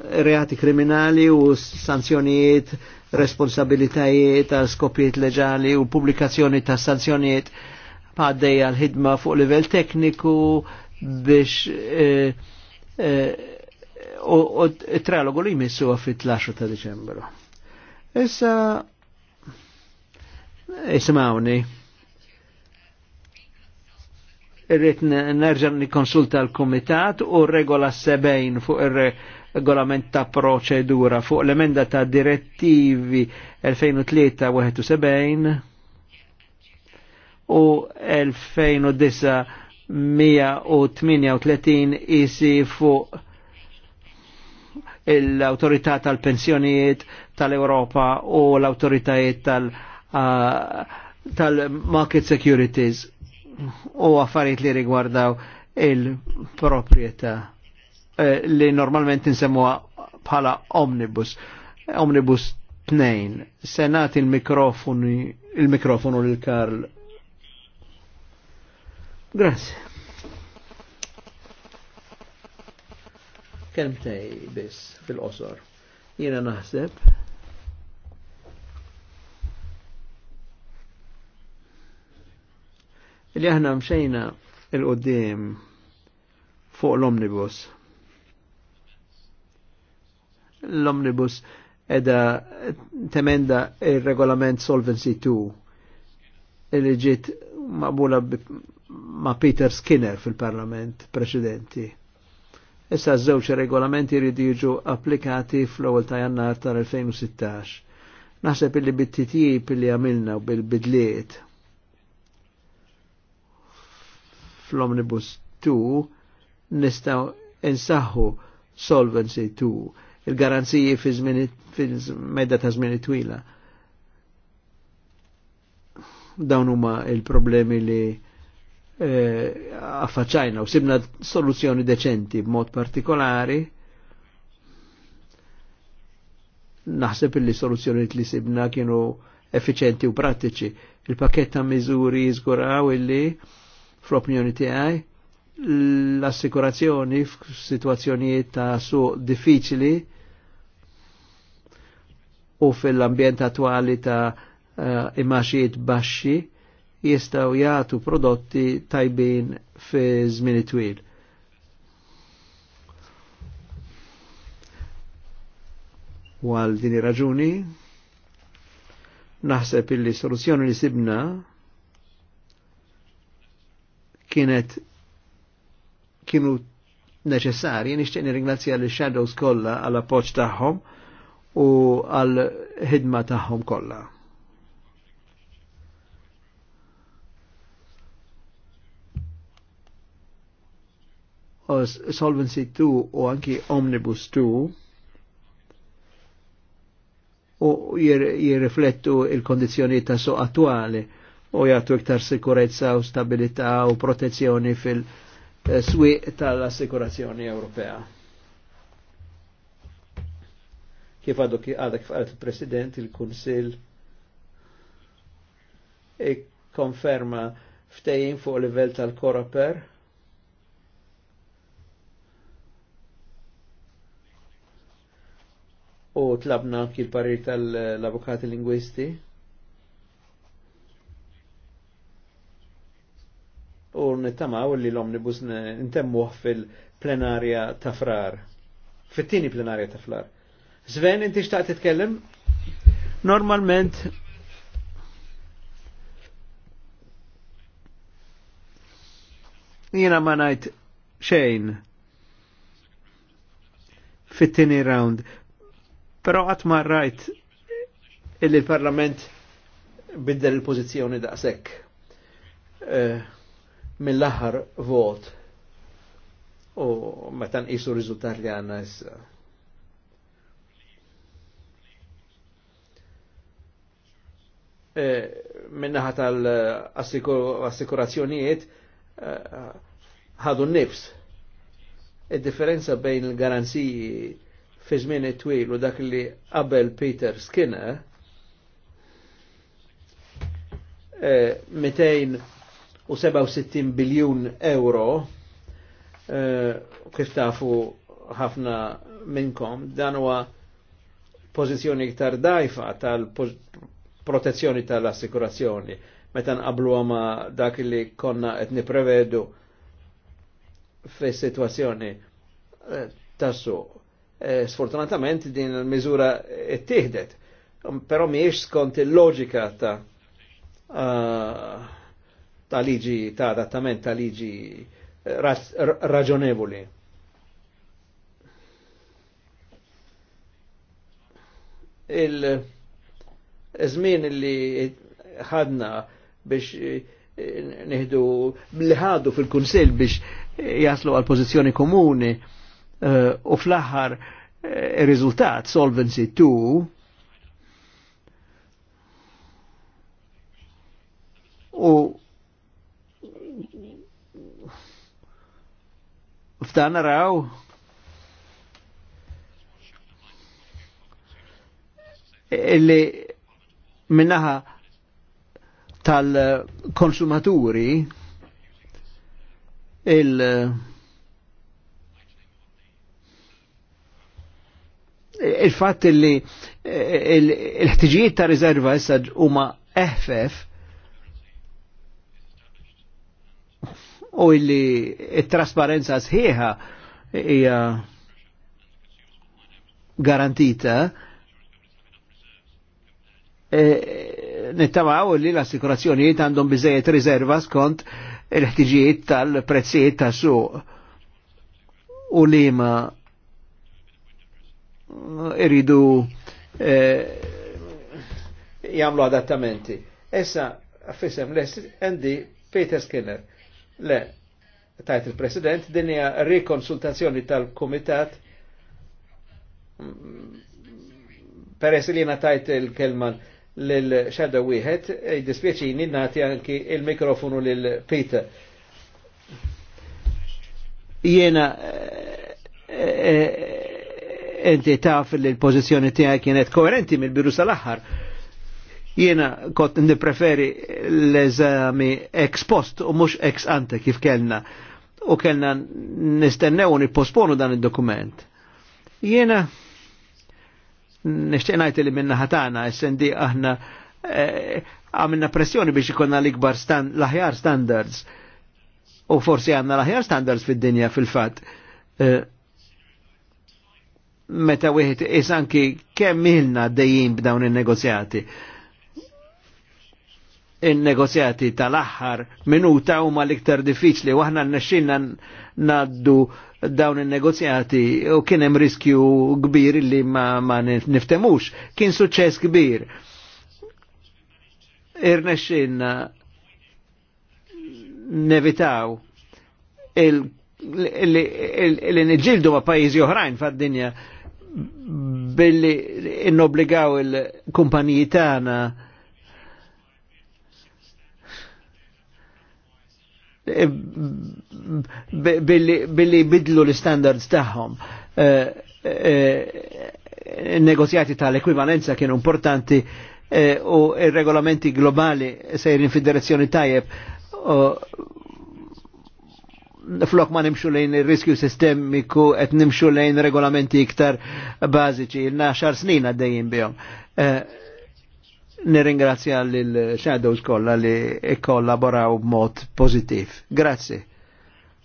reati kriminali u sanzjonijiet, responsabilitajiet għal skopijiet leġali u publikazzjoni ta' sanzjonijiet għaddej għal ħidma fuq livell tekniku biex eh, uh, uh, trialogu li jmissu fit-10 ta' Deċembru. Issa, isma' irrit nerġa' nikkonsulta l-Kumitat u regola sebejn fuq ir-regolament ta' proċedura fuq l-emenda ta' direttivi 2003-71 u 2009-138 isi fuq l-autorità tal-pensjonijiet tal-Europa u l-autoritajiet tal- pensjonijiet uh, tal europa u l autorità tal tal market securities u għaffariet li rigwardaw il-proprietà eh, li normalment insemmuha bħala omnibus. Omnibus 2. Senat il mikrofoni il-mikrofonu lil Karl. Grazie. Kelmtej biss fil-qosor. Jiena naħseb li aħna mxejna il-qoddim fuq l-omnibus. L-omnibus edha temenda il-regolament Solvency 2 li ġiet maqbula ma' Peter Skinner fil-parlament preċedenti. Issa żewġ regolamenti jridu jiġu applikati fl-ewwel ta' jannar tal-2016. Naħseb illi bit-titjib li għamilna u bil-bidliet fl-Omnibus 2 nistaw insaħħu Solvency 2 il-garanziji fil-medda ta' zmini twila. Dawn huma il-problemi li eh, affaċajna u sibna soluzzjoni deċenti b'mod partikolari naħseb li soluzzjoniet li sibna kienu effiċenti u prattiċi. Il-pakket ta' miżuri jiżguraw illi fl-opinjoni tiegħi l-assikurazzjoni f'sitwazzjonijiet ta' suq diffiċli u fil-ambjent attwali ta' uh, imaxijiet baxxi jistaw jagħtu prodotti tajbin fi żmien twil. U għal din raġuni naħseb illi soluzzjoni li sibna kienet kienu neċessari, nixtieq nirringrazzja l shadows kollha għal appoġġ tagħhom u għal ħidma tagħhom kollha. Solvency 2 u anki Omnibus 2 u jirriflettu il-kondizjoni ta' so attuali u jagħtu iktar sikurezza u stabilità u protezzjoni fil-swieq tal-assikurazzjoni Ewropea. Kif għadu għadha kif il-President, il-Kunsill e konferma ftejjin fuq livell tal-Koraper. U tlabna kil l-parir tal-avukati lingwisti. u nittamaw li l-omnibus intemmuħ fil-plenarja ta' frar. fit plenarja ta' frar. Sven, inti xtaqt titkellem? Normalment, jina ma najt xejn fit-tini round. Pero għat ma rajt illi l-parlament biddel il-pozizjoni daqsek. Uh, eh, mill-aħħar vot u meta nqisu riżultat li għandna issa. E, minnaħa tal-assikurazzjonijiet e, ħadu n-nifs. Id-differenza e, bejn il-garanziji fi żmien twil u dak li qabel Peter Skinner 200 e, u 67 biljun euro eh, kif tafu ħafna minnkom dan huwa pożizzjoni iktar dajfa tal-protezzjoni tal-assikurazzjoni meta nqablu ma dak li konna qed niprevedu fis-sitwazzjoni eh, tassu. Eh, sfortunatament din il-miżura ttieħdet, però mhijiex skont il-loġika ta' ta' liġi ta' adattament ta' liġi eh, raġonevoli. Il-żmien li ħadna biex eh, neħdu li ħadu fil kunsil biex eh, jaslu għal pożizzjoni komuni u uh, fl-aħħar ir-riżultat Solvency 2 u f'dan raw. illi minnaħa tal-konsumaturi il il-fatt li il-ħtiġijiet ta' riserva jessa huma eħfef u illi il trasparenza sħiħa hija garantita e, nittamaw li l-assikurazzjonijiet għandhom biżejjed riserva skont il-ħtiġijiet tal-prezzijiet tas-suq u li ma iridu e, jamlu adattamenti. Essa fissem l-essi, Andy Peter Skinner Le, tajt il-President, dinja rekonsultazzjoni rikonsultazzjoni tal-Kumitat peress li jena tajt il kelman l-xadda wieħed, dispieċini nati anki il-mikrofonu l-Peter. Jena inti taf l-pozizjoni tiegħek kienet koherenti mill-biru sal-aħħar Jiena kot nipreferi l-eżami ex post u mux ex ante kif kellna. U kellna nistennew u nipposponu dan il-dokument. Jiena nishtiqnajt li minna ħatana, essendi aħna eh, għamilna pressjoni biex ikonna l-ikbar l-aħjar standards. U forsi għanna l-aħjar standards fid-dinja fil-fat. Eh, meta wieħed isanki kemm ilna dejjin b'dawn in-negozjati il-negozjati tal-aħħar minuta huma l-iktar diffiċli u aħna nexxinna naddu dawn il-negozjati u kien hemm riskju kbir li ma, ma niftemux. Kien suċċess kbir. Irnexxinna nevitaw li ġildu ma' pajjiżi oħrajn fad-dinja billi innobligaw il-kumpaniji tagħna billi bidlu l-standards taħħom. Eh, eh, negozjati tal-ekwivalenza kienu importanti eh, u il-regolamenti globali sejrin fid-direzzjoni tajjeb flok ma nimxu lejn il-riskju sistemiku et nimxu lejn regolamenti iktar bażiċi il-naxar snin għaddejjin bihom. Uh, nirringrazzja l-Shadows kolla li kollaboraw b'mod pozitiv. Grazzi.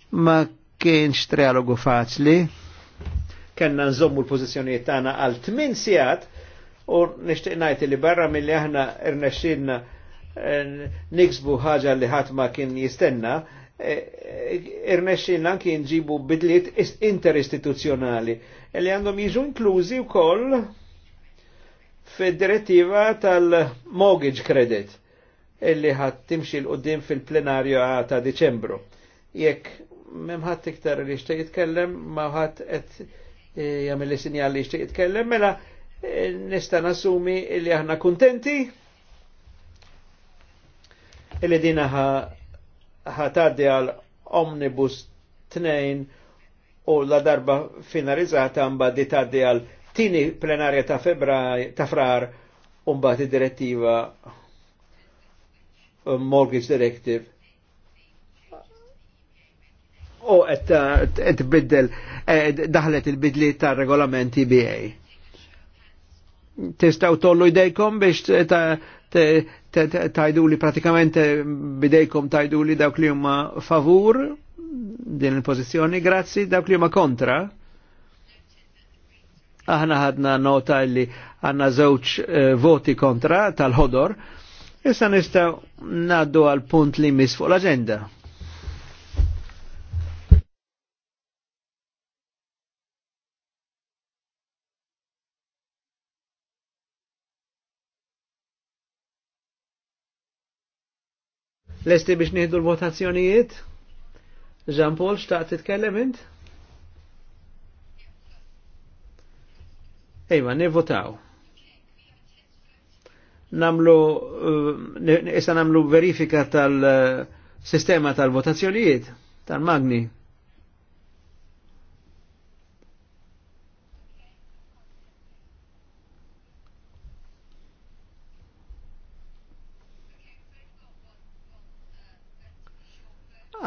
Ma kienx trialogu faċli, Kenna nżommu l-pozizjoniet tagħna għal tmin sigħat u nixtieq ngħid li barra milli aħna irnexxilna eh, niksbu ħaġa li ħadd ma kien jistenna, eh, irnexxilna anki nġibu bidliet interistituzzjonali li għandhom jiġu inklużi wkoll fil direttiva tal-mortgage credit illi ħat timxi l-qoddim fil-plenarju ta' Deċembru. Jekk memħat iktar li xtaq jitkellem, ma et jgħamil eh, jagħmel li sinjal li xtaq jitkellem, mela eh, nista' nassumi illi aħna kuntenti illi dina ħataddi għal omnibus 2 u la darba finalizzata mbagħad tgħaddi għal tini plenarja ta' febra ta' frar umbat direttiva uh, Mortgage Directive u uh, qed biddel e, daħlet il-bidli tar regolament TBA. E Tistaw tollu idejkom biex tajdu li pratikament e, bidejkom tajdu li dawk li huma favur din il-pożizzjoni, grazzi dawk li huma kontra aħna ħadna nota li għanna zewċ eh, voti kontra tal-ħodor, issa nistaw naddu għal punt li mis fuq l-agenda. Lesti biex nieħdu l-votazzjonijiet? Jean Paul, xtaqt titkellem int? Ejma, nivvotaw. Namlu, eh, issa namlu verifika tal-sistema tal-votazzjonijiet, tal-magni.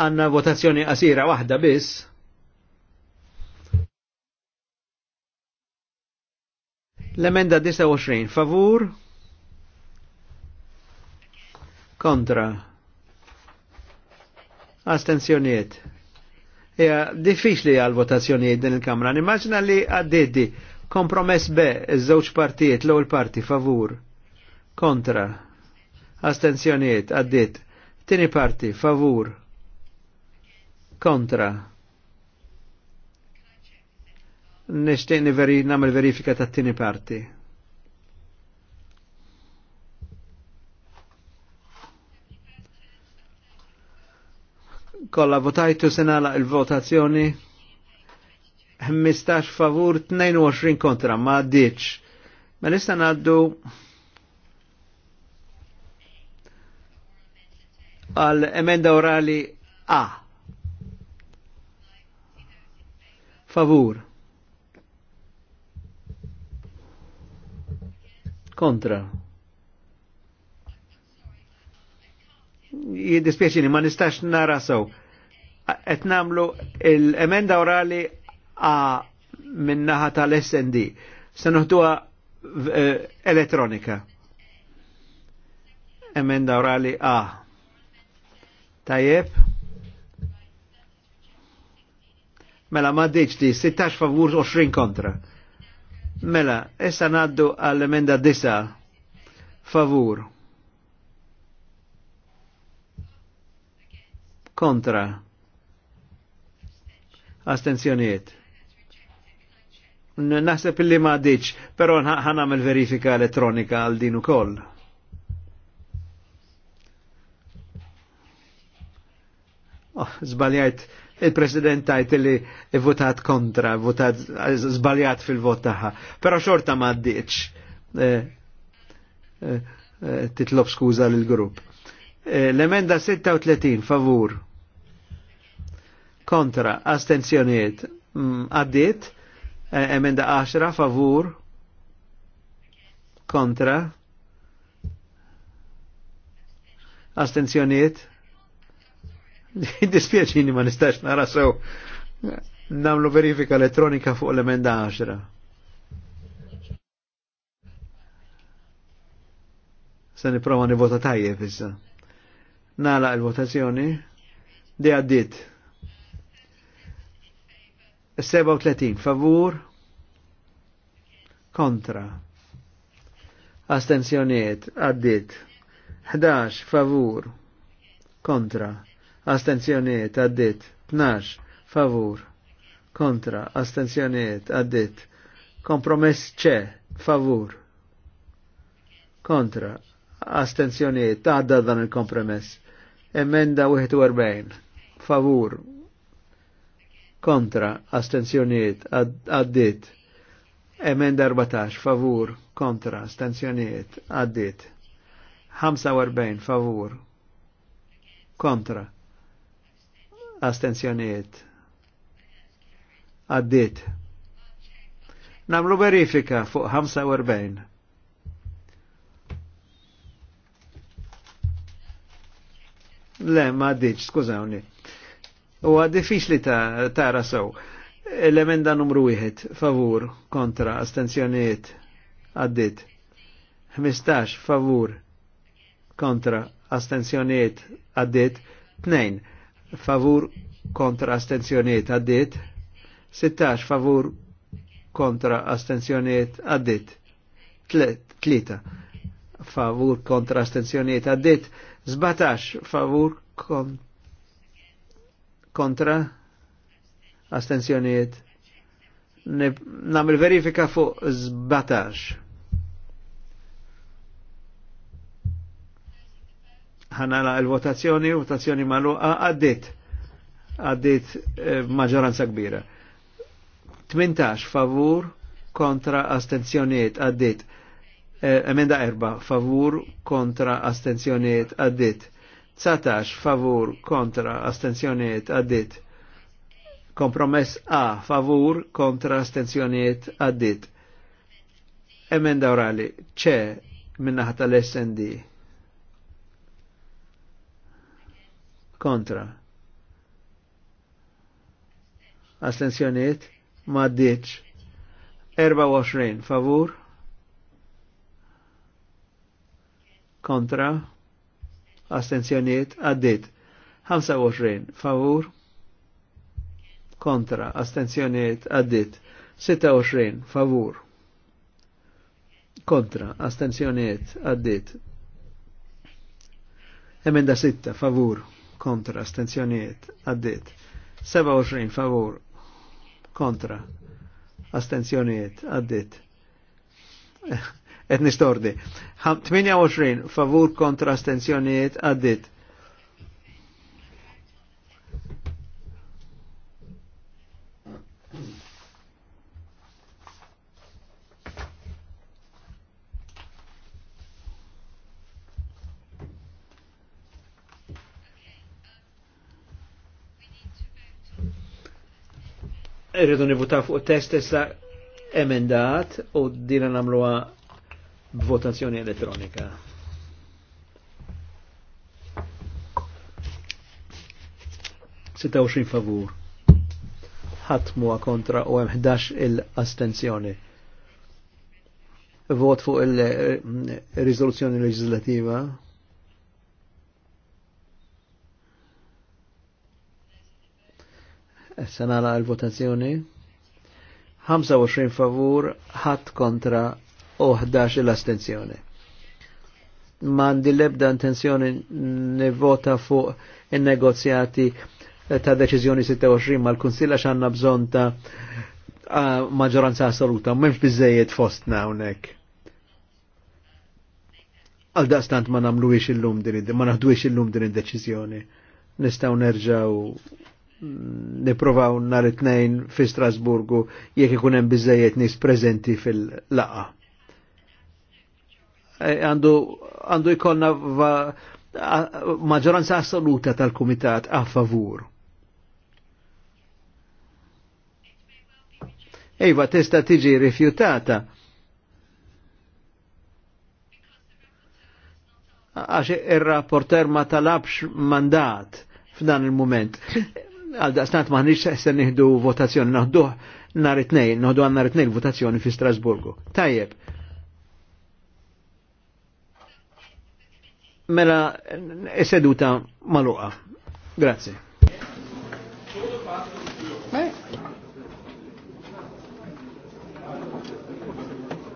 għanna votazzjoni għasira waħda biss. L-emenda 29, favur? Kontra. Astenzjoniet. Ja, diffiċli għal votazzjonijiet din il-Kamra. Nimmaġna li għaddiddi kompromess B, żewġ partijiet, l-ewwel parti favur, kontra, astenzjonijiet, għaddit, tini parti favur, kontra, nishtiqni veri, namel verifika ta' tini parti. Kolla votajtu senala il-votazzjoni 15 favur 22 kontra ma diċ. Ma nista naddu għal emenda orali A. Favur. kontra. Jidispieċini, ma nistax nara sew. Qed namlu l-emenda orali a minnaħa tal-SND. Sanuħtuwa noħduha eh, elettronika. Emenda orali a. Tajjeb. Mela ma diċ 16 favur 20 kontra. Mela, essa naddu għall-emenda disa. Favur. Kontra. Astenzjoniet. Naħseb illi ma diċ, pero ħanam il-verifika elettronika għal din ukoll. Oh, zbaljajt il-President tajt li votat kontra, votat zbaljat fil-vot taħħa. Pero xorta ma eh, eh, eh, titlob skuza l-grupp. L-emenda 36 favur kontra astenzjoniet mm, għaddit, emenda 10 favur kontra astenzjoniet Dispjaċini ma nistax nara sew namlu verifika elettronika fuq l-emenda 10. Se niprova nivota tajje fissa. Nala il-votazzjoni di għaddit. 37 favur kontra. Astenzjoniet għaddit. 11 favur kontra astenzjoniet għaddit 12 favur kontra astenzjoniet għaddit kompromess ċe favur kontra astenzjoniet għadda dan il-kompromess emenda 41 favur kontra astenzjoniet għaddit emenda 14 favur kontra astenzjoniet għaddit 45 favur kontra astenzjoniet għaddit namlu verifika fuq 45 Le, ma għaddiċ, skużawni. U għaddiċ li ta' tara sew. L-emenda numru 1, favur, kontra, astenzjoniet, għaddit. 15, favur, kontra, astenzjoniet, għaddit. 2, favur kontra astenzjoniet għaddit, 16 favur kontra astenzjoniet għaddit, 3 favur kontra astenzjoniet għaddit, 17 favur kon kontra astenzjoniet. Namil verifika fuq 17. ħanala il-votazzjoni, votazzjoni maluqa, għaddit, għaddit eh, maġoranza kbira. 18 favur kontra astenzjoniet, għaddit. Eh, emenda erba, favur kontra astenzjoniet, għaddit. 19 favur kontra astenzjoniet, għaddit. Kompromess A, favur kontra astenzjoniet, għaddit. Emenda orali, ċe minnaħta l-SND kontra. Astenzjoniet ma ditx. 24 favur kontra astenzjoniet għaddit 25 favur kontra astenzjoniet għaddit 26 favur kontra astenzjoniet għaddit emenda 6 favur kontra astenzjoniet għaddit 27 favur kontra astenzjoniet għaddit eh, etnistordi 28 favur kontra astenzjoniet għaddit Irridu nivutaw fuq test issa emendat u dina nagħmluha b'votazzjoni elettronika. Sita favur. Ħatmu kontra u hemm 11 il-astenzjoni vot fuq il-rizoluzzjoni eh, leġislativa Sanala għal votazzjoni 25 favur, ħadd kontra u 11 l-astenzjoni. Mandi lebda intenzjoni nivota fuq il-negozjati ta' deċizjoni 26 mal kunsilla xanna bżon ta' maġoranza assoluta, memx bizzejiet fostna unek. Għal daqstant ma namluwiex il-lum din, ma naħduwiex il-lum din id-deċizjoni. Nistaw nerġaw niprovaw nar it-tnejn fi Strasburgu jekk ikun hemm biżejjed nies preżenti fil-laqa. E, għandu għandu jkollna maġġoranza assoluta tal-kumitat a favur. Ejva, testa tiġi rifjutata. Għax ir-rapporter ma talabx mandat f'dan il-moment. għal daqstant maħniċ seħsen nihdu votazzjoni, naħduħ nar it-nejn, naħdu għan nar it-nejn votazzjoni fi Strasburgu. Tajjeb. Mela, seduta maluqa. Grazie.